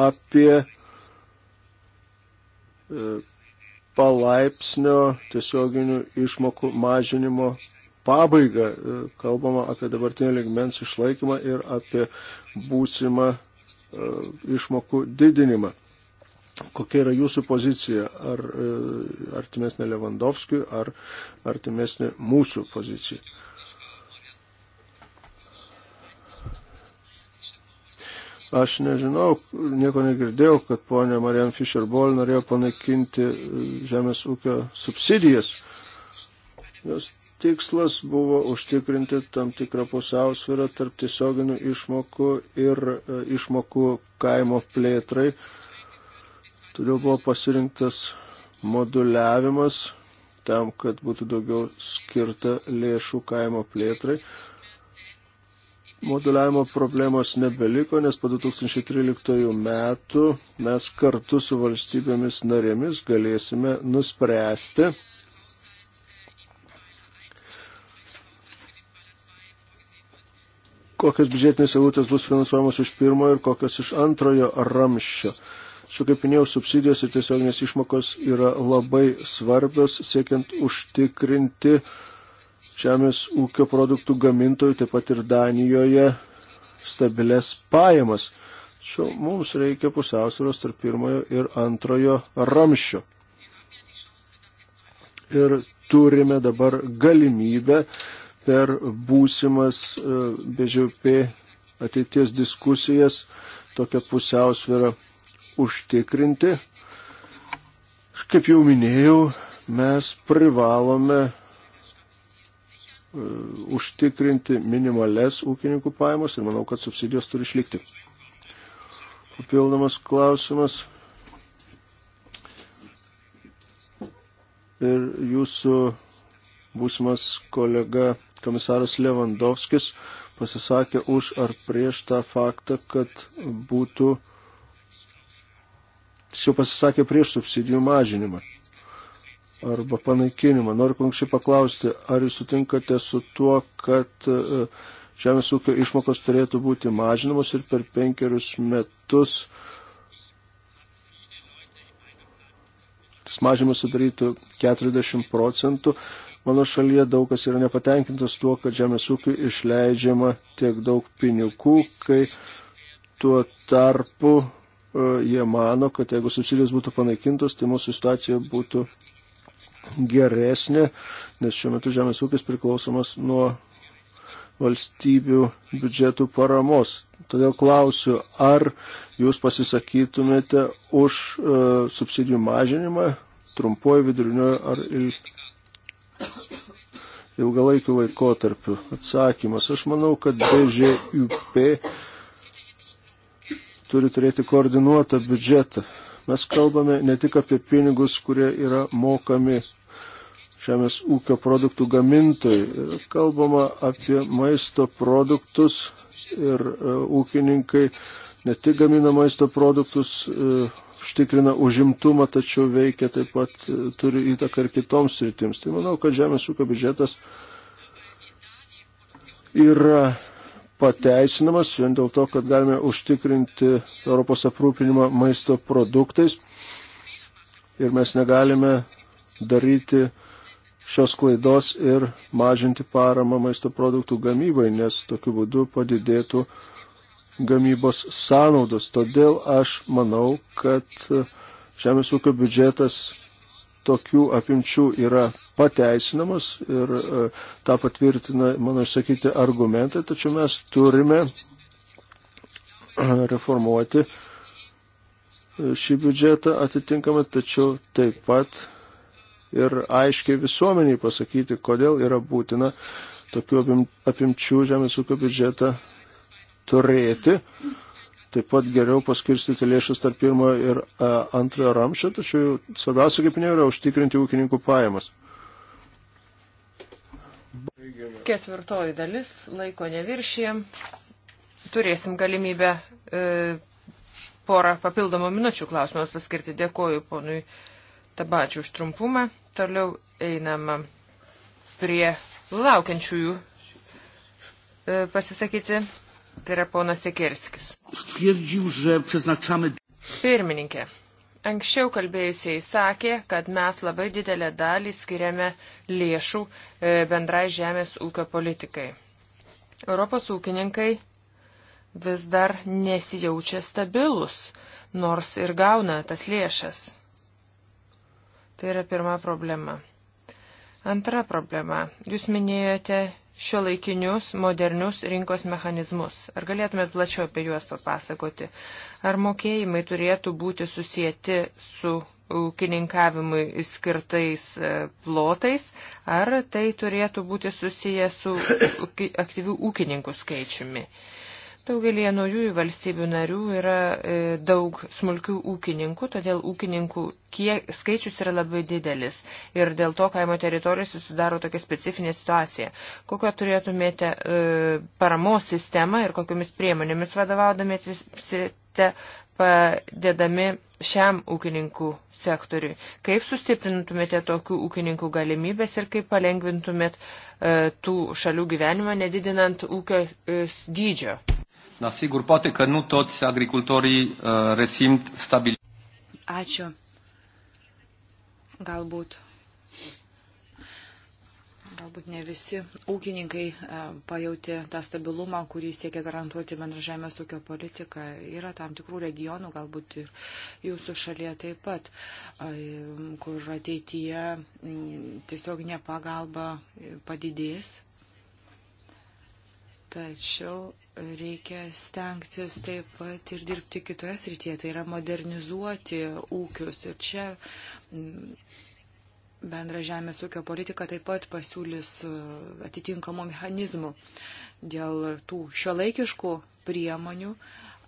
apie e, palaipsnio tiesioginių išmokų mažinimo pabaigą. E, kalbama apie dabartinio ligmens išlaikymą ir apie būsimą E, išmokų didinimą. Kokia yra jūsų pozicija? Ar e, artimesnė Levandovskiui, ar artimesnė mūsų pozicija? Aš nežinau, nieko negirdėjau, kad ponė Marian Fischer-Boll norėjo panaikinti e, žemės ūkio subsidijas. Uh, Jos tikslas buvo užtikrinti tam tikrą pusiausvyrą tarp tiesioginių išmokų ir e, išmokų kaimo plėtrai. Todėl buvo pasirinktas moduliavimas tam, kad būtų daugiau skirta lėšų kaimo plėtrai. Moduliavimo problemos nebeliko, nes po 2013 metų mes kartu su valstybėmis narėmis galėsime nuspręsti, kokios biudžetinės eilutės bus finansuojamos iš pirmojo ir kokios iš antrojo ramščio. Šiuo kaip minėjau, subsidijos ir tiesioginės išmokos yra labai svarbios, siekiant užtikrinti žemės ūkio produktų gamintojų, taip pat ir Danijoje, stabilės pajamas. Šiuo mums reikia pusiausvėros tarp pirmojo ir antrojo ramščio. Ir turime dabar galimybę per būsimas e, BŽP ateities diskusijas tokią pusiausvyrą užtikrinti. Kaip jau minėjau, mes privalome e, užtikrinti minimales ūkininkų pajamos ir manau, kad subsidijos turi išlikti. Papildomas klausimas. Ir jūsų būsimas kolega komisaras Levandovskis pasisakė už ar prieš tą faktą, kad būtų, jis jau pasisakė prieš subsidijų mažinimą arba panaikinimą. Noriu konkrečiai paklausti, ar jūs sutinkate su tuo, kad e, žemės ūkio išmokos turėtų būti mažinamos ir per penkerius metus tas mažinimas sudarytų 40 procentų Mano šalyje daug kas yra nepatenkintas tuo, kad žemės ūkiui išleidžiama tiek daug pinigų, kai tuo tarpu e, jie mano, kad jeigu subsidijos būtų panaikintos, tai mūsų situacija būtų geresnė, nes šiuo metu žemės ūkis priklausomas nuo valstybių biudžetų paramos. Todėl klausiu, ar jūs pasisakytumėte už uh, subsidijų mažinimą trumpuoju, viduriniuoju ar il, ilgalaikiu laikotarpiu? Atsakymas. Aš manau, kad BŽUP turi turėti koordinuotą biudžetą. Mes kalbame ne tik apie pinigus, kurie yra mokami žemės ūkio produktų gamintojai. Kalbama apie maisto produktus ir e, ūkininkai ne tik gamina maisto produktus, e, užtikrina užimtumą, tačiau veikia taip pat e, turi įtaką ir kitoms sritims. Tai manau, kad žemės ūkio biudžetas yra pateisinamas vien dėl to, kad galime užtikrinti Europos aprūpinimą maisto produktais ir mes negalime daryti šios klaidos ir mažinti paramą maisto produktų gamybai, nes tokiu būdu padidėtų uh, gamybos sąnaudos. Todėl aš manau, kad e, žemės ūkio biudžetas tokių apimčių yra pateisinamas ir e, tą patvirtina mano išsakyti argumentai, tačiau mes turime e, reformuoti šį biudžetą atitinkamai, tačiau taip pat ir aiškiai visuomeniai pasakyti, kodėl yra būtina tokių apimčių žemės ūkio biudžetą turėti. Taip pat geriau paskirstyti lėšas tarp pirmo ir e, antrojo ramščio, tačiau svarbiausia, kaip minėjau, yra užtikrinti ūkininkų pajamas. Ketvirtoji dalis, laiko neviršijam. Turėsim galimybę e, porą papildomų minučių klausimams paskirti. Dėkoju ponui Tabačiu už trumpumą. Toliau einam prie laukiančiųjų e, pasisakyti Tai yra ponas Sekirskis. Pirmininkė. Anksčiau kalbėjusiai sakė, kad mes labai didelę dalį skiriame lėšų e, bendrai žemės ūkio politikai. Europos ūkininkai vis dar nesijaučia stabilus, nors ir gauna tas lėšas. Tai yra pirma problema. Antra problema. Jūs minėjote šio laikinius, modernius rinkos mechanizmus. Ar galėtumėt plačiau apie juos papasakoti? Ar mokėjimai turėtų būti susijęti su ūkininkavimui skirtais e, plotais, ar tai turėtų būti susiję su aktyvių ūkininkų skaičiumi? Uh, Daugelie naujųjų valstybių narių yra e, daug smulkių ūkininkų, todėl ūkininkų kiek, skaičius yra labai didelis ir dėl to kaimo teritorijos susidaro tokia specifinė situacija. Kokią turėtumėte e, paramos sistemą ir kokiamis priemonėmis vadovaudamėte padėdami šiam ūkininkų sektoriui? Kaip sustiprintumėte tokių ūkininkų galimybės ir kaip palengvintumėt e, tų šalių gyvenimą, nedidinant ūkio e, dydžio? Da, sigur, poate că nu toți agricultorii uh, resimt stabilitate. Ačiū. Galbūt. Galbūt ne visi ūkininkai uh, pajauti tą stabilumą, kurį siekia garantuoti bendražėmės ūkio politika. Yra tam tikrų regionų, galbūt ir jūsų šalyje taip pat, uh, kur ateityje mm, tiesiog nepagalba padidės. Tačiau reikia stengtis taip pat ir dirbti kitoje srityje, tai yra modernizuoti ūkius. Ir čia mm, bendra žemės ūkio politika taip pat pasiūlys e, atitinkamų mechanizmų dėl tų šiolaikiškų priemonių.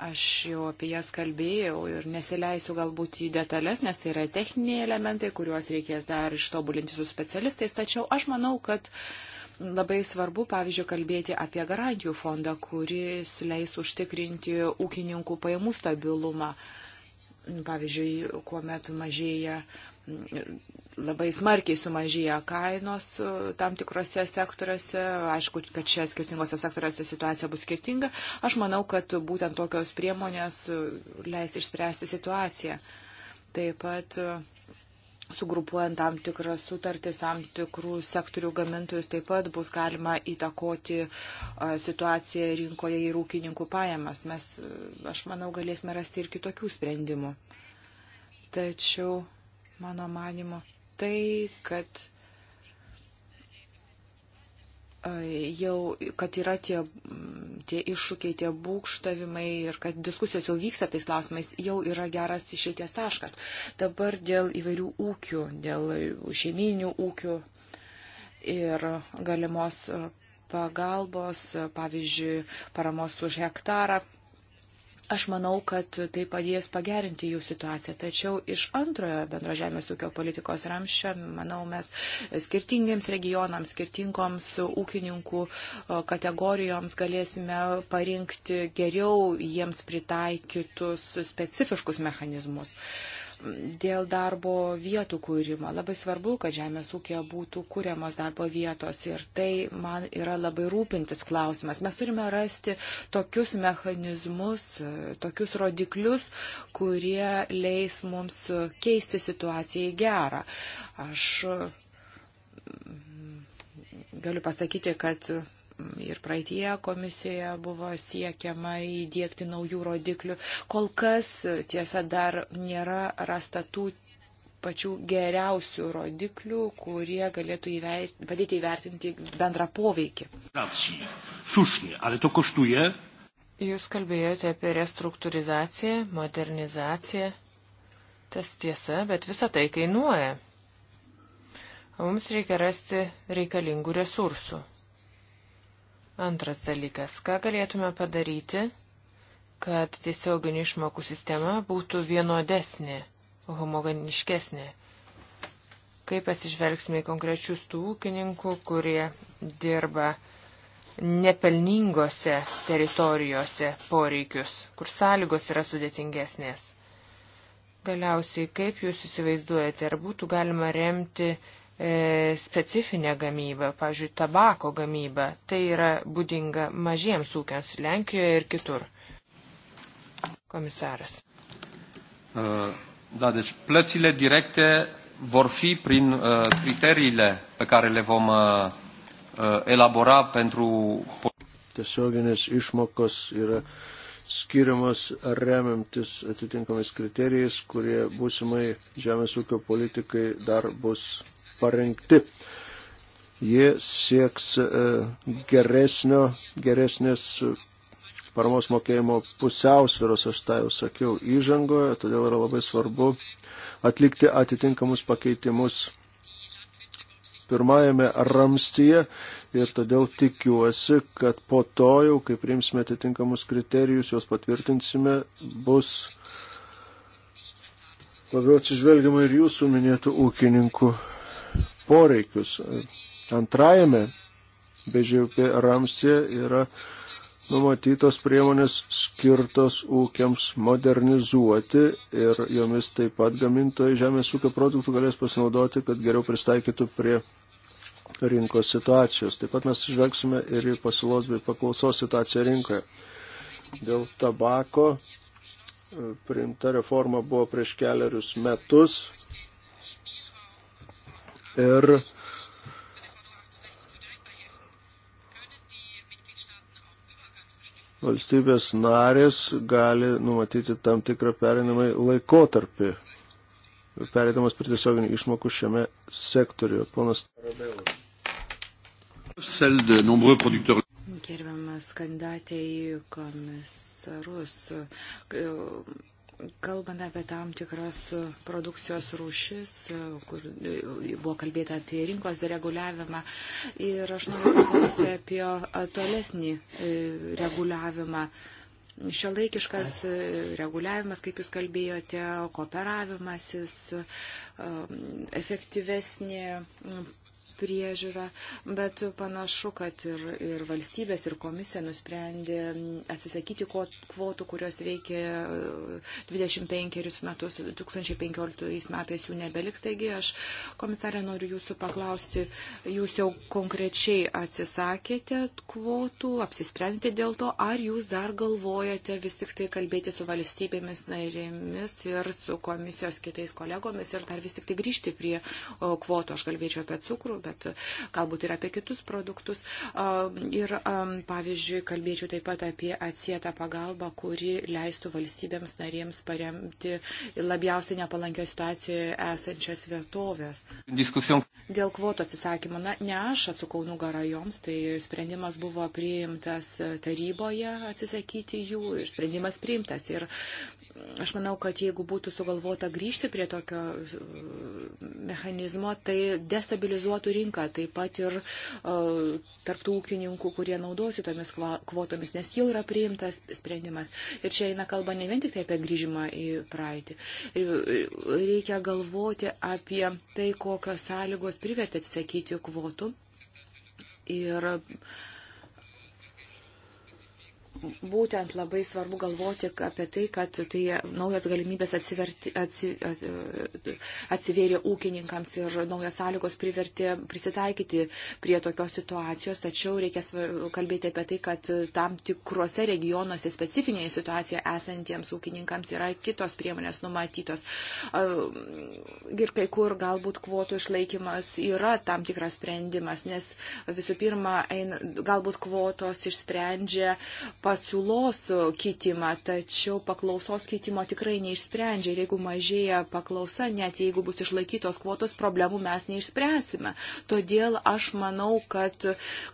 Aš jau apie jas kalbėjau ir nesileisiu galbūt į detalės, nes tai yra techniniai elementai, kuriuos reikės dar ištobulinti su specialistais. Tačiau aš manau, kad uh, labai svarbu, pavyzdžiui, kalbėti apie garantijų fondą, kuris leis užtikrinti ūkininkų pajamų stabilumą. Pavyzdžiui, kuomet mažėja labai smarkiai sumažėja kainos tam tikrose sektoriuose. Aišku, kad čia skirtingose sektoriuose situacija bus skirtinga. Aš manau, kad būtent tokios priemonės leis išspręsti situaciją. Taip pat sugrupuojant tam tikras sutartis, tam tikrų sektorių gamintojus, taip pat bus galima įtakoti situaciją rinkoje ir ūkininkų pajamas. Mes, aš manau, galėsime rasti ir kitokių sprendimų. Tačiau, mano manimo, tai, kad jau, kad yra tie, tie iššūkiai, tie būkštavimai ir kad diskusijos jau vyksta tais klausimais, jau yra geras išeities taškas. Dabar dėl įvairių ūkių, dėl šeiminių ūkių ir galimos pagalbos, pavyzdžiui, paramos už hektarą Aš manau, kad tai padės pagerinti jų situaciją. Tačiau iš antrojo bendro žemės ūkio politikos ramščio, manau, mes skirtingiems regionams, skirtingoms ūkininkų kategorijoms galėsime parinkti geriau jiems pritaikytus specifiškus mechanizmus. Uh, dėl darbo vietų kūrimo. Labai svarbu, kad žemės ūkio būtų kūriamos darbo vietos ir tai man yra labai rūpintis klausimas. Mes turime rasti tokius mechanizmus, tokius rodiklius, kurie leis mums keisti situaciją į gerą. Aš galiu pasakyti, kad ir praeitie komisijoje buvo siekiama įdėkti naujų rodiklių. Kol kas, tiesa, dar nėra rasta tų pačių geriausių rodiklių, kurie galėtų įvert, padėti įvertinti bendrą poveikį. Jūs kalbėjote apie restruktūrizaciją, modernizaciją. Tas tiesa, bet visa tai kainuoja. O mums reikia rasti reikalingų resursų. Antras dalykas, ką galėtume padaryti, kad tiesioginių išmokų sistema būtų vienodesnė, homogeniškesnė. Kaip pasižvelgsime į konkrečius tų ūkininkų, kurie dirba nepelningose teritorijose poreikius, kur sąlygos yra sudėtingesnės. Galiausiai, kaip jūs įsivaizduojate, ar būtų galima remti E, specifinė gamyba, pavyzdžiui, tabako gamyba, tai yra būdinga mažiems ūkiams Lenkijoje ir kitur. Komisaras. E, da, deci plățile directe vor fi prin e, criteriile pe care le vom elabora pentru. Tiesioginės išmokos yra skiriamas remiantis atitinkamais kriterijais, kurie būsimai žemės ūkio politikai dar bus parengti. Ji sieks e, geresnio, geresnės e, paramos mokėjimo pusiausviros, aš tai jau sakiau, įžangoje, todėl yra labai svarbu atlikti atitinkamus pakeitimus pirmajame ramstyje ir todėl tikiuosi, kad po to jau, kai priimsime atitinkamus kriterijus, juos patvirtinsime, bus labiau atsižvelgiama ir jūsų minėtų ūkininkų poreikius. Antrajame BŽP ramstė yra numatytos priemonės skirtos ūkiams modernizuoti ir jomis taip pat gamintojai žemės ūkio produktų galės pasinaudoti, kad geriau pristaikytų prie rinkos situacijos. Taip pat mes žvelgsime ir į pasiūlos bei paklausos situaciją rinkoje. Dėl tabako e, priimta reforma buvo prieš keliarius metus, ir valstybės narės gali numatyti tam tikrą perinamai laikotarpį, perėdamas prie tiesioginių išmokų šiame sektoriuje. Ponas Tarabėlas. Gerbiamas kandidatė į komisarus. Kalbame apie tam tikras produkcijos rūšis, kur e, buvo kalbėta apie rinkos dereguliavimą ir aš noriu paklausti apie e, tolesnį e, reguliavimą. Šiolaikiškas reguliavimas, kaip jūs kalbėjote, kooperavimasis, efektyvesnė priežiūra, bet panašu, kad ir, ir valstybės, ir komisija nusprendė atsisakyti kvotų, kurios veikia e, 25 metus, 2015 metais jų nebeliks. Taigi aš, komisarė, noriu jūsų paklausti, jūs jau konkrečiai atsisakėte kvotų, apsisprendėte dėl to, ar jūs dar galvojate vis tik tai kalbėti su valstybėmis narėmis ir su komisijos kitais kolegomis ir dar vis tik tai grįžti prie kvotų. Aš kalbėčiau apie cukrų, bet bet galbūt ir apie kitus produktus. Ir, pavyzdžiui, kalbėčiau taip pat apie atsietą pagalbą, kuri leistų valstybėms narėms paremti labiausiai nepalankio situacijoje esančias vietovės. Diskusijom. Dėl kvotų atsisakymo, na, ne aš atsukau nugarą joms, tai sprendimas buvo priimtas taryboje atsisakyti jų ir sprendimas priimtas. Ir Aš manau, kad jeigu būtų sugalvota grįžti prie tokio e, mechanizmo, tai destabilizuotų rinką, taip pat ir e, tarptų ūkininkų, kurie naudosi tomis kvotomis, nes jau yra priimtas sprendimas. Ir čia eina kalba ne vien tik tai apie grįžimą į praeitį. E, reikia galvoti apie tai, kokios sąlygos privertė atsisakyti kvotų. Ir uh, būtent labai svarbu galvoti apie tai, kad tai naujas galimybės atsiverti, atsi, atsivėrė ūkininkams ir naujas sąlygos privertė prisitaikyti prie tokios situacijos, tačiau reikia kalbėti apie tai, kad tam tikrose regionuose specifinėje situacijoje esantiems ūkininkams yra kitos priemonės numatytos. Ir kai kur galbūt kvotų išlaikymas yra tam tikras sprendimas, nes visų pirma, galbūt kvotos išsprendžia pasiūlos kitimą, tačiau paklausos kitimo tikrai neišsprendžia. Ir jeigu mažėja paklausa, net jeigu bus išlaikytos kvotos, problemų mes neišspręsime. Todėl aš manau, kad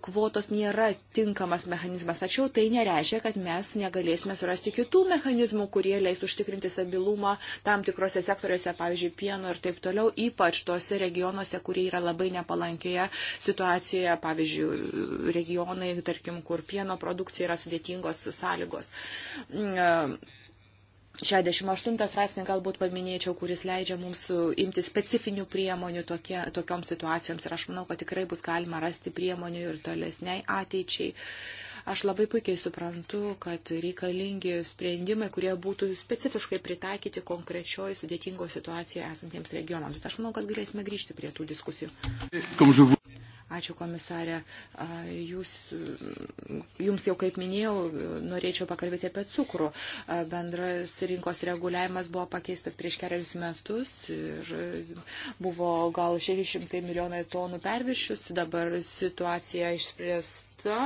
kvotos nėra tinkamas mechanizmas. Tačiau tai nereiškia, kad mes negalėsime surasti kitų mechanizmų, kurie leis užtikrinti stabilumą tam tikrose sektoriuose, pavyzdžiui, pieno ir taip toliau, ypač tose regionuose, kurie yra labai nepalankioje situacijoje, pavyzdžiui, regionai, tarkim, kur pieno produkcija yra sudėtingo sąžiningos sąlygos. 68 mm, e, straipsnį galbūt paminėčiau, kuris leidžia mums imti specifinių priemonių tokie, tokioms situacijoms ir aš manau, kad tikrai bus galima rasti priemonių ir tolesniai ateičiai. Aš labai puikiai suprantu, kad reikalingi sprendimai, kurie būtų specifiškai pritaikyti konkrečioje sudėtingoje situacijoje esantiems regionams. Bet aš manau, kad galėsime grįžti prie tų diskusijų. Ačiū komisarė. Jūs, jums jau kaip minėjau, norėčiau pakalbėti apie cukrų. Bendras rinkos reguliavimas buvo pakeistas prieš keliarius metus ir buvo gal 600 milijonai tonų perviršius. Dabar situacija išspręsta.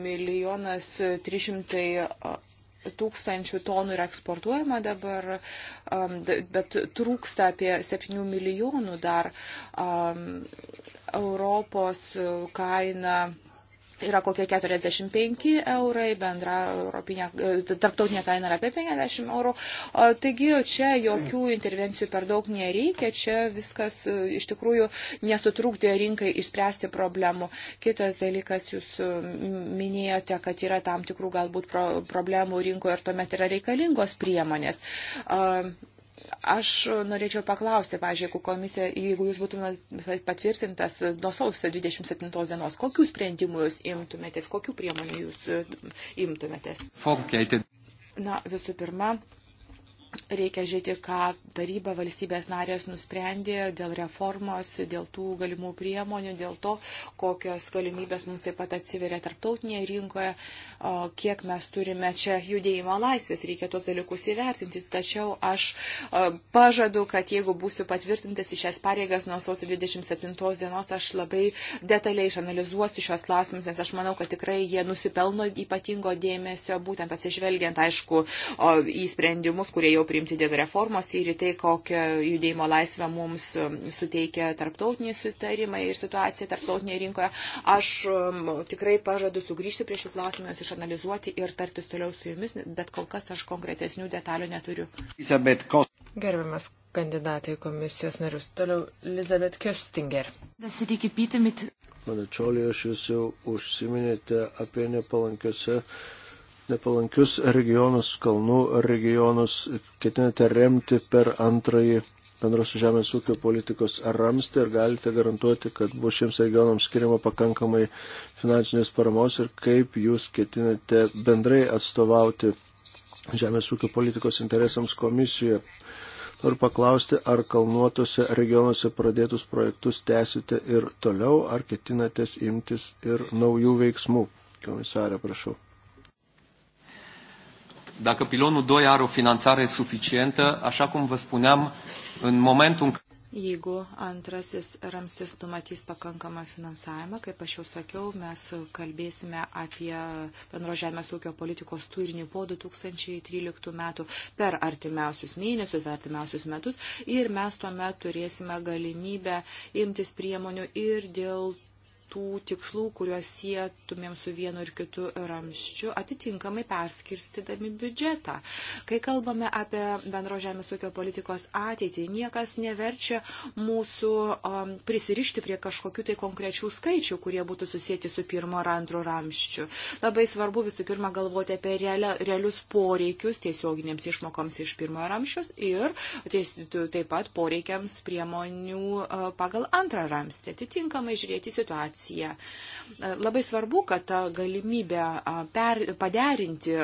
Milijonas 300 tūkstančių tonų yra eksportuojama dabar, bet trūksta apie 7 milijonų dar Europos kaina yra kokie 45 eurai, bendra europinė, e, tarptautinė kaina yra apie 50 eurų. Taigi čia jokių intervencijų per daug nereikia, čia viskas e, iš tikrųjų nesutrūkdė rinkai išspręsti problemų. Kitas dalykas, jūs e, minėjote, kad yra tam tikrų galbūt problemų rinkoje ir tuomet yra reikalingos priemonės. Aš norėčiau paklausti, pažiūrėjau, jeigu komisija, jeigu jūs būtumėte patvirtintas nuo sausio 27 dienos, kokių sprendimų jūs imtumėtės, kokių priemonių jūs e, imtumėtės? Forkated. Na, visų pirma, reikia žiūrėti, ką taryba valstybės narės nusprendė dėl reformos, dėl tų galimų priemonių, dėl to, kokios galimybės mums taip pat atsiveria tarptautinėje rinkoje, kiek mes turime čia judėjimo laisvės, reikia tos dalykus įvertinti. Tačiau aš pažadu, kad jeigu būsiu patvirtintas į šias pareigas nuo sausio 27 dienos, aš labai detaliai išanalizuosiu šios klausimus, nes aš manau, kad tikrai jie nusipelno ypatingo dėmesio, būtent atsižvelgiant, aišku, į sprendimus, kurie jau priimti priimti dėl reformos ir į tai, kokią judėjimo laisvę mums um, suteikia tarptautiniai sutarimai ir situacija tarptautinėje rinkoje. Aš um, tikrai pažadu sugrįžti prie šių klausimų, juos išanalizuoti ir tartis toliau su jumis, bet kol kas aš konkretesnių detalių neturiu. Gerbiamas kandidatai komisijos narius. Toliau Elizabeth Köstinger. Pane Čiolė, aš jūs jau užsiminėte apie nepalankiose nepalankius regionus, kalnų regionus ketinate remti per antrąjį bendros žemės ūkio politikos ramstį ir galite garantuoti, kad bus šiems regionams skiriama pakankamai finansinės paramos ir kaip jūs ketinate bendrai atstovauti žemės ūkio politikos interesams komisijoje. Noriu paklausti, ar kalnuotose regionuose pradėtus projektus tęsite ir toliau, ar ketinatės imtis ir naujų veiksmų. Komisarė, prašau dacă pilonul 2 are o finanțare suficientă, așa cum vă spuneam, în momentul în Jeigu antrasis ramstis numatys pakankamą finansavimą, kaip aš jau sakiau, mes kalbėsime apie bendro žemės ūkio politikos turinį po 2013 metų per artimiausius mėnesius, artimiausius metus ir mes tuomet turėsime galimybę imtis priemonių ir dėl tų tikslų, kuriuos sėtumėm su vienu ir kitu ramščiu, atitinkamai perskirstydami biudžetą. Kai kalbame apie bendro žemės ūkio politikos ateitį, niekas neverčia mūsų um, prisirišti prie kažkokių tai konkrečių skaičių, kurie būtų susijęti su pirmo ar antro ramščiu. Labai svarbu visų pirma galvoti apie realia, realius poreikius tiesioginėms išmokoms iš pirmo ramščius ir ties, taip pat poreikiams priemonių uh, pagal antrą ramstį. Atitinkamai žiūrėti situaciją situaciją. E, labai svarbu, kad ta galimybė per, paderinti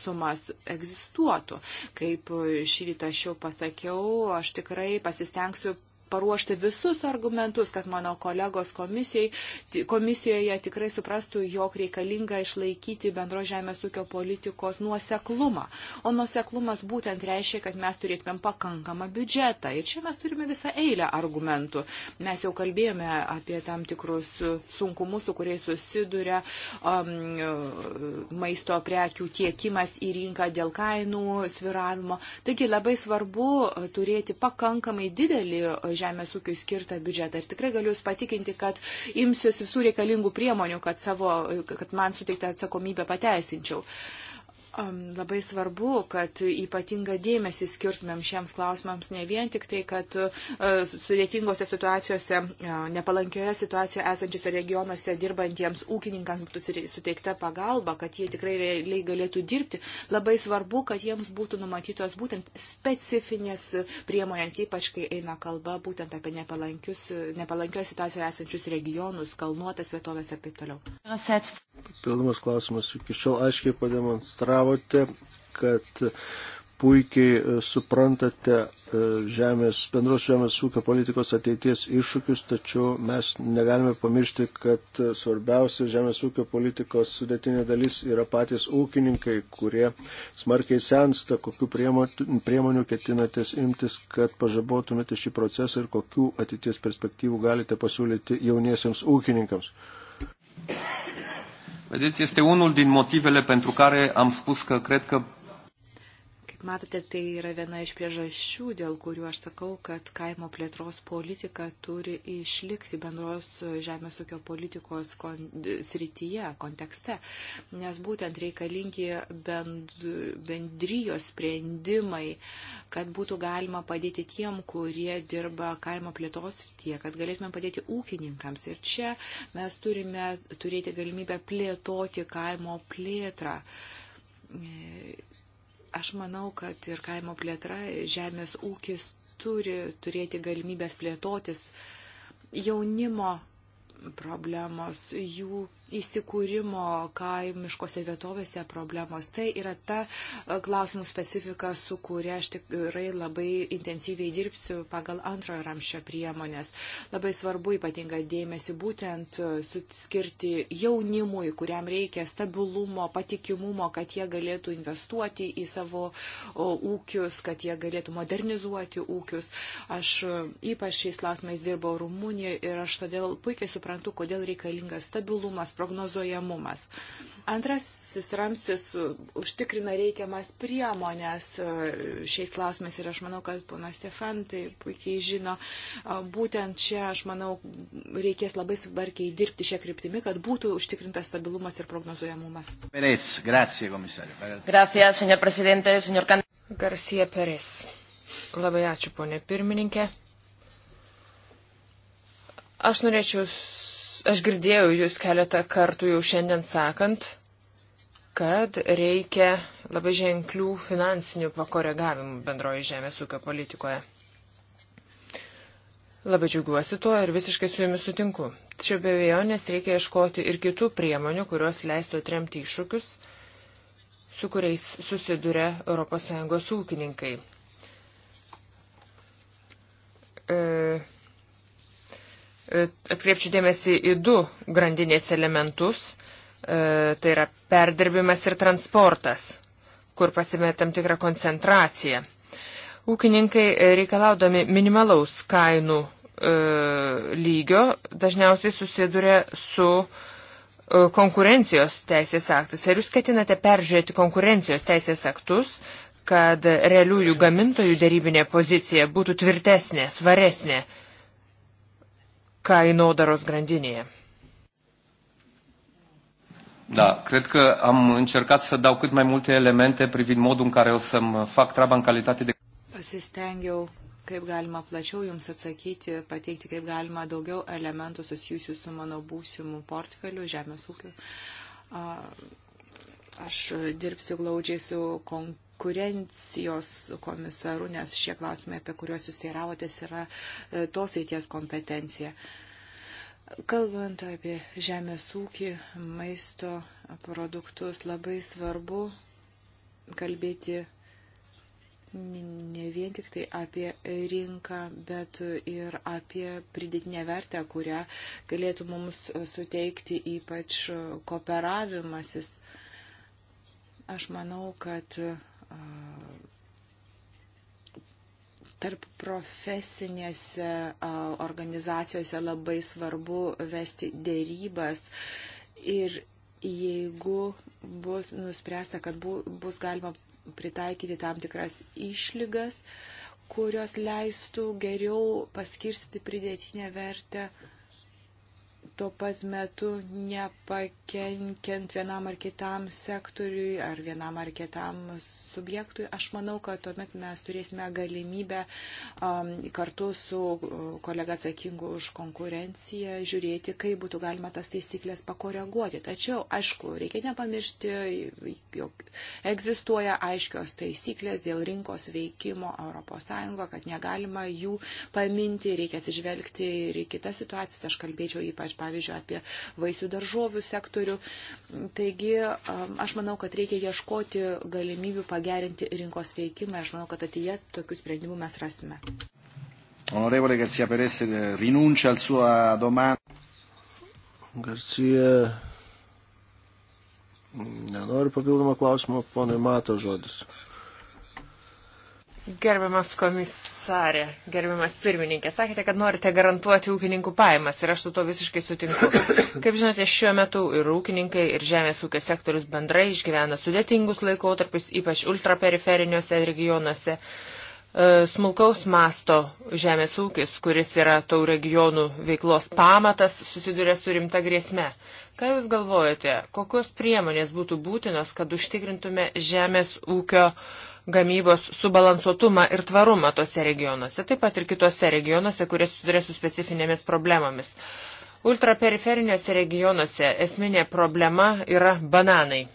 sumas egzistuotų. Kaip e, šį rytą aš jau pasakiau, aš tikrai pasistengsiu paruošti visus argumentus, kad mano kolegos komisijoje tikrai suprastų, jog reikalinga išlaikyti bendro žemės ūkio politikos nuoseklumą. O nuoseklumas būtent reiškia, kad mes turėtumėm pakankamą biudžetą. Ir čia mes turime visą eilę argumentų. Mes jau kalbėjome apie tam tikrus sunkumus, su kuriais susiduria um, maisto prekių tiekimas į rinką dėl kainų sviravimo. Taigi labai svarbu turėti pakankamai didelį žemės ūkiui skirtą biudžetą. Ir tikrai galiu Jūs patikinti, kad imsiuosi visų reikalingų priemonių, kad, savo, kad man suteikta atsakomybė pateisinčiau. Uh, Labai svarbu, kad ypatinga dėmesį skirtumėm šiems klausimams ne vien tik tai, kad e, sudėtingose situacijose, e, nepalankioje situacijoje esančiose regionuose dirbantiems ūkininkams būtų suteikta pagalba, kad jie tikrai realiai galėtų dirbti. Labai svarbu, kad jiems būtų numatytos būtent specifinės priemonės, ypač kai eina kalba būtent apie nepalankioje situacijoje esančius regionus, kalnuotas vietovės ir taip toliau pilnamas klausimas. Iki šiol aiškiai pademonstravote, kad puikiai e, suprantate e, žemės, bendros žemės ūkio politikos ateities iššūkius, tačiau mes negalime pamiršti, kad e, svarbiausia žemės ūkio politikos sudėtinė dalis yra patys ūkininkai, kurie smarkiai sensta, kokiu priemonių ketinatės imtis, kad pažabotumėte šį procesą ir kokiu ateities perspektyvų galite pasiūlyti jauniesiams ūkininkams. Vedeți, este unul din motivele pentru care am spus că cred că matote, tai yra viena iš priežasčių, dėl kurių aš sakau, kad kaimo plėtros politika turi išlikti bendros žemės ūkio politikos kon srityje, kontekste, nes būtent reikalingi bend bendrijos sprendimai, kad būtų galima padėti tiem, kurie dirba kaimo plėtros srityje, kad galėtume padėti ūkininkams. Ir čia mes turime turėti galimybę plėtoti kaimo plėtrą Aš manau, kad ir kaimo plėtra, žemės ūkis turi turėti galimybės plėtotis jaunimo problemos, jų įsikūrimo kaimiškose vietovėse problemos. Tai yra ta e, klausimų specifika, su kuria aš tikrai labai intensyviai dirbsiu pagal antrojo ramščio priemonės. Labai svarbu ypatingą dėmesį būtent e, skirti jaunimui, kuriam reikia stabilumo, patikimumo, kad jie galėtų investuoti į savo ūkius, kad jie galėtų modernizuoti ūkius. Aš e, ypač šiais klausimais dirbau Rumunijoje ir aš todėl puikiai suprantu, kodėl reikalingas stabilumas, prognozuojamumas. Antrasis ramsis užtikrina reikiamas priemonės e, šiais klausimais ir aš manau, kad ponas Stefan tai puikiai žino. E, būtent čia, aš manau, reikės labai svarkiai dirbti šią kryptimį, kad būtų užtikrintas stabilumas ir prognozuojamumas. Perez, grazie, komisarė. Gracias, senor presidente, senor Can. Garcia Perez. Labai ačiū, ponė pirmininkė. Aš norėčiau aš girdėjau jūs keletą kartų jau šiandien sakant, kad reikia labai ženklių finansinių pakoregavimų bendroji žemės ūkio politikoje. Labai džiaugiuosi tuo ir visiškai su jumis sutinku. Tačiau be vėjonės reikia ieškoti ir kitų priemonių, kurios leistų atremti iššūkius, su kuriais susiduria ES ūkininkai. E, Atkreipčiau dėmesį į du grandinės elementus. E, tai yra perdirbimas ir transportas, kur pasimė tam tikrą koncentraciją. Ūkininkai reikalaudami minimalaus kainų e, lygio dažniausiai susiduria su e, konkurencijos teisės aktais. Ar jūs ketinate peržiūrėti konkurencijos teisės aktus, kad realiųjų gamintojų dėrybinė pozicija būtų tvirtesnė, svaresnė? kainodaros grandinėje. Da, cred că am încercat să dau cât mai multe elemente privind modul în care o să-mi fac treaba în calitate de... Pasistengiau kaip galima plačiau jums atsakyti, pateikti kaip galima daugiau elementų susijusių su mano būsimu portfeliu žemės ūkiu. Aš dirbsiu glaudžiai su konkurencija konkurencijos komisaru, nes šie klausimai, apie kuriuos jūs teiravotės, yra e, tos eities kompetencija. Kalbant apie žemės ūkį, maisto produktus, labai svarbu kalbėti ne vien tik tai apie rinką, bet ir apie pridėtinę vertę, kurią galėtų mums suteikti ypač kooperavimasis. Aš manau, kad tarp profesinėse organizacijose labai svarbu vesti dėrybas ir jeigu bus nuspręsta, kad bu, bus galima pritaikyti tam tikras išlygas, kurios leistų geriau paskirsti pridėtinę vertę, tuo pat metu nepakenkiant vienam ar kitam sektoriui ar vienam ar kitam subjektui. Aš manau, kad tuomet mes turėsime galimybę um, kartu su uh, kolega atsakingu už konkurenciją žiūrėti, kaip būtų galima tas taisyklės pakoreguoti. Tačiau, aišku, reikia nepamiršti, jog egzistuoja aiškios taisyklės dėl rinkos veikimo ES, kad negalima jų paminti, reikia atsižvelgti ir į kitas situacijas. Aš kalbėčiau ypač, pavyzdžiui, pavyzdžiui, apie vaisių daržovių sektorių. Taigi, aš manau, kad reikia ieškoti galimybių pagerinti rinkos veikimą ir aš manau, kad ateitie tokių sprendimų mes rasime. Onorevole Garcia Perez rinuncia al suo domanda. Garcia. Nenoriu papildomą klausimą, ponai Mato žodis. Gerbiamas komisarė, gerbiamas pirmininkė, sakėte, kad norite garantuoti ūkininkų pajamas ir aš su to visiškai sutinku. Kaip žinote, šiuo metu ir ūkininkai, ir žemės ūkio sektorius bendrai išgyvena sudėtingus laikotarpius, ypač ultraperiferiniuose regionuose. Uh, E, smulkaus masto žemės ūkis, kuris yra tų regionų veiklos pamatas, susiduria su rimta grėsme. Ką Jūs galvojate, kokios priemonės būtų būtinos, kad užtikrintume žemės ūkio gamybos subalansuotumą ir tvarumą tose regionuose, taip pat ir kitose regionuose, kurie susiduria su specifinėmis problemomis? Ultraperiferinėse regionuose esminė problema yra bananai.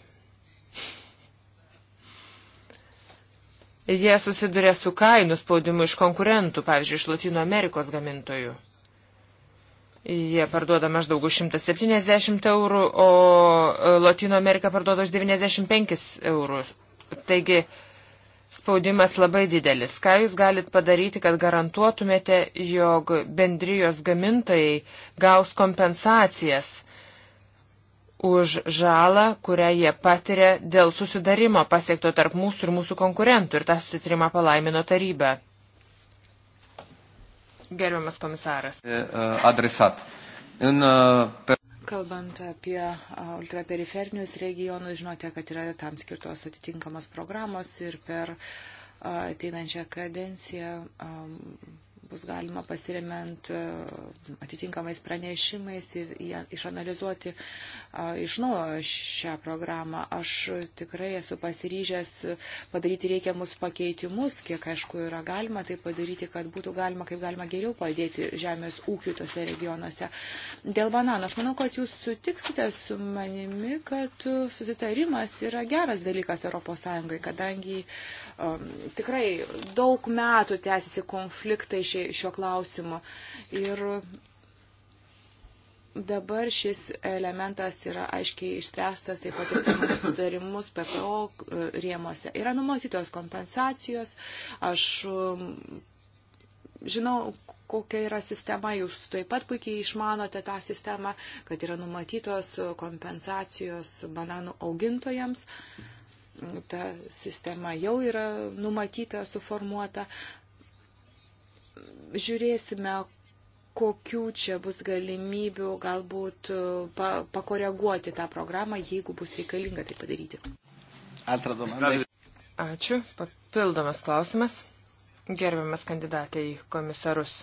Jie susiduria su kainų spaudimu iš konkurentų, pavyzdžiui, iš Latino Amerikos gamintojų. Jie parduoda maždaug už 170 eurų, o e, Latino Amerika parduoda už 95 eurus. Taigi, spaudimas labai didelis. Ką jūs galit padaryti, kad garantuotumėte, jog bendrijos gamintojai gaus kompensacijas už žalą, kurią jie patiria dėl susidarimo pasiekto tarp mūsų ir mūsų konkurentų ir tą susitarimą palaimino taryba. Gerbiamas komisaras. E, e, adresat. In, uh, e, per... Kalbant apie ultraperiferinius regionus, žinote, kad yra tam skirtos atitinkamos programos ir per ateinančią kadenciją um, bus galima pasiremiant e, atitinkamais pranešimais išanalizuoti iš naujo šią programą. Aš tikrai esu pasiryžęs padaryti reikiamus pakeitimus, kiek aišku yra galima tai padaryti, kad būtų galima kaip galima geriau padėti žemės ūkiu tose regionuose. Dėl banano, aš manau, kad jūs sutiksite su manimi, kad susitarimas yra geras dalykas ES, kadangi um, tikrai daug metų tęsiasi konfliktai iš šie, šio klausimu. Ir dabar šis elementas yra aiškiai išspręstas taip pat ir per sutarimus PPO e, rėmose. Yra numatytos kompensacijos. Aš e, žinau, kokia yra sistema, jūs taip pat puikiai išmanote tą sistemą, kad yra numatytos kompensacijos bananų augintojams. Ta sistema jau yra numatyta, suformuota žiūrėsime, kokių čia bus galimybių galbūt e, pa, pakoreguoti tą programą, jeigu bus reikalinga tai padaryti. Ačiū. Papildomas klausimas. Gerbiamas kandidatai į komisarus.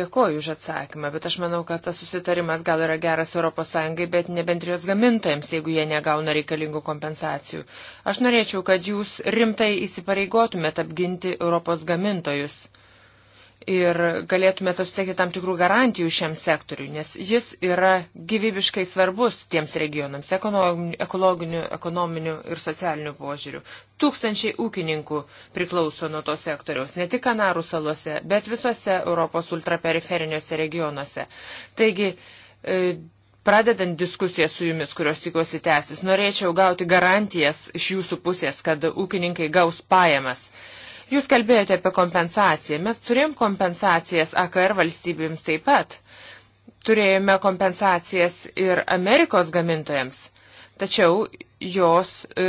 Dėkoju už atsakymą, bet aš manau, kad tas susitarimas gal yra geras ES, bet ne bendrijos gamintojams, jeigu jie negauna reikalingų kompensacijų. Aš norėčiau, kad jūs rimtai įsipareigotumėt apginti Europos gamintojus ir galėtumėte suteikti tam tikrų garantijų šiam sektoriui, nes jis yra gyvybiškai svarbus tiems regionams ekologiniu, ekonominiu ir socialiniu požiūriu. Tūkstančiai ūkininkų priklauso nuo to sektoriaus, ne tik Kanarų salose, bet visose Europos ultraperiferiniuose regionuose. Taigi, e, pradedant diskusiją su jumis, kurios tikiuosi tęsis, norėčiau gauti garantijas iš jūsų pusės, kad ūkininkai gaus pajamas. Uh, Jūs kalbėjote apie kompensaciją. Mes turėjom kompensacijas AKR valstybėms taip pat. Turėjome kompensacijas ir Amerikos gamintojams. Tačiau jos e,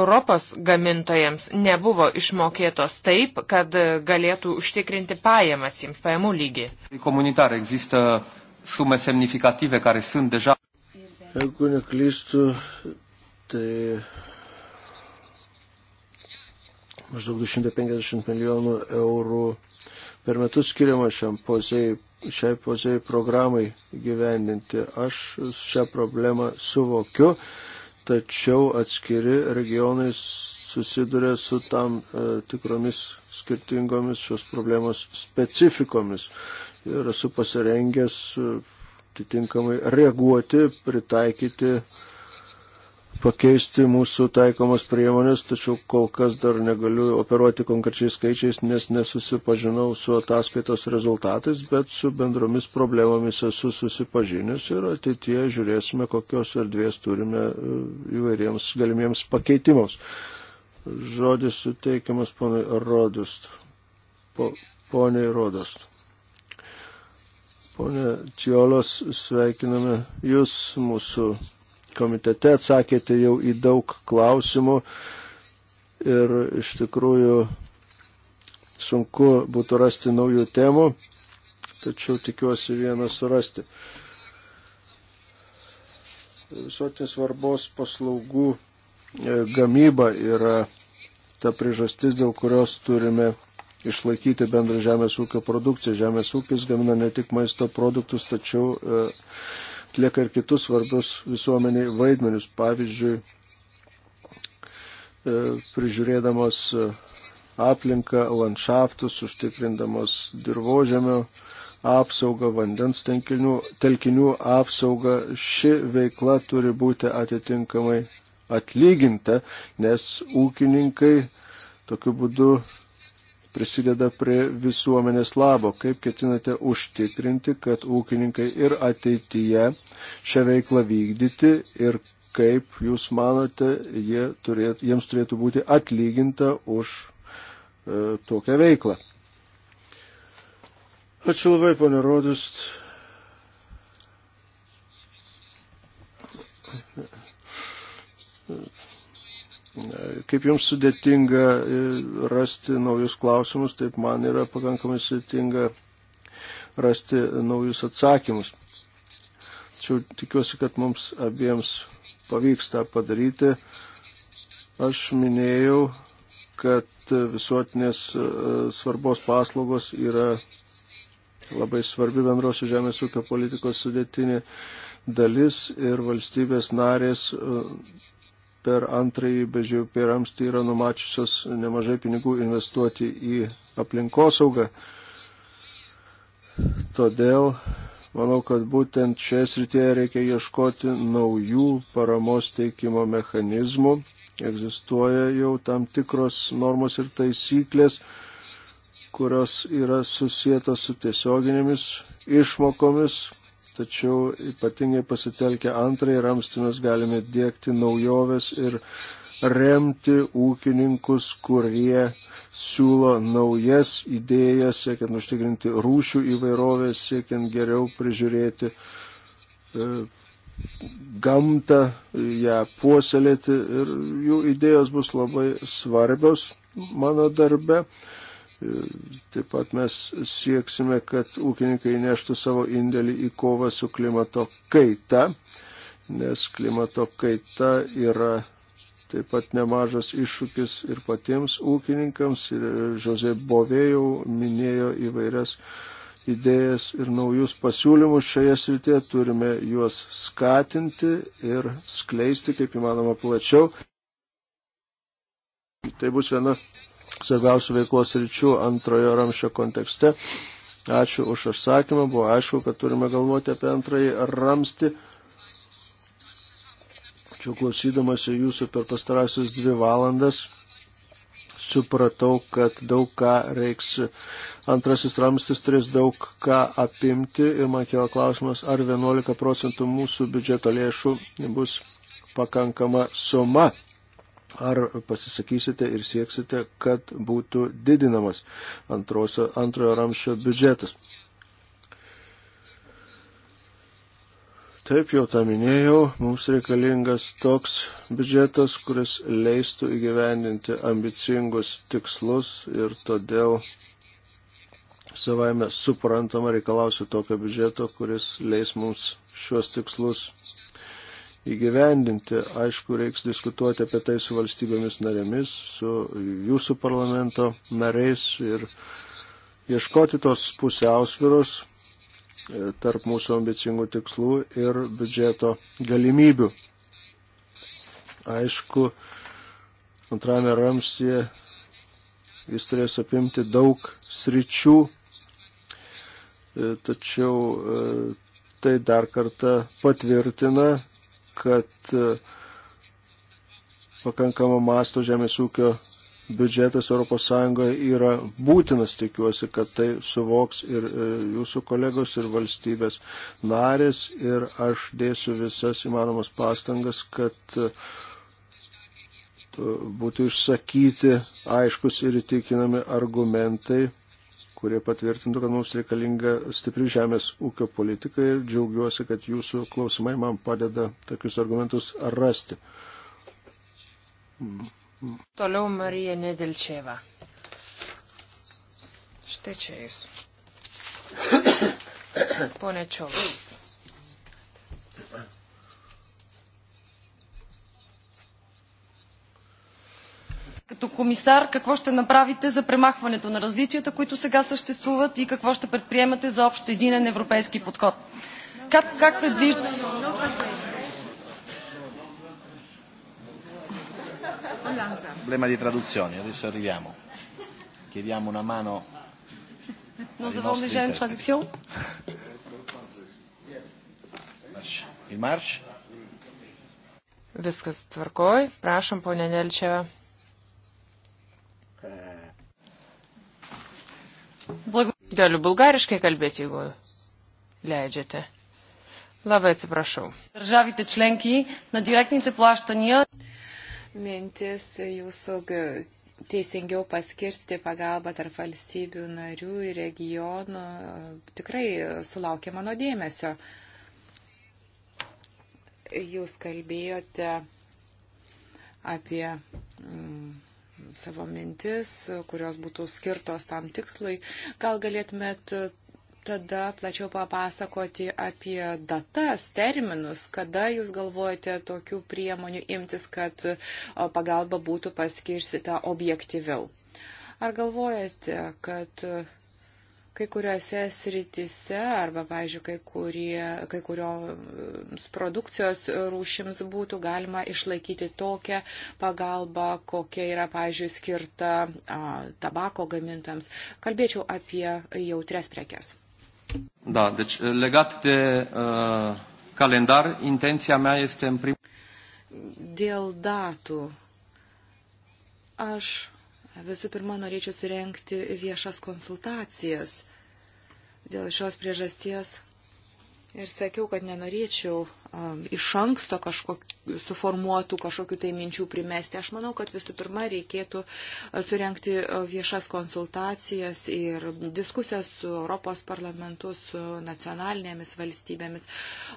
Europos gamintojams nebuvo išmokėtos taip, kad galėtų užtikrinti pajamas jiems, pajamų lygį. Komunitarė egzista sume semnificative care sunt deja. Jeigu neklystu, tai maždaug 250 milijonų eurų per metus skiriama šiam pozei, šiai pozei programai gyvendinti. Aš šią problemą suvokiu, tačiau atskiri regionai susiduria su tam e, tikromis skirtingomis šios problemos specifikomis. Ir esu pasirengęs e, atitinkamai reaguoti, pritaikyti pakeisti mūsų taikomas priemonės, tačiau kol kas dar negaliu operuoti konkrečiais skaičiais, nes nesusipažinau su ataskaitos rezultatais, bet su bendromis problemomis esu susipažinęs ir ateitie žiūrėsime, kokios erdvės turime e, įvairiems galimiems pakeitimams. Žodis suteikiamas ponai Rodust. Po, poniai Rodust. Pone Čiolos, sveikiname Jūs mūsų komitete atsakėte jau į daug klausimų ir iš tikrųjų sunku būtų rasti naujų temų, tačiau tikiuosi vieną surasti. Visuotinės svarbos paslaugų e, gamyba yra ta priežastis, dėl kurios turime išlaikyti bendrą žemės ūkio produkciją. Žemės ūkis gamina ne tik maisto produktus, tačiau e, atlieka ir kitus svarbius visuomeniai vaidmenius. Pavyzdžiui, e, prižiūrėdamos aplinką, landšaftus, užtikrindamos dirbožėmio apsaugą, vandens telkinių, telkinių apsaugą. Ši veikla turi būti atitinkamai atlyginta, nes ūkininkai tokiu būdu prisideda prie visuomenės labo. Kaip ketinate užtikrinti, kad ūkininkai ir ateityje šią veiklą vykdyti ir kaip jūs manote, jie turėtų, jiems turėtų būti atlyginta už e, tokią veiklą. Ačiū labai, ponė Rodus. Kaip jums sudėtinga e, rasti naujus klausimus, taip man yra pakankamai sudėtinga rasti naujus atsakymus. Tačiau tikiuosi, kad mums abiems pavyks tą padaryti. Aš minėjau, kad visuotinės e, svarbos paslaugos yra labai svarbi bendrosios žemės ūkio politikos sudėtinė dalis ir valstybės narės e, per antrąjį BŽP ramstį yra numačiusios nemažai pinigų investuoti į aplinkosaugą. Todėl manau, kad būtent čia srityje reikia ieškoti naujų paramos teikimo mechanizmų. Egzistuoja jau tam tikros normos ir taisyklės, kurios yra susijęta su tiesioginėmis išmokomis, tačiau ypatingai pasitelkę antrąjį ramstį mes galime dėkti naujoves ir remti ūkininkus, kurie siūlo naujas idėjas, siekiant užtikrinti rūšių įvairovę, siekiant geriau prižiūrėti e, gamtą, ją puoselėti ir jų idėjos bus labai svarbios mano darbe. E, Taip pat mes sieksime, kad ūkininkai neštų savo indėlį į kovą su klimato kaita, nes klimato kaita yra taip pat nemažas iššūkis ir patiems ūkininkams. Ir Žozė Bovėjau minėjo įvairias idėjas ir naujus pasiūlymus šioje srityje. Turime juos skatinti ir skleisti kaip įmanoma plačiau. Tai bus viena svarbiausių veiklos ryčių antrojo ramščio kontekste. Ačiū už atsakymą, buvo aišku, kad turime galvoti apie antrąjį ramstį. Čia klausydamasi jūsų per pastarąsias dvi valandas supratau, kad daug ką reiks, antrasis ramstis turės daug ką apimti ir man kėla klausimas, ar 11 procentų mūsų biudžeto lėšų bus pakankama suma Ar pasisakysite ir sieksite, kad būtų didinamas antrosio, antrojo ramščio biudžetas? Taip jau tą minėjau, mums reikalingas toks biudžetas, kuris leistų įgyvendinti ambicingus tikslus ir todėl savaime suprantama reikalausiu tokio biudžeto, kuris leis mums šiuos tikslus įgyvendinti. Aišku, reiks diskutuoti apie tai su valstybėmis narėmis, su jūsų parlamento nariais ir ieškoti tos pusiausviros e, tarp mūsų ambicingų tikslų ir biudžeto galimybių. Aišku, antrame ramstyje jis turės apimti daug sričių, e, tačiau e, tai dar kartą patvirtina kad e, pakankamo masto žemės ūkio biudžetas ES yra būtinas, tikiuosi, kad tai suvoks ir e, jūsų kolegos, ir valstybės narės, ir aš dėsiu visas įmanomas pastangas, kad e, būtų išsakyti aiškus ir įtikinami argumentai kurie patvirtintų, kad mums reikalinga stipri žemės ūkio politika ir džiaugiuosi, kad jūsų klausimai man padeda tokius argumentus rasti. Toliau Marija Nedelčieva. Štai čia jūs. Pone Čiolas. като комисар какво ще направите за премахването на различията, които сега съществуват и какво ще предприемате за общ единен европейски подход? Как, как предвиждате? Problema di traduzione, adesso arriviamo. Chiediamo una mano. Nous avons déjà une traduction. Il marche? Viskas tvarkoj. Prašom, ponė Nelčiava. Galiu bulgariškai kalbėti, jeigu leidžiate. Labai atsiprašau. Държавите членки на директните плащания. Mintis jūsų teisingiau paskirsti pagalbą tarp valstybių narių ir regionų tikrai sulaukė mano dėmesio. Jūs kalbėjote apie. Mm, savo mintis, kurios būtų skirtos tam tikslui. Gal galėtumėt tada plačiau papasakoti apie datas, terminus, kada jūs galvojate tokių priemonių imtis, kad pagalba būtų paskirsita objektyviau. Ar galvojate, kad kai kuriuose sritise arba, pavyzdžiui, kai, kurie, kai kurioms produkcijos rūšims būtų galima išlaikyti tokią pagalbą, kokia yra, pavyzdžiui, skirta a, tabako gamintams. Kalbėčiau apie jautres prekes. Da, deci legat de uh, calendar, intenția mea este în primul Dėl datų aš Visų pirma, norėčiau surenkti viešas konsultacijas Dėl šios priežasties ir sakiau, kad nenorėčiau um, iš anksto kažkok, suformuotų kažkokių tai minčių primesti. Aš manau, kad visų pirma reikėtų uh, surenkti uh, viešas konsultacijas ir diskusijas su Europos parlamentu, su nacionalinėmis valstybėmis.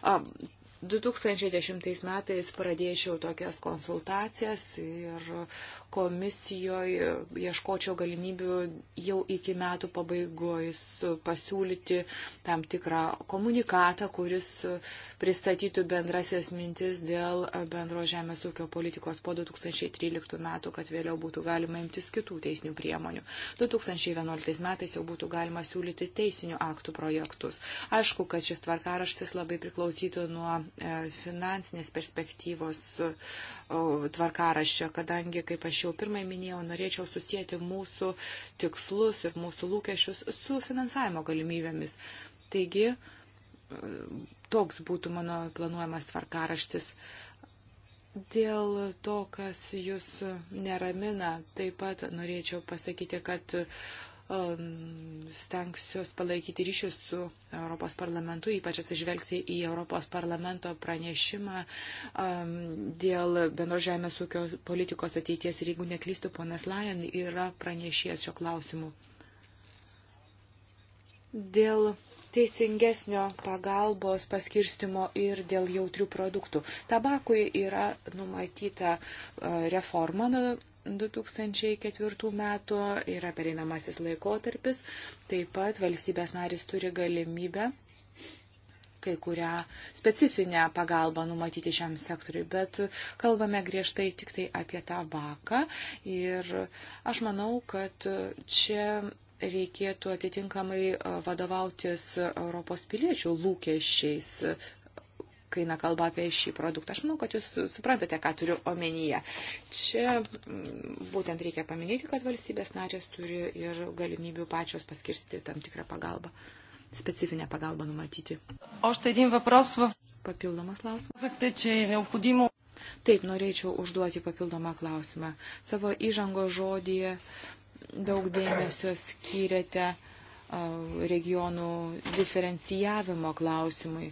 Um, 2010 metais pradėčiau tokias konsultacijas ir komisijoje ieškočiau galimybių jau iki metų pabaigojus pasiūlyti tam tikrą komunikatą, kuris pristatytų bendrasias mintis dėl bendro žemės ūkio politikos po 2013 metų, kad vėliau būtų galima imtis kitų teisinių priemonių. 2011 metais jau būtų galima siūlyti teisinių aktų projektus. Aišku, kad šis tvarkaraštis labai priklausytų nuo e, finansinės perspektyvos tvarkaraščio, kadangi, kaip aš aš jau pirmai minėjau, norėčiau susijęti mūsų tikslus ir mūsų lūkesčius su finansavimo galimybėmis. Taigi, toks būtų mano planuojamas tvarkaraštis. Dėl to, kas jūs neramina, taip pat norėčiau pasakyti, kad Um, stengsiuos palaikyti ryšius su Europos parlamentu, ypač atsižvelgti į Europos parlamento pranešimą um, dėl bendro žemės ūkio politikos ateities ir jeigu neklystų, ponas Lajan yra pranešėjęs šio klausimu. Dėl teisingesnio pagalbos paskirstimo ir dėl jautrių produktų. Tabakui yra numatyta uh, reforma 2004 metų yra pereinamasis laikotarpis, taip pat valstybės narys turi galimybę kai kurią specifinę pagalbą numatyti šiam sektoriui, bet kalbame griežtai tik tai apie tabaką ir aš manau, kad čia reikėtų atitinkamai vadovautis Europos piliečių lūkesčiais kai na kalba apie šį produktą. Aš manau, kad jūs suprantate, ką turiu omenyje. Čia mm, būtent reikia paminėti, kad valstybės narės turi ir galimybių pačios paskirsti tam tikrą pagalbą, specifinę pagalbą numatyti. O štai din vapros. Papildomas klausimas. Taip, norėčiau užduoti papildomą klausimą. Savo įžango žodį daug dėmesio skiriate regionų diferencijavimo klausimui.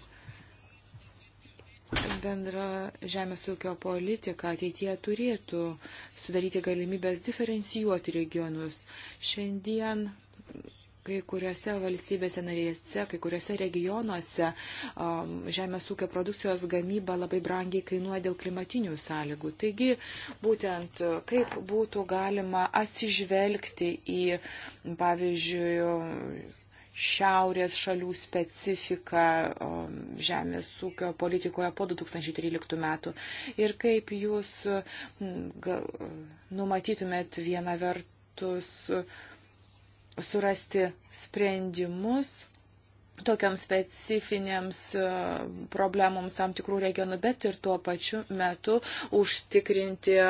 Bendra žemės ūkio politika ateityje turėtų sudaryti galimybės diferencijuoti regionus. Šiandien kai kuriuose valstybėse narėse, kai kuriuose regionuose um, žemės ūkio produkcijos gamyba labai brangiai kainuoja dėl klimatinių sąlygų. Taigi, būtent uh, kaip būtų galima atsižvelgti į, pavyzdžiui, šiaurės šalių specifiką um, žemės ūkio politikoje po 2013 metų ir kaip jūs numatytumėt vieną vertus surasti sprendimus, tokiams specifinėms e, problemams tam tikrų regionų, bet ir tuo pačiu metu užtikrinti e,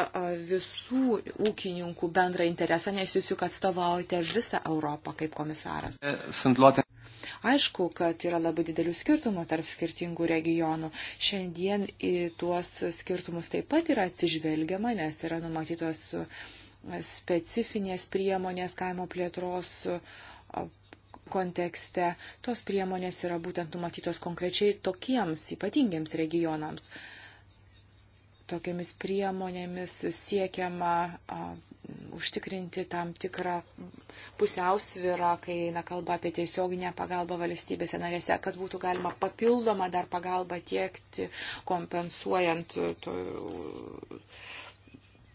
visų ūkininkų bendrą interesą, nes jūs juk atstovaujate visą Europą kaip komisaras. E, Aišku, kad yra labai didelių skirtumų tarp skirtingų regionų. Šiandien į tuos skirtumus taip pat yra atsižvelgiama, nes yra numatytos specifinės priemonės kaimo plėtros kontekste tos priemonės yra būtent numatytos konkrečiai tokiems ypatingiems regionams. Tokiamis priemonėmis siekiama a, užtikrinti tam tikrą pusiausvyrą, kai eina kalba apie tiesioginę pagalbą valstybėse narėse, kad būtų galima papildomą dar pagalbą tiekti, kompensuojant e, to,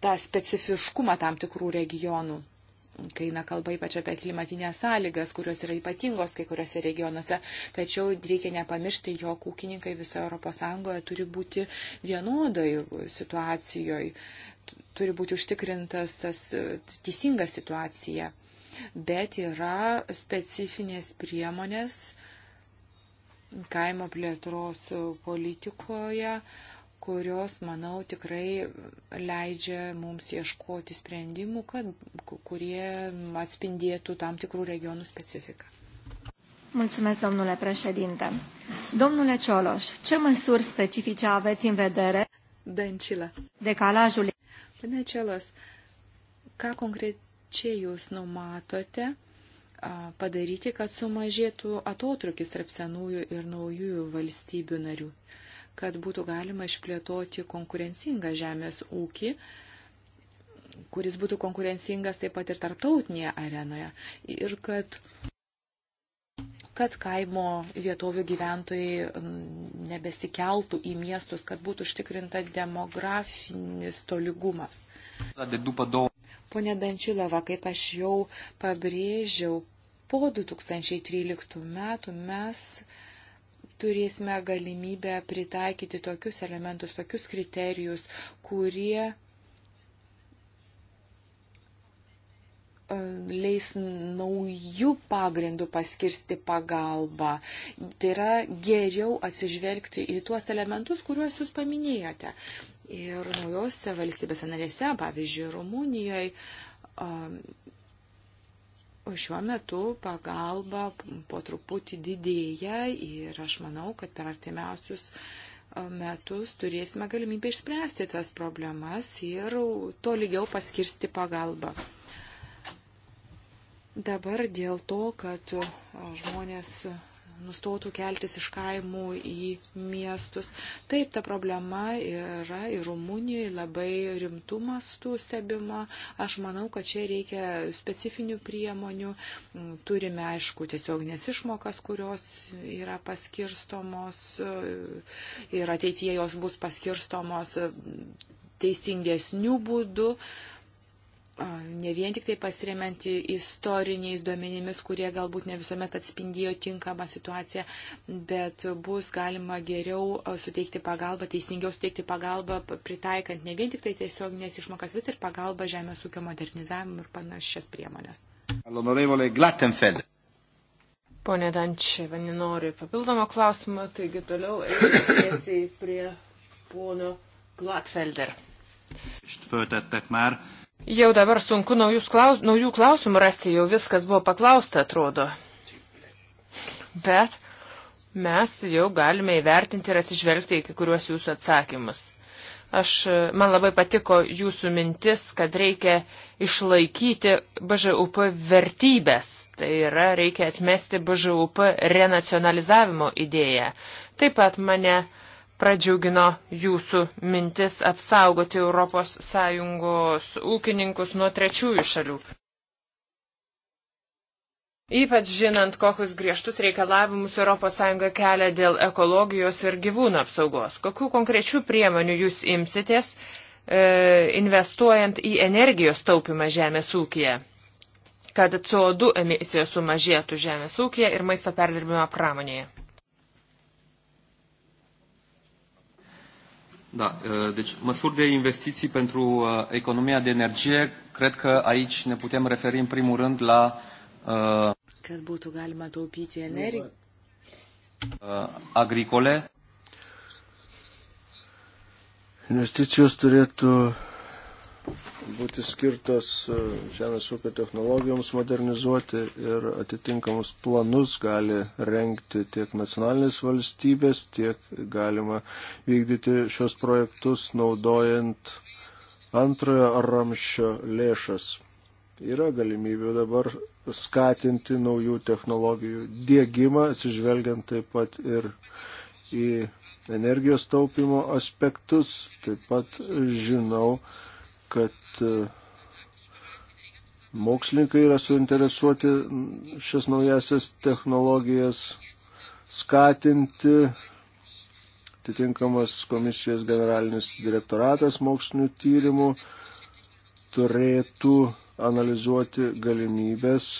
tą specifiškumą tam tikrų regionų kai eina kalba ypač apie klimatinės sąlygas, kurios yra ypatingos kai kuriuose regionuose. Tačiau reikia nepamiršti, jog ūkininkai visoje ES turi būti vienodoj situacijoje, turi būti užtikrintas tas e, teisinga situacija. Bet yra specifinės priemonės kaimo plėtros politikoje, uh, kurios, manau, tikrai leidžia mums ieškoti sprendimų, kad, kurie atspindėtų tam tikrų regionų specifiką. Mulțumesc, domnule președinte. Domnule Cioloș, ce măsuri specifice aveți în vedere? Dăncilă. Decalajul. Pane Cioloș, ką konkrečiai jūs numatote padaryti, kad sumažėtų atotrukis tarp senųjų ir naujųjų valstybių narių? kad būtų galima išplėtoti konkurencingą žemės ūkį kuris būtų konkurencingas taip pat ir tarptautinėje arenoje. Ir kad kad kaimo vietovių gyventojai mm, nebesikeltų į miestus, kad būtų užtikrinta demografinis toligumas. Pone Dančilova, kaip aš jau pabrėžiau, po 2013 metų mes turėsime galimybę pritaikyti tokius elementus, tokius kriterijus, kurie e, leis naujų pagrindų paskirsti pagalbą. Tai yra geriau atsižvelgti į tuos elementus, kuriuos jūs paminėjote. Ir naujose valstybėse narėse, pavyzdžiui, Rumunijoje, e, šiuo metu pagalba po truputį didėja ir aš manau, kad per artimiausius e, metus turėsime galimybę išspręsti tas problemas ir to lygiau paskirsti pagalbą. Dabar dėl to, kad e, žmonės nustotų keltis iš kaimų į miestus. Taip, ta problema yra ir Rumunijoje labai rimtų mastų stebima. Aš manau, kad čia reikia specifinių priemonių. Mm, turime, aišku, tiesioginės išmokas, kurios yra paskirstomos e, ir ateityje jos bus paskirstomos e, teisingesnių būdų. Uh, ne vien tik tai pasiremianti istoriniais duomenimis, kurie galbūt ne visuomet atspindėjo tinkamą situaciją, bet bus galima geriau suteikti pagalbą, teisingiau suteikti pagalbą, pritaikant ne vien tik tai tiesioginės išmokas, bet ir pagalbą žemės ūkio modernizavimui ir panašias priemonės. Pone Dančieva, nenoriu papildomą klausimą, taigi toliau eisiu prie pono Glatfelder. Föltettek már. Jau dabar sunku klaus, naujų klausimų rasti, jau viskas buvo paklausta, atrodo. Bet mes jau galime įvertinti ir atsižvelgti į kai kuriuos jūsų atsakymus. Aš, man labai patiko jūsų mintis, kad reikia išlaikyti BŽUP vertybės. Tai yra, reikia atmesti BŽUP renacionalizavimo idėją. Taip pat mane uh, pradžiugino jūsų mintis apsaugoti ES ūkininkus nuo trečiųjų šalių. Ypač žinant, kokius griežtus reikalavimus ES kelia dėl ekologijos ir gyvūnų apsaugos. Kokių konkrečių priemonių jūs imsitės e, investuojant į energijos taupimą žemės ūkiją, kad CO2 emisijos sumažėtų žemės ūkiją ir maisto perdirbimo pramonėje? Da, e, deci măsuri de investiții pentru e, economia de energie, cred că aici ne putem referi în primul rând la... E, Kad būtų galima taupyti energiją. Nu, agricole. Investicijos turėtų būti skirtos e, žemės ūkio technologijoms modernizuoti ir atitinkamus planus gali renkti tiek nacionalinės valstybės, tiek galima vykdyti šios projektus naudojant antrojo ramščio lėšas. Yra galimybė dabar skatinti naujų technologijų dėgymą, atsižvelgiant taip pat ir į energijos taupimo aspektus. Taip pat žinau, kad E, mokslininkai yra suinteresuoti šias naujasias technologijas skatinti. Atitinkamas komisijos generalinis direktoratas mokslinių tyrimų turėtų analizuoti galimybės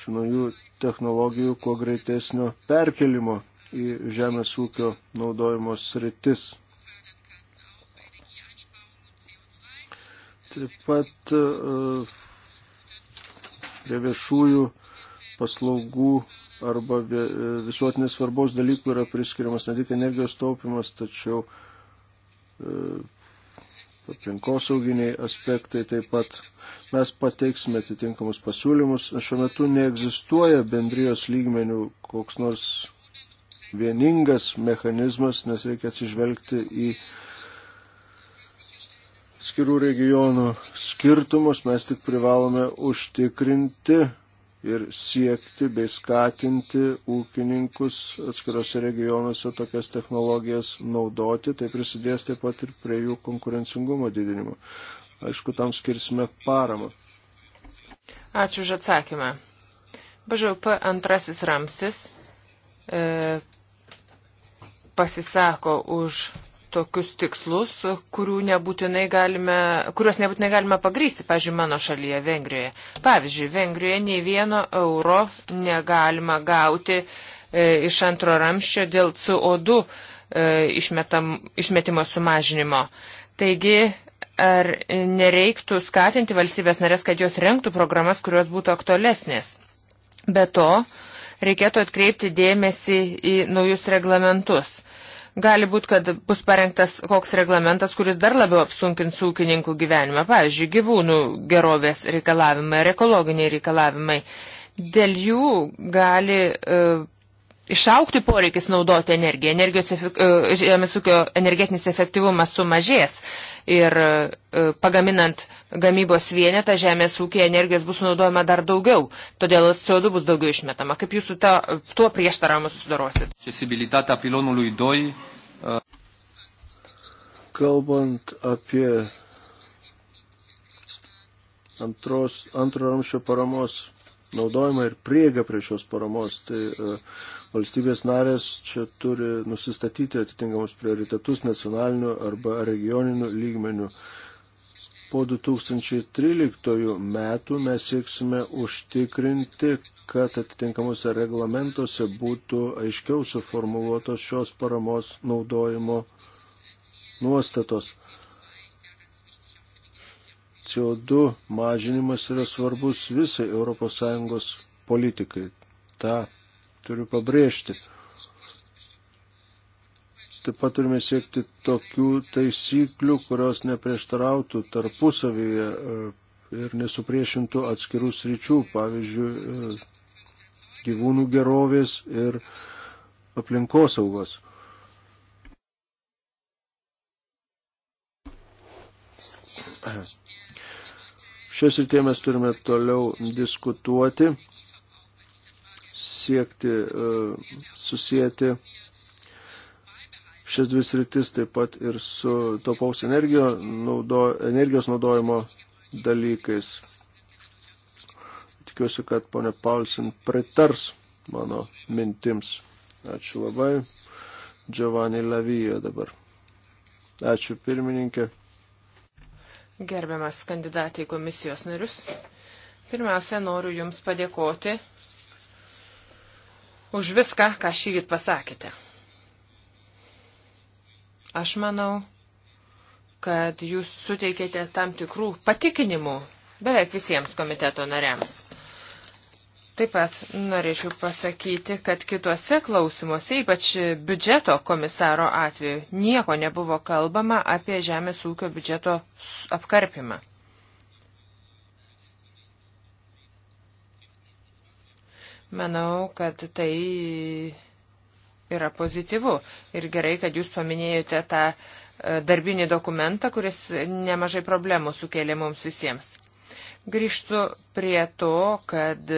šių naujų technologijų kuo greitesnio perkelimo į žemės ūkio naudojimo sritis. Taip pat e, prie viešųjų paslaugų arba e, visuotinės svarbos dalykų yra priskiriamas ne tik energijos taupimas, tačiau e, aplinkosauginiai aspektai taip pat. Mes pateiksime atitinkamus pasiūlymus. Šiuo metu neegzistuoja bendrijos lygmenių koks nors vieningas mechanizmas, nes reikia atsižvelgti į skirų regionų skirtumus, mes tik privalome užtikrinti ir siekti bei skatinti ūkininkus atskirose regionuose tokias technologijas naudoti, tai prisidės taip pat ir prie jų konkurencingumo didinimo. Aišku, tam skirsime paramą. Ačiū už atsakymą. BŽP antrasis ramsis e, pasisako už tokius tikslus, nebūtinai galime, kuriuos nebūtinai galime pagrysti, pažiūrėjau, mano šalyje, Vengrijoje. Pavyzdžiui, Vengrijoje nei vieno euro negalima gauti e, iš antro ramščio dėl CO2 e, išmetam, išmetimo sumažinimo. Taigi, ar nereiktų skatinti valstybės narės, kad jos renktų programas, kurios būtų aktualesnės? Be to, reikėtų atkreipti dėmesį į naujus reglamentus Gali būti, kad bus parengtas koks reglamentas, kuris dar labiau apsunkins ūkininkų gyvenimą. Pavyzdžiui, gyvūnų gerovės reikalavimai ar ekologiniai reikalavimai. Dėl jų gali. Uh, išaukti poreikis naudoti energiją, energijos e, žemės ūkio energetinis efektyvumas sumažės ir e, pagaminant gamybos vienetą žemės ūkija energijos bus sunaudojama dar daugiau, todėl CO2 bus daugiau išmetama. Kaip jūs su ta, tuo prieštaravimu susidorosit? E, Kalbant apie antros, antro ramšio paramos naudojimą ir prieigą prie šios paramos, tai uh, Valstybės narės čia turi nusistatyti atitinkamus prioritetus nacionaliniu arba regioniniu lygmeniu. Po 2013 metų mes sieksime užtikrinti, kad atitinkamuose reglamentuose būtų aiškiau suformuluotos šios paramos naudojimo nuostatos. CO2 mažinimas yra svarbus visai ES politikai. Ta turiu pabrėžti. Taip pat turime siekti tokių taisyklių, kurios neprieštarautų tarpusavyje e, ir nesupriešintų atskirų sričių, pavyzdžiui, e, gyvūnų gerovės ir aplinkosaugos. Šios ir tie mes turime toliau diskutuoti siekti e, susijęti šias dvi sritis taip pat ir su taupaus energijo, naudo, energijos naudojimo dalykais. Tikiuosi, kad ponė Paulsen pritars mano mintims. Ačiū labai. Giovanni Lavijo dabar. Ačiū pirmininkė. Gerbiamas kandidatai komisijos narius. Pirmiausia, noriu Jums padėkoti už viską, ką šįryt pasakėte. Aš manau, kad jūs suteikėte tam tikrų patikinimų beveik visiems komiteto nariams. Taip pat norėčiau pasakyti, kad kituose klausimuose, ypač biudžeto komisaro atveju, nieko nebuvo kalbama apie žemės ūkio biudžeto apkarpimą. Manau, kad tai yra pozityvu. Ir gerai, kad jūs paminėjote tą e, darbinį dokumentą, kuris nemažai problemų sukėlė mums visiems. Grįžtu prie to, kad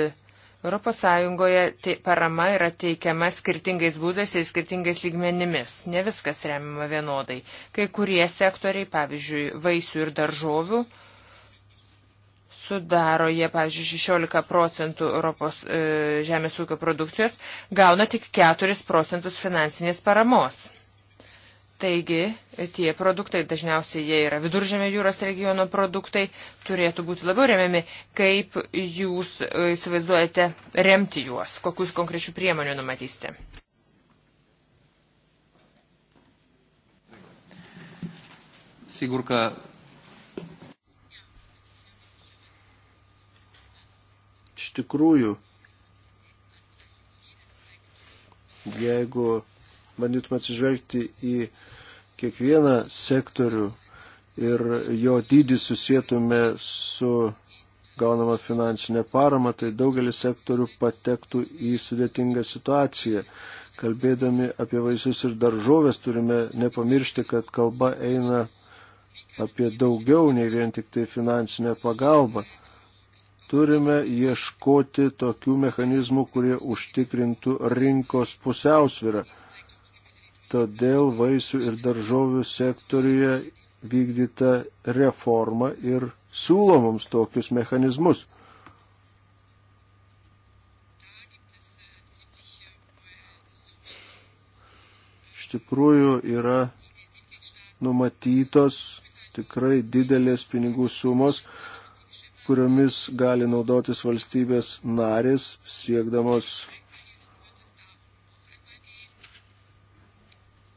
ES parama yra teikiama skirtingais būdais ir skirtingais lygmenimis. Ne viskas remiama vienodai. Kai kurie sektoriai, pavyzdžiui, vaisių ir daržovių, sudaro jie, pavyzdžiui, 16 procentų Europos e, žemės ūkio produkcijos, gauna tik 4 procentus finansinės paramos. Taigi, tie produktai, dažniausiai jie yra viduržėmė jūros regiono produktai, turėtų būti labiau remiami. Kaip jūs e, įsivaizduojate remti juos? Kokius konkrečių priemonių numatysite? Sigur că Iš tikrųjų, jeigu bandytume atsižvelgti į kiekvieną sektorių ir jo dydį susietume su gaunama finansinė parama, tai daugelis sektorių patektų į sudėtingą situaciją. Kalbėdami apie vaisius ir daržovės turime nepamiršti, kad kalba eina apie daugiau nei vien tik tai finansinę pagalbą. Turime ieškoti tokių mechanizmų, kurie užtikrintų rinkos pusiausvyrą. Todėl vaisių ir daržovių sektoriuje vykdyta reforma ir siūlo mums tokius mechanizmus. Iš tikrųjų yra numatytos tikrai didelės pinigų sumos, kuriomis gali naudotis valstybės narės siekdamos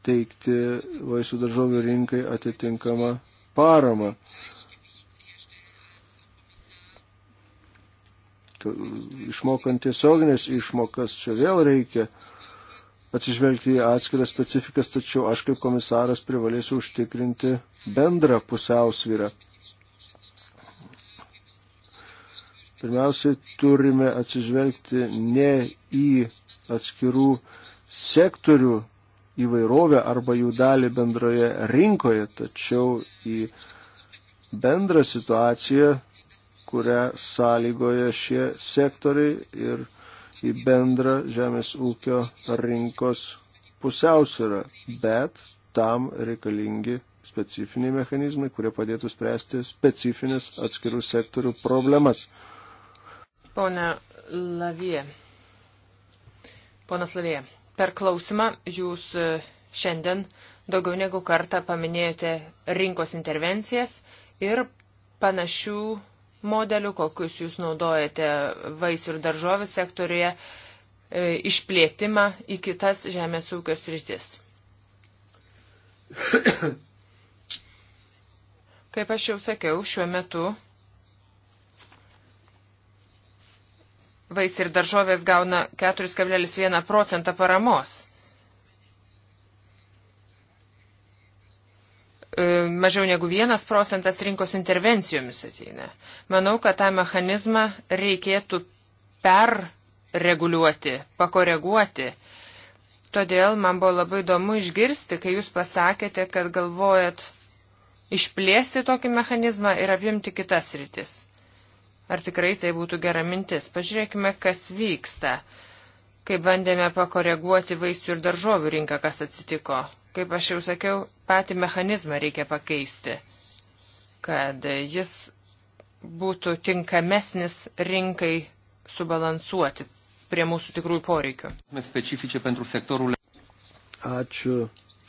teikti vaisių daržovių rinkai atitinkamą paramą. Išmokant tiesioginės išmokas, čia vėl reikia atsižvelgti į atskiras specifikas, tačiau aš kaip komisaras privalėsiu užtikrinti bendrą pusiausvyrą. Pirmiausiai turime atsižvelgti ne į atskirų sektorių įvairovę arba jų dalį bendroje rinkoje, tačiau į bendrą situaciją, kurią sąlygoja šie sektoriai ir į bendrą žemės ūkio rinkos pusiausvyrą, bet tam reikalingi specifiniai mechanizmai, kurie padėtų spręsti specifines atskirų sektorių problemas. Pone Lavie. Ponas Lavie, per klausimą jūs e, šiandien daugiau negu kartą paminėjote rinkos intervencijas ir panašių modelių, kokius jūs naudojate vaisių ir daržovių sektoriuje, e, išplėtimą į kitas žemės ūkio sritis. Kaip aš jau sakiau, šiuo metu vaisiai ir daržovės gauna 4,1 procentą paramos. E, mažiau negu 1 procentas rinkos intervencijomis ateina. Manau, kad tą mechanizmą reikėtų perreguliuoti, pakoreguoti. Todėl man buvo labai įdomu išgirsti, kai jūs pasakėte, kad galvojat išplėsti tokį mechanizmą ir apimti kitas rytis. Ar tikrai tai būtų gera mintis? Pažiūrėkime, kas vyksta. Kai bandėme pakoreguoti vaisių ir daržovių rinką, kas atsitiko. Kaip aš jau sakiau, patį mechanizmą reikia pakeisti, kad jis būtų tinkamesnis rinkai subalansuoti prie mūsų tikrųjų poreikių. Ačiū.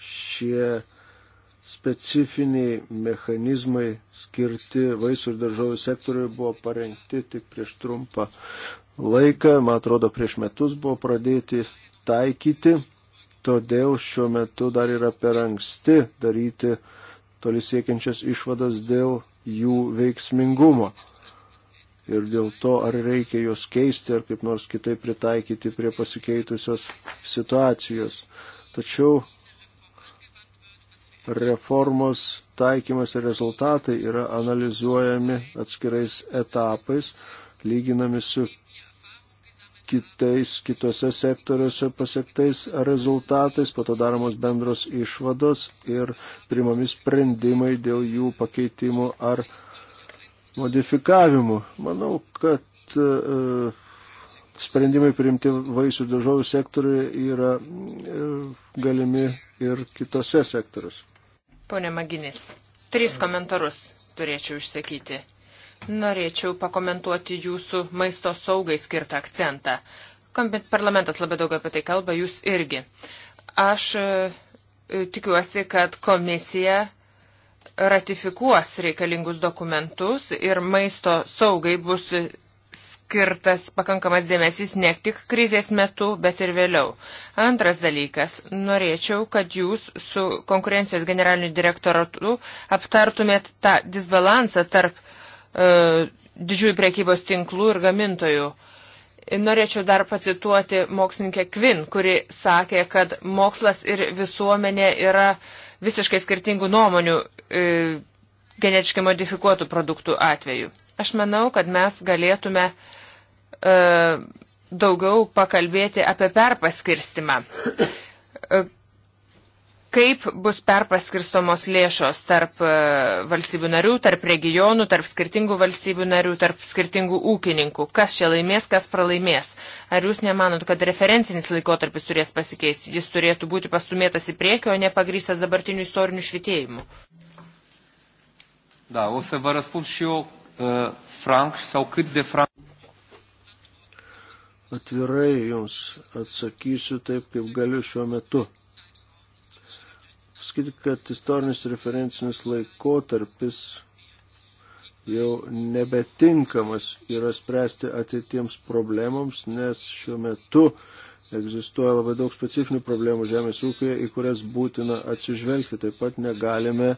Šie specifiniai mechanizmai skirti vaisių ir daržovių sektoriui buvo parengti tik prieš trumpą laiką, man atrodo, prieš metus buvo pradėti taikyti, todėl šiuo metu dar yra per anksti daryti toli siekiančias išvadas dėl jų veiksmingumo. Ir dėl to, ar reikia juos keisti, ar kaip nors kitaip pritaikyti prie pasikeitusios situacijos. Tačiau reformos taikymas ir rezultatai yra analizuojami atskirais etapais, lyginami su kitais, kitose sektoriuose pasiektais rezultatais, po to daromos bendros išvados ir primami sprendimai dėl jų pakeitimų ar modifikavimų. Manau, kad e, sprendimai priimti vaisių daržovių sektoriuje yra e, galimi ir kitose sektoriuose. Pone Maginis, trys komentarus turėčiau išsakyti. Norėčiau pakomentuoti jūsų maisto saugai skirtą akcentą. Parlamentas labai daug apie tai kalba, jūs irgi. Aš e, e, tikiuosi, kad komisija ratifikuos reikalingus dokumentus ir maisto saugai bus skirtas pakankamas dėmesys ne tik krizės metu, bet ir vėliau. Antras dalykas, norėčiau, kad jūs su konkurencijos generaliniu direktoratu aptartumėt tą disbalansą tarp e, didžiųjų priekybos tinklų ir gamintojų. Norėčiau dar pacituoti mokslininkę Kvin, kuri sakė, kad mokslas ir visuomenė yra visiškai skirtingų nuomonių e, genetiškai modifikuotų produktų atveju. Aš manau, kad mes galėtume uh, E, daugiau pakalbėti apie perpaskirstimą. E, kaip bus perpaskirstomos lėšos tarp e, valstybių narių, tarp regionų, tarp skirtingų valstybių narių, tarp skirtingų ūkininkų? Kas čia laimės, kas pralaimės? Ar jūs nemanot, kad referencinis laikotarpis turės pasikeisti? Jis turėtų būti pastumėtas į priekį, o ne pagrystas dabartiniu istoriniu švitėjimu? Da, o să vă răspund și eu uh, franc sau cât de franc atvirai jums atsakysiu taip, kaip galiu šiuo metu. Pasakyti, kad istorinis referencinis laikotarpis jau nebetinkamas yra spręsti ateitiems problemams, nes šiuo metu egzistuoja labai daug specifinių problemų žemės ūkioje, į kurias būtina atsižvelgti. Taip pat negalime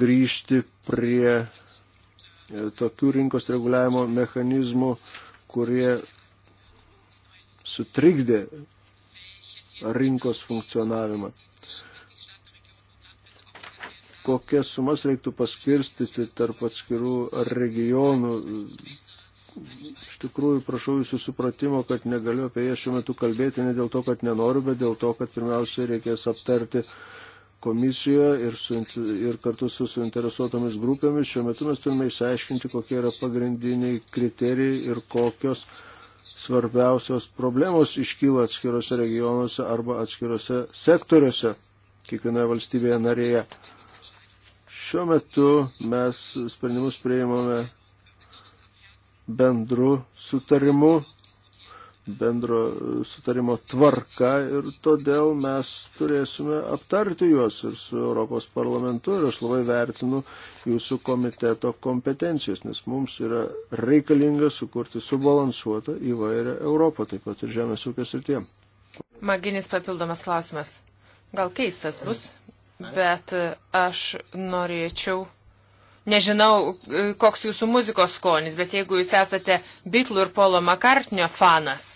grįžti prie e, tokių rinkos reguliavimo mechanizmų, kurie sutrikdė rinkos funkcionavimą. Kokias sumas reiktų paskirstyti tarp atskirų regionų? Iš tikrųjų, prašau jūsų supratimo, kad negaliu apie ją šiuo metu kalbėti ne dėl to, kad nenoriu, bet dėl to, kad pirmiausiai reikės aptarti komisijoje ir, su, ir kartu su suinteresuotomis grupėmis. Šiuo metu mes turime išsiaiškinti, kokie yra pagrindiniai kriterijai ir kokios uh, svarbiausios problemos iškyla atskiruose regionuose arba atskiruose sektoriuose kiekvienoje valstybėje narėje. Šiuo metu mes sprendimus prieimame bendru sutarimu bendro sutarimo tvarka ir todėl mes turėsime aptarti juos ir su Europos parlamentu ir aš labai vertinu jūsų komiteto kompetencijas, nes mums yra reikalinga sukurti subalansuotą įvairią Europą, taip pat ir žemės ūkio srityje. Maginis papildomas klausimas. Gal keistas bus, bet aš norėčiau nežinau, koks jūsų muzikos skonis, bet jeigu jūs esate Bitlų ir Polo Makartnio fanas,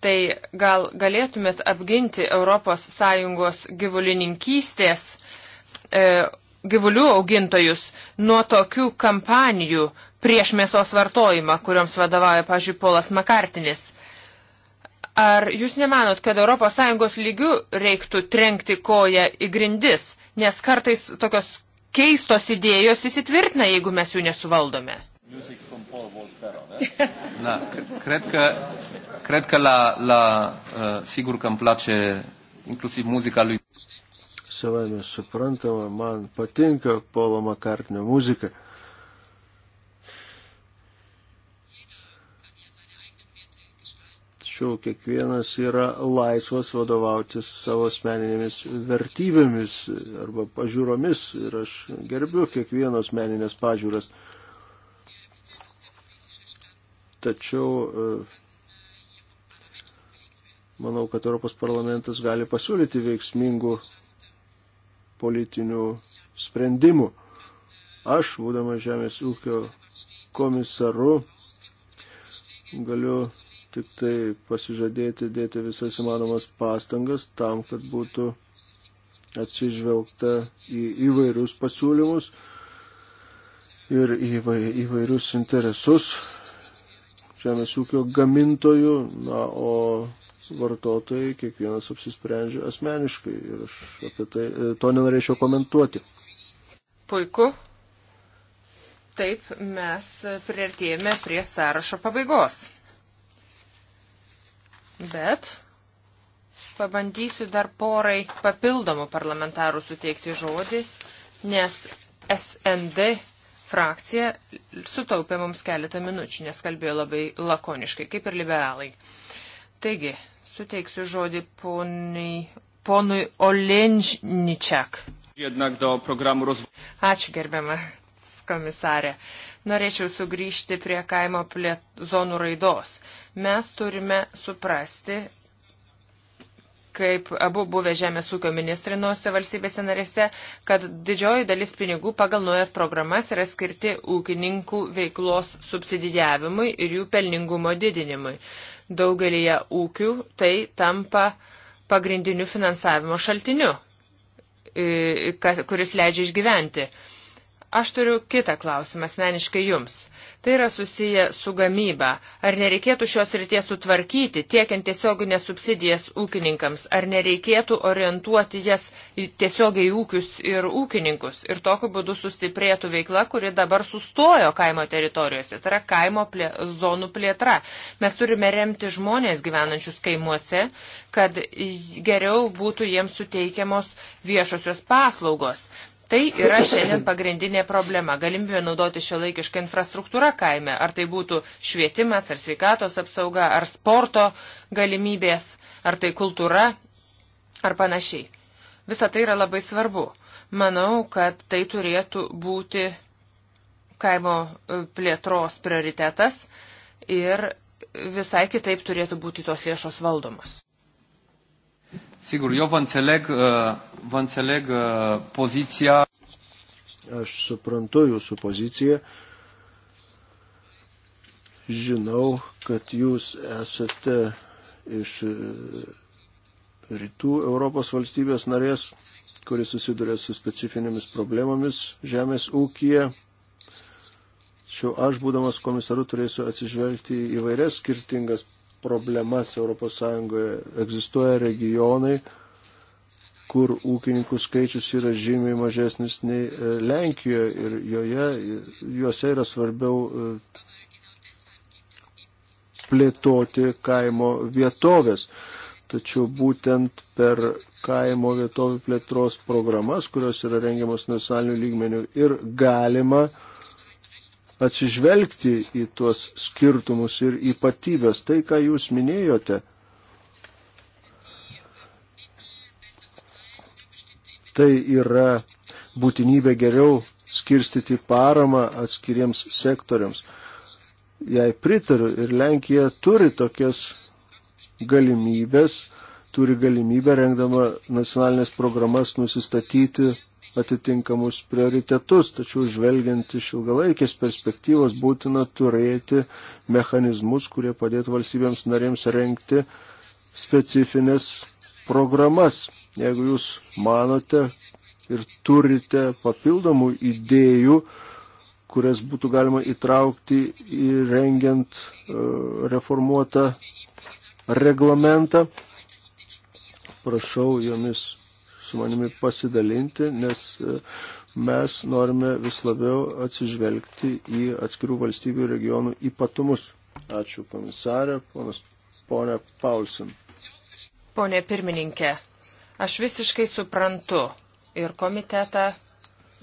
Tai gal galėtumėt apginti ES gyvulininkystės e, gyvulių augintojus nuo tokių kampanijų prieš mėsos vartojimą, kuriuoms vadovauja, pažiūrėjau, Polas Makartinis. Ar jūs nemanot, kad ES lygių reiktų trenkti koją į grindis, nes kartais tokios keistos idėjos įsitvirtina, jeigu mes jų nesuvaldome? Music from Paul was better, ne? Da, cred că, cred că la, la uh, sigur că îmi place inclusiv muzica lui. Savaime suprantama, man patinka Paulo Makartinio muzika. Tačiau kiekvienas yra laisvas vadovautis savo asmeninėmis vertybėmis arba pažiūromis ir aš gerbiu kiekvienos meninės pažiūras. Uh, Tačiau e, manau, kad Europos parlamentas gali pasiūlyti veiksmingų politinių sprendimų. Aš, būdamas Žemės ūkio komisaru, galiu tik tai pasižadėti dėti visas įmanomas pastangas tam, kad būtų atsižvelgta į įvairius pasiūlymus ir įvairius interesus žemės ūkio gamintojų, na, o vartotojai kiekvienas apsisprendžia asmeniškai ir aš apie tai e, to nenorėčiau komentuoti. Puiku. Taip, mes priartėjame prie sąrašo pabaigos. Bet pabandysiu dar porai papildomų parlamentarų suteikti žodį, nes SND frakcija sutaupė mums keletą minučių, nes kalbėjo labai lakoniškai, kaip ir liberalai. Taigi, suteiksiu žodį poniai, ponui Olenžničiak. Ačiū gerbiamas komisarė. Norėčiau sugrįžti prie kaimo plėt, zonų raidos. Mes turime suprasti, kaip abu buvę žemės ūkio ministrai nuose valstybėse narėse, kad didžioji dalis pinigų pagal naujas programas yra skirti ūkininkų veiklos subsidijavimui ir jų pelningumo didinimui. Daugelįje ūkių tai tampa pagrindiniu finansavimo šaltiniu, kuris leidžia išgyventi. Aš turiu kitą klausimą asmeniškai jums. Tai yra susiję su gamyba. Ar nereikėtų šios ryties sutvarkyti, tiekiant tiesioginės subsidijas ūkininkams? Ar nereikėtų orientuoti jas tiesiogiai ūkius ir ūkininkus? Ir tokiu būdu sustiprėtų veikla, kuri dabar sustojo kaimo teritorijose. Tai yra kaimo plė, zonų plėtra. Mes turime remti žmonės gyvenančius kaimuose, kad geriau būtų jiems suteikiamos viešosios paslaugos. Tai yra šiandien pagrindinė problema. Galimybė naudoti šio laikišką infrastruktūrą kaime, ar tai būtų švietimas, ar sveikatos apsauga, ar sporto galimybės, ar tai kultūra, ar panašiai. Visa tai yra labai svarbu. Manau, kad tai turėtų būti kaimo e, plėtros prioritetas ir visai kitaip turėtų būti tos lėšos valdomos. Sigur, eu vă înțeleg, uh, vă înțeleg uh, poziția. Aš suprantu jūsų poziciją. Žinau, kad jūs esate iš uh, rytų Europos valstybės narės, kuris susiduria su specifinėmis problemomis žemės ūkija. Šiuo aš, būdamas komisaru, turėsiu atsižvelgti į vairias skirtingas problemas ES. Egzistuoja regionai, kur ūkininkų skaičius yra žymiai mažesnis nei e, Lenkijoje ir joje, juose yra svarbiau e, plėtoti kaimo vietovės. Tačiau būtent per kaimo vietovių plėtros programas, kurios yra rengiamos nacionaliniu lygmeniu ir galima uh, atsižvelgti į tuos skirtumus ir ypatybės. Tai, ką jūs minėjote, tai yra būtinybė geriau skirstyti paramą atskiriems sektoriams. Jei pritariu ir Lenkija turi tokias galimybės, turi galimybę rengdama nacionalinės programas nusistatyti atitinkamus prioritetus, tačiau žvelgiant iš ilgalaikės perspektyvos būtina turėti mechanizmus, kurie padėtų valstybėms narėms renkti specifines programas. Jeigu jūs manote ir turite papildomų idėjų, kurias būtų galima įtraukti į rengiant e, reformuotą reglamentą, prašau jomis su manimi pasidalinti, nes e, mes norime vis labiau atsižvelgti į atskirų valstybių regionų ypatumus. Ačiū komisarė, ponas ponė Paulsen. Pone pirmininkė, aš visiškai suprantu ir komitetą,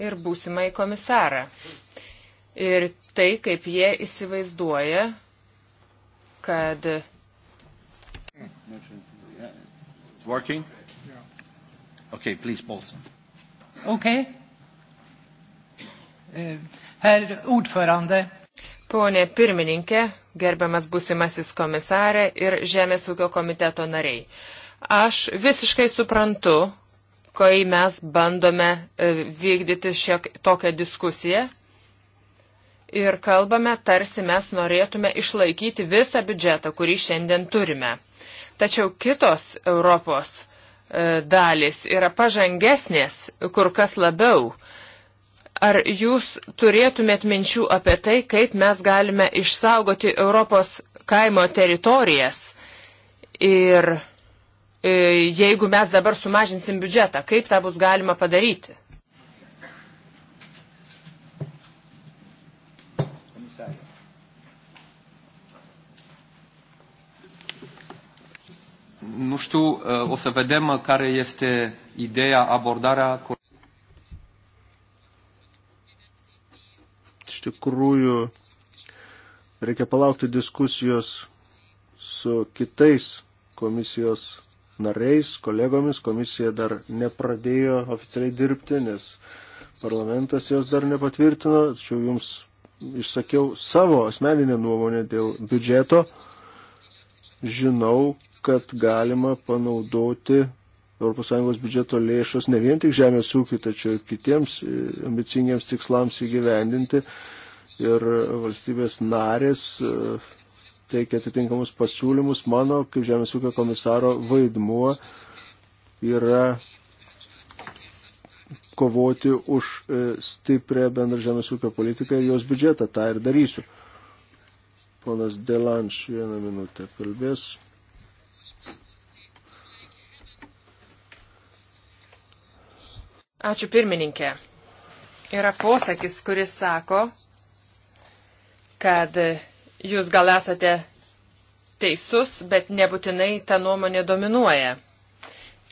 ir būsimai komisarą. Ir tai, kaip jie įsivaizduoja, kad. Working? Okay, please, Paulson. Okay. Eh, herr ordförande. Pone pirmininkė, gerbiamas būsimasis komisarė ir Žemės ūkio komiteto nariai. Aš visiškai suprantu, kai mes bandome eh, vykdyti šiek tokią diskusiją ir kalbame, tarsi mes norėtume išlaikyti visą biudžetą, kurį šiandien turime. Tačiau kitos Europos E, dalis yra pažangesnės kur kas labiau. Ar jūs turėtumėt minčių apie tai, kaip mes galime išsaugoti Europos kaimo teritorijas ir e, jeigu mes dabar sumažinsim biudžetą, kaip tą bus galima padaryti? nu știu, uh, o să vedem uh, care este ideea, abordarea. Iš tikrųjų, reikia palaukti diskusijos su kitais komisijos nariais, kolegomis. Komisija dar nepradėjo oficialiai dirbti, nes parlamentas jos dar nepatvirtino. Tačiau jums išsakiau savo asmeninę nuomonę dėl biudžeto. Žinau, kad galima panaudoti ES biudžeto lėšos ne vien tik žemės ūkiai, tačiau ir kitiems e, ambicingiems tikslams įgyvendinti. Ir valstybės narės e, teikia atitinkamus pasiūlymus. Mano, kaip žemės ūkio komisaro, vaidmuo yra kovoti už e, stiprią bendrą žemės ūkio politiką ir jos biudžetą. Ta ir darysiu. Ponas Delanš vieną minutę kalbės. Ačiū pirmininkė. Yra posakis, kuris sako, kad jūs gal esate teisus, bet nebūtinai ta nuomonė dominuoja.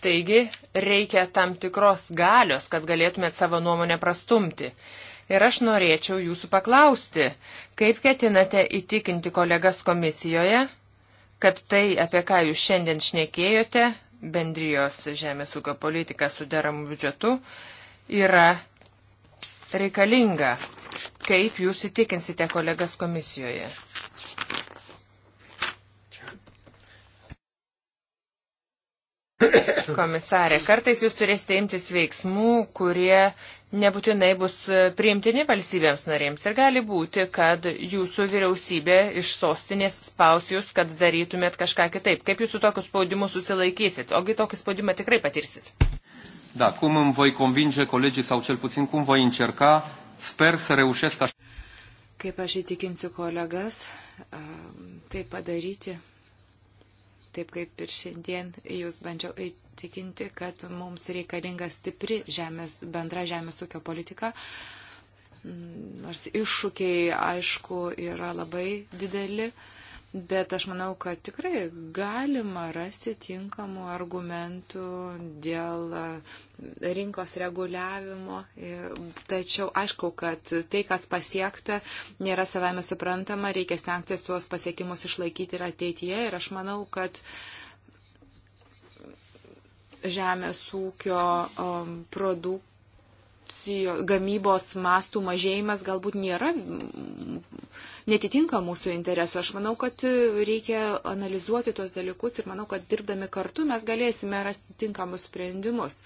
Taigi reikia tam tikros galios, kad galėtumėt savo nuomonę prastumti. Ir aš norėčiau jūsų paklausti, kaip ketinate įtikinti kolegas komisijoje, kad tai, apie ką jūs šiandien šnekėjote, bendrijos žemės ūkio politika su deramu biudžetu, yra reikalinga. Kaip jūs įtikinsite kolegas komisijoje? Komisarė, kartais jūs turėsite imtis veiksmų, kurie nebūtinai bus e, priimtini valstybėms narėms ir gali būti, kad jūsų vyriausybė iš sostinės spaus jūs, kad darytumėt kažką kitaip. Kaip jūs su tokiu spaudimu susilaikysit? Ogi tokį spaudimą tikrai patirsit. Da, cum îmi voi convinge colegii sau cel puțin cum voi încerca, sper să reușesc așa. Kaip aš įtikinsiu kolegas tai padaryti, taip kaip ir šiandien jūs bandžiau tikinti, kad mums reikalinga stipri žemės, bendra žemės ūkio politika. Nors iššūkiai, aišku, yra labai dideli, bet aš manau, kad tikrai galima rasti tinkamų argumentų dėl e, rinkos reguliavimo. E, tačiau aišku, kad tai, kas pasiekta, nėra savame suprantama, reikia stengtis tuos pasiekimus išlaikyti ir ateityje. Ir aš manau, kad uh, žemės ūkio um, produkcijos gamybos mastų mažėjimas galbūt nėra, mm, netitinka mūsų interesų. Aš manau, kad reikia analizuoti tuos dalykus ir manau, kad dirbdami kartu mes galėsime rasti tinkamus sprendimus.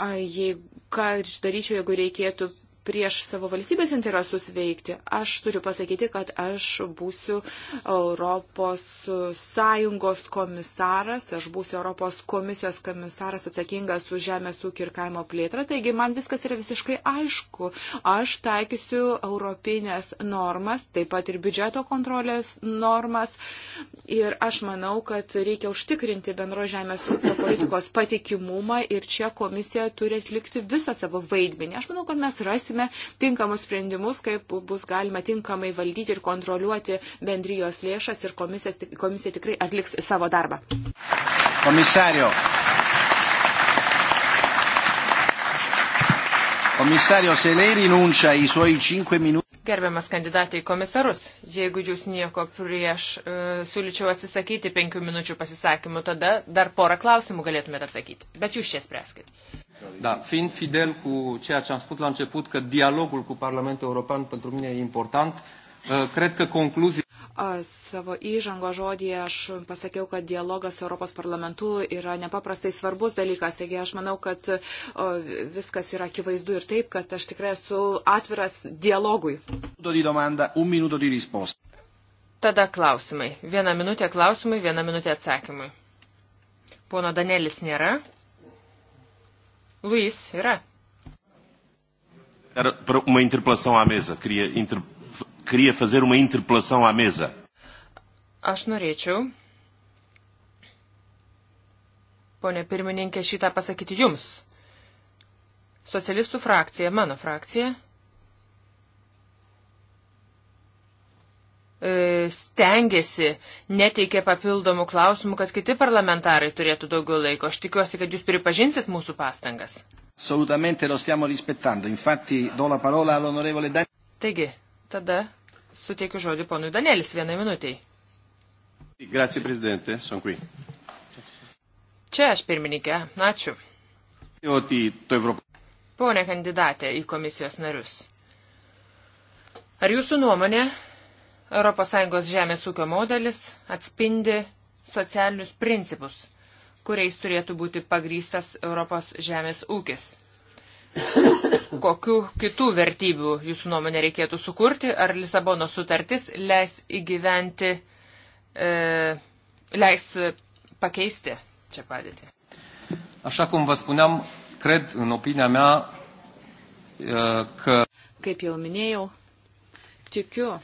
Jei, ką aš daryčiau, jeigu reikėtų prieš savo valstybės interesus veikti. Aš turiu pasakyti, kad aš būsiu Europos Sąjungos komisaras, aš būsiu Europos komisijos komisaras atsakingas už žemės ūkį ir kaimo plėtrą, taigi man viskas yra visiškai aišku. Aš taikysiu europinės normas, taip pat ir biudžeto kontrolės normas ir aš manau, kad reikia užtikrinti bendro žemės ūkio politikos patikimumą ir čia komisija turi atlikti visą savo vaidmenį. Aš manau, kad mes rasime rasime tinkamus sprendimus, kaip bus galima tinkamai valdyti ir kontroliuoti bendrijos lėšas ir komisija, komisija tikrai atliks savo darbą. Komisario, Komisario Selei rinuncia į suoi 5 minuti. Gerbiamas kandidatai į komisarus, jeigu jūs nieko prieš e, siūlyčiau atsisakyti 5 minučių pasisakymų, tada dar porą klausimų galėtumėte atsakyti. Bet jūs čia spręskit. Da, fiind fidel cu ceea ce am spus la început, că dialogul cu Parlamentul European pentru mine e important, e, cred că concluzii... Savo įžango žodį aš pasakiau, kad dialogas su Europos parlamentu yra nepaprastai svarbus dalykas, taigi aš manau, kad viskas yra akivaizdu ir taip, kad aš tikrai esu atviras dialogui. Tada klausimai. Viena minutė klausimui, viena minutė atsakymui. Pono Danelis nėra. Luis yra. Era para uma interpelação à mesa. Queria interpelar queria fazer uma interpelação à mesa. Aš norėčiau, ponė pirmininkė, šitą pasakyti jums. Socialistų frakcija, mano frakcija, e, stengiasi, neteikė papildomų klausimų, kad kiti parlamentarai turėtų daugiau laiko. Aš tikiuosi, kad jūs pripažinsit mūsų pastangas. Taigi, tada suteikiu žodį ponui Danielis vienai minutiai. Grazie, prezidente, son qui. Čia aš pirmininkė, ačiū. Pone kandidatė į komisijos narius. Ar jūsų nuomonė ES žemės ūkio modelis atspindi socialinius principus, kuriais turėtų būti pagrystas Europos žemės ūkis? Kokių kitų vertybių jūsų nuomonė reikėtų sukurti? Ar Lisabono sutartis leis įgyventi, e, leis pakeisti čia padėtį? Așa cum vă spuneam, cred în opinia mea e, că. Kaip jau minėjau, tikiu,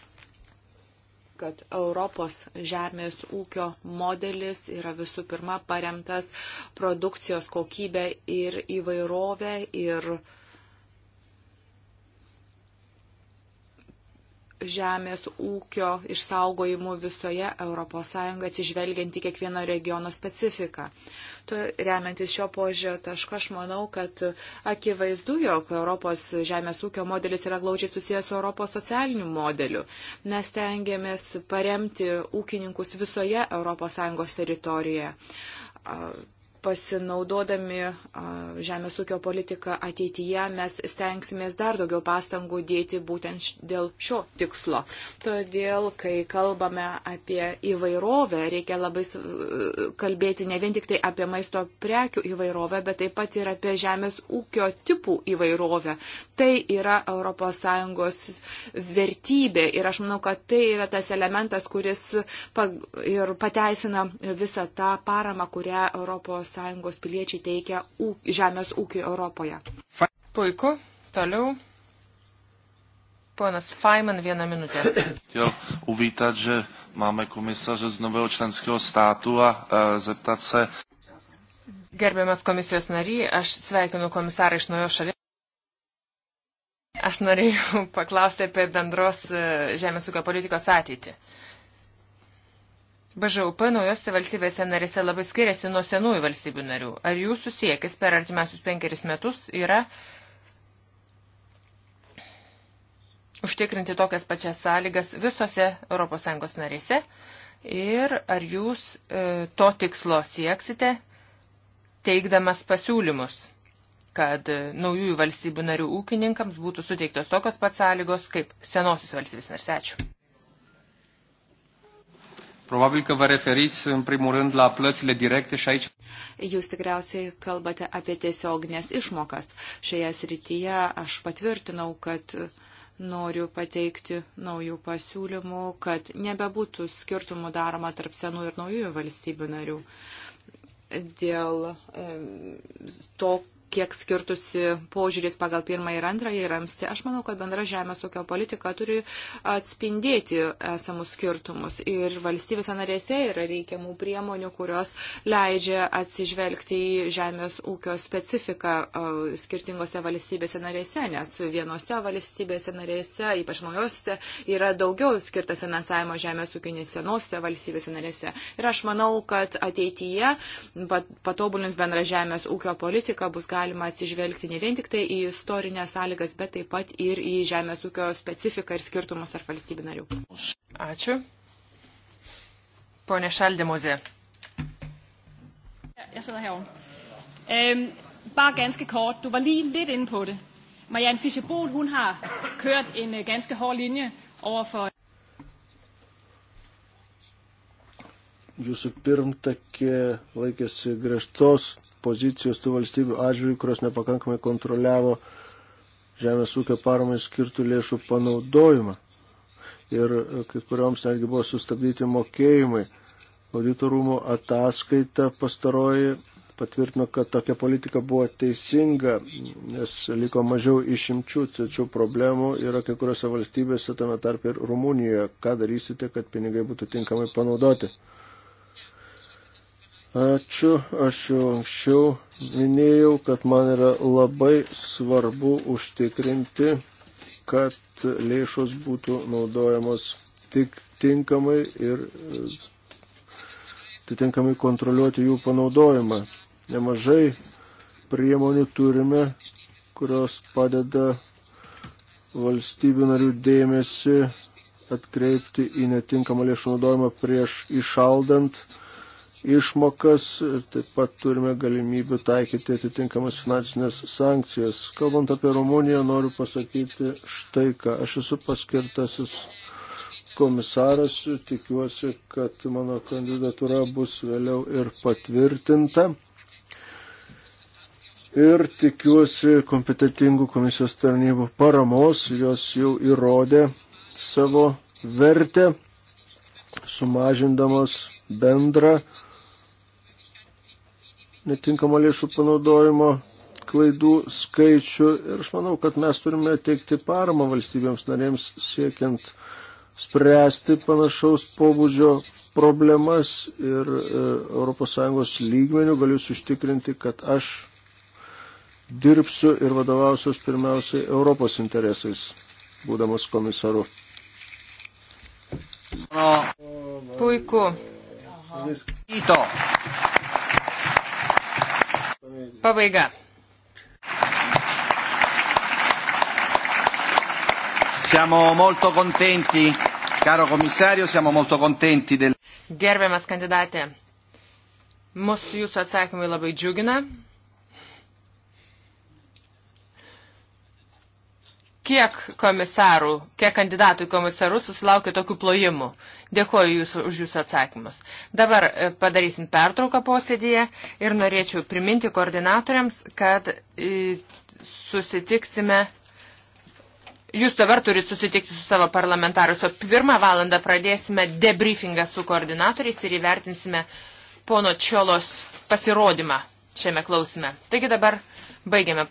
kad Europos žemės ūkio modelis yra visų pirma paremtas produkcijos kokybė ir įvairovė ir uh, žemės ūkio išsaugojimu visoje ES atsižvelgiant į kiekvieno regiono specifiką. Tu remiantis šio požiūrio taško, aš manau, kad akivaizdu, jog Europos žemės ūkio modelis yra glaučiai susijęs su Europos socialiniu modeliu. Mes tengiamės paremti ūkininkus visoje ES teritorijoje pasinaudodami žemės ūkio politiką ateityje mes stengsimės dar daugiau pastangų dėti būtent dėl šio tikslo. Todėl, kai kalbame apie įvairovę, reikia labai e, kalbėti ne vien tik tai apie maisto prekių įvairovę, bet taip pat ir apie žemės ūkio tipų įvairovę. Tai yra ES vertybė ir aš manau, kad tai yra tas elementas, kuris ir pateisina visą tą paramą, kurią ES ES piliečiai teikia ūk, žemės ūkiui Europoje. Puiku, toliau. Ponas Feynman, vieną minutę. Chtěl uvítat, že máme komisaře z nového členského státu a e, zeptat se. Gerbiamas komisijos nary, aš sveikinu komisarą iš naujo šalies. Aš norėjau paklausti apie bendros e, žemės ūkio politikos ateitį. Uh, BŽUP naujose valstybėse narėse labai skiriasi nuo senųjų valstybių narių. Ar jūsų siekis per artimiausius penkeris metus yra užtikrinti tokias pačias sąlygas visose ES narėse? Ir ar jūs e, to tikslo sieksite, teikdamas pasiūlymus, kad e, naujųjų valstybių narių ūkininkams būtų suteiktos tokios pat sąlygos kaip senosios valstybės narsečių? Probabil că vă referiți în primul rând la plățile directe și aici. Jūs tikriausiai kalbate apie tiesioginės išmokas. Šioje srityje aš patvirtinau, kad noriu pateikti naujų pasiūlymų, kad nebebūtų skirtumų daroma tarp senų ir naujųjų valstybių narių dėl to, kiek skirtusi požiūris pagal pirmą ir antrąjį ramstį. Aš manau, kad bendra žemės ūkio politika turi atspindėti esamus skirtumus. Ir valstybės narėse yra reikiamų priemonių, kurios leidžia atsižvelgti į žemės ūkio specifiką e, skirtingose valstybėse narėse, nes vienose valstybėse narėse, ypač naujose, yra daugiau skirta finansavimo žemės ūkio nei senose valstybėse narėse. Ir aš manau, kad ateityje patobulins bendra žemės ūkio politika bus galima galima atsižvelgti ne vien tik tai į istorinės sąlygas, bet taip pat ir į žemės ūkio specifiką ir skirtumus ar valstybių narių. Ačiū. Pone Šaldemozė. Jeg sidder herovre. Øhm, bare ganske kort. Du var lige lidt inde på det. Marianne Fischer-Bohl, hun har kørt en øh, ganske hård linje over for... Jūsų pirmtakė laikėsi griežtos pozicijos tų valstybių atžvilgių, kurios nepakankamai kontroliavo žemės ūkio paramai skirtų lėšų panaudojimą. Ir e, kai kurioms netgi buvo sustabdyti mokėjimai. Auditorumo ataskaita pastaroji patvirtino, kad tokia politika buvo teisinga, nes liko mažiau išimčių, tačiau problemų yra kai kuriuose valstybėse, tame tarp ir Rumunijoje. Ką darysite, kad pinigai būtų tinkamai panaudoti? Ačiū, aš jau anksčiau minėjau, kad man yra labai svarbu užtikrinti, kad lėšos būtų naudojamos tik tinkamai ir atitinkamai e, kontroliuoti jų panaudojimą. Nemažai priemonių turime, kurios padeda valstybių narių dėmesį atkreipti į netinkamą lėšų naudojimą prieš išaldant išmokas, taip pat turime galimybių taikyti atitinkamas finansinės sankcijas. Kalbant apie Rumuniją, noriu pasakyti štai ką. Aš esu paskirtasis komisaras, tikiuosi, kad mano kandidatūra bus vėliau ir patvirtinta. Ir tikiuosi kompetitingų komisijos tarnybų paramos, jos jau įrodė savo vertę, sumažindamos bendrą netinkamo lėšų panaudojimo klaidų skaičių ir aš manau, kad mes turime teikti paramą valstybėms narėms siekiant spręsti panašaus pobūdžio problemas ir ES lygmenių galiu suštikrinti, kad aš dirbsiu ir vadovausios pirmiausiai Europos interesais, būdamas komisaru. Puiku. Aha. Pabaiga. Siamo molto contenti, caro komisario, siamo molto contenti del. Gerbiamas kandidatė, mūsų jūsų atsakymai labai džiugina. Kiek komisarų, kiek kandidatų į komisarus susilaukė tokių plojimų? Dėkoju jūs, už Jūsų atsakymus. Dabar e, padarysim pertrauką posėdėje ir norėčiau priminti koordinatoriams, kad e, susitiksime. Jūs dabar turit susitikti su savo parlamentarius, o pirmą valandą pradėsime debriefingą su koordinatoriais ir įvertinsime pono Čiolos pasirodymą šiame klausime. Taigi dabar baigiame.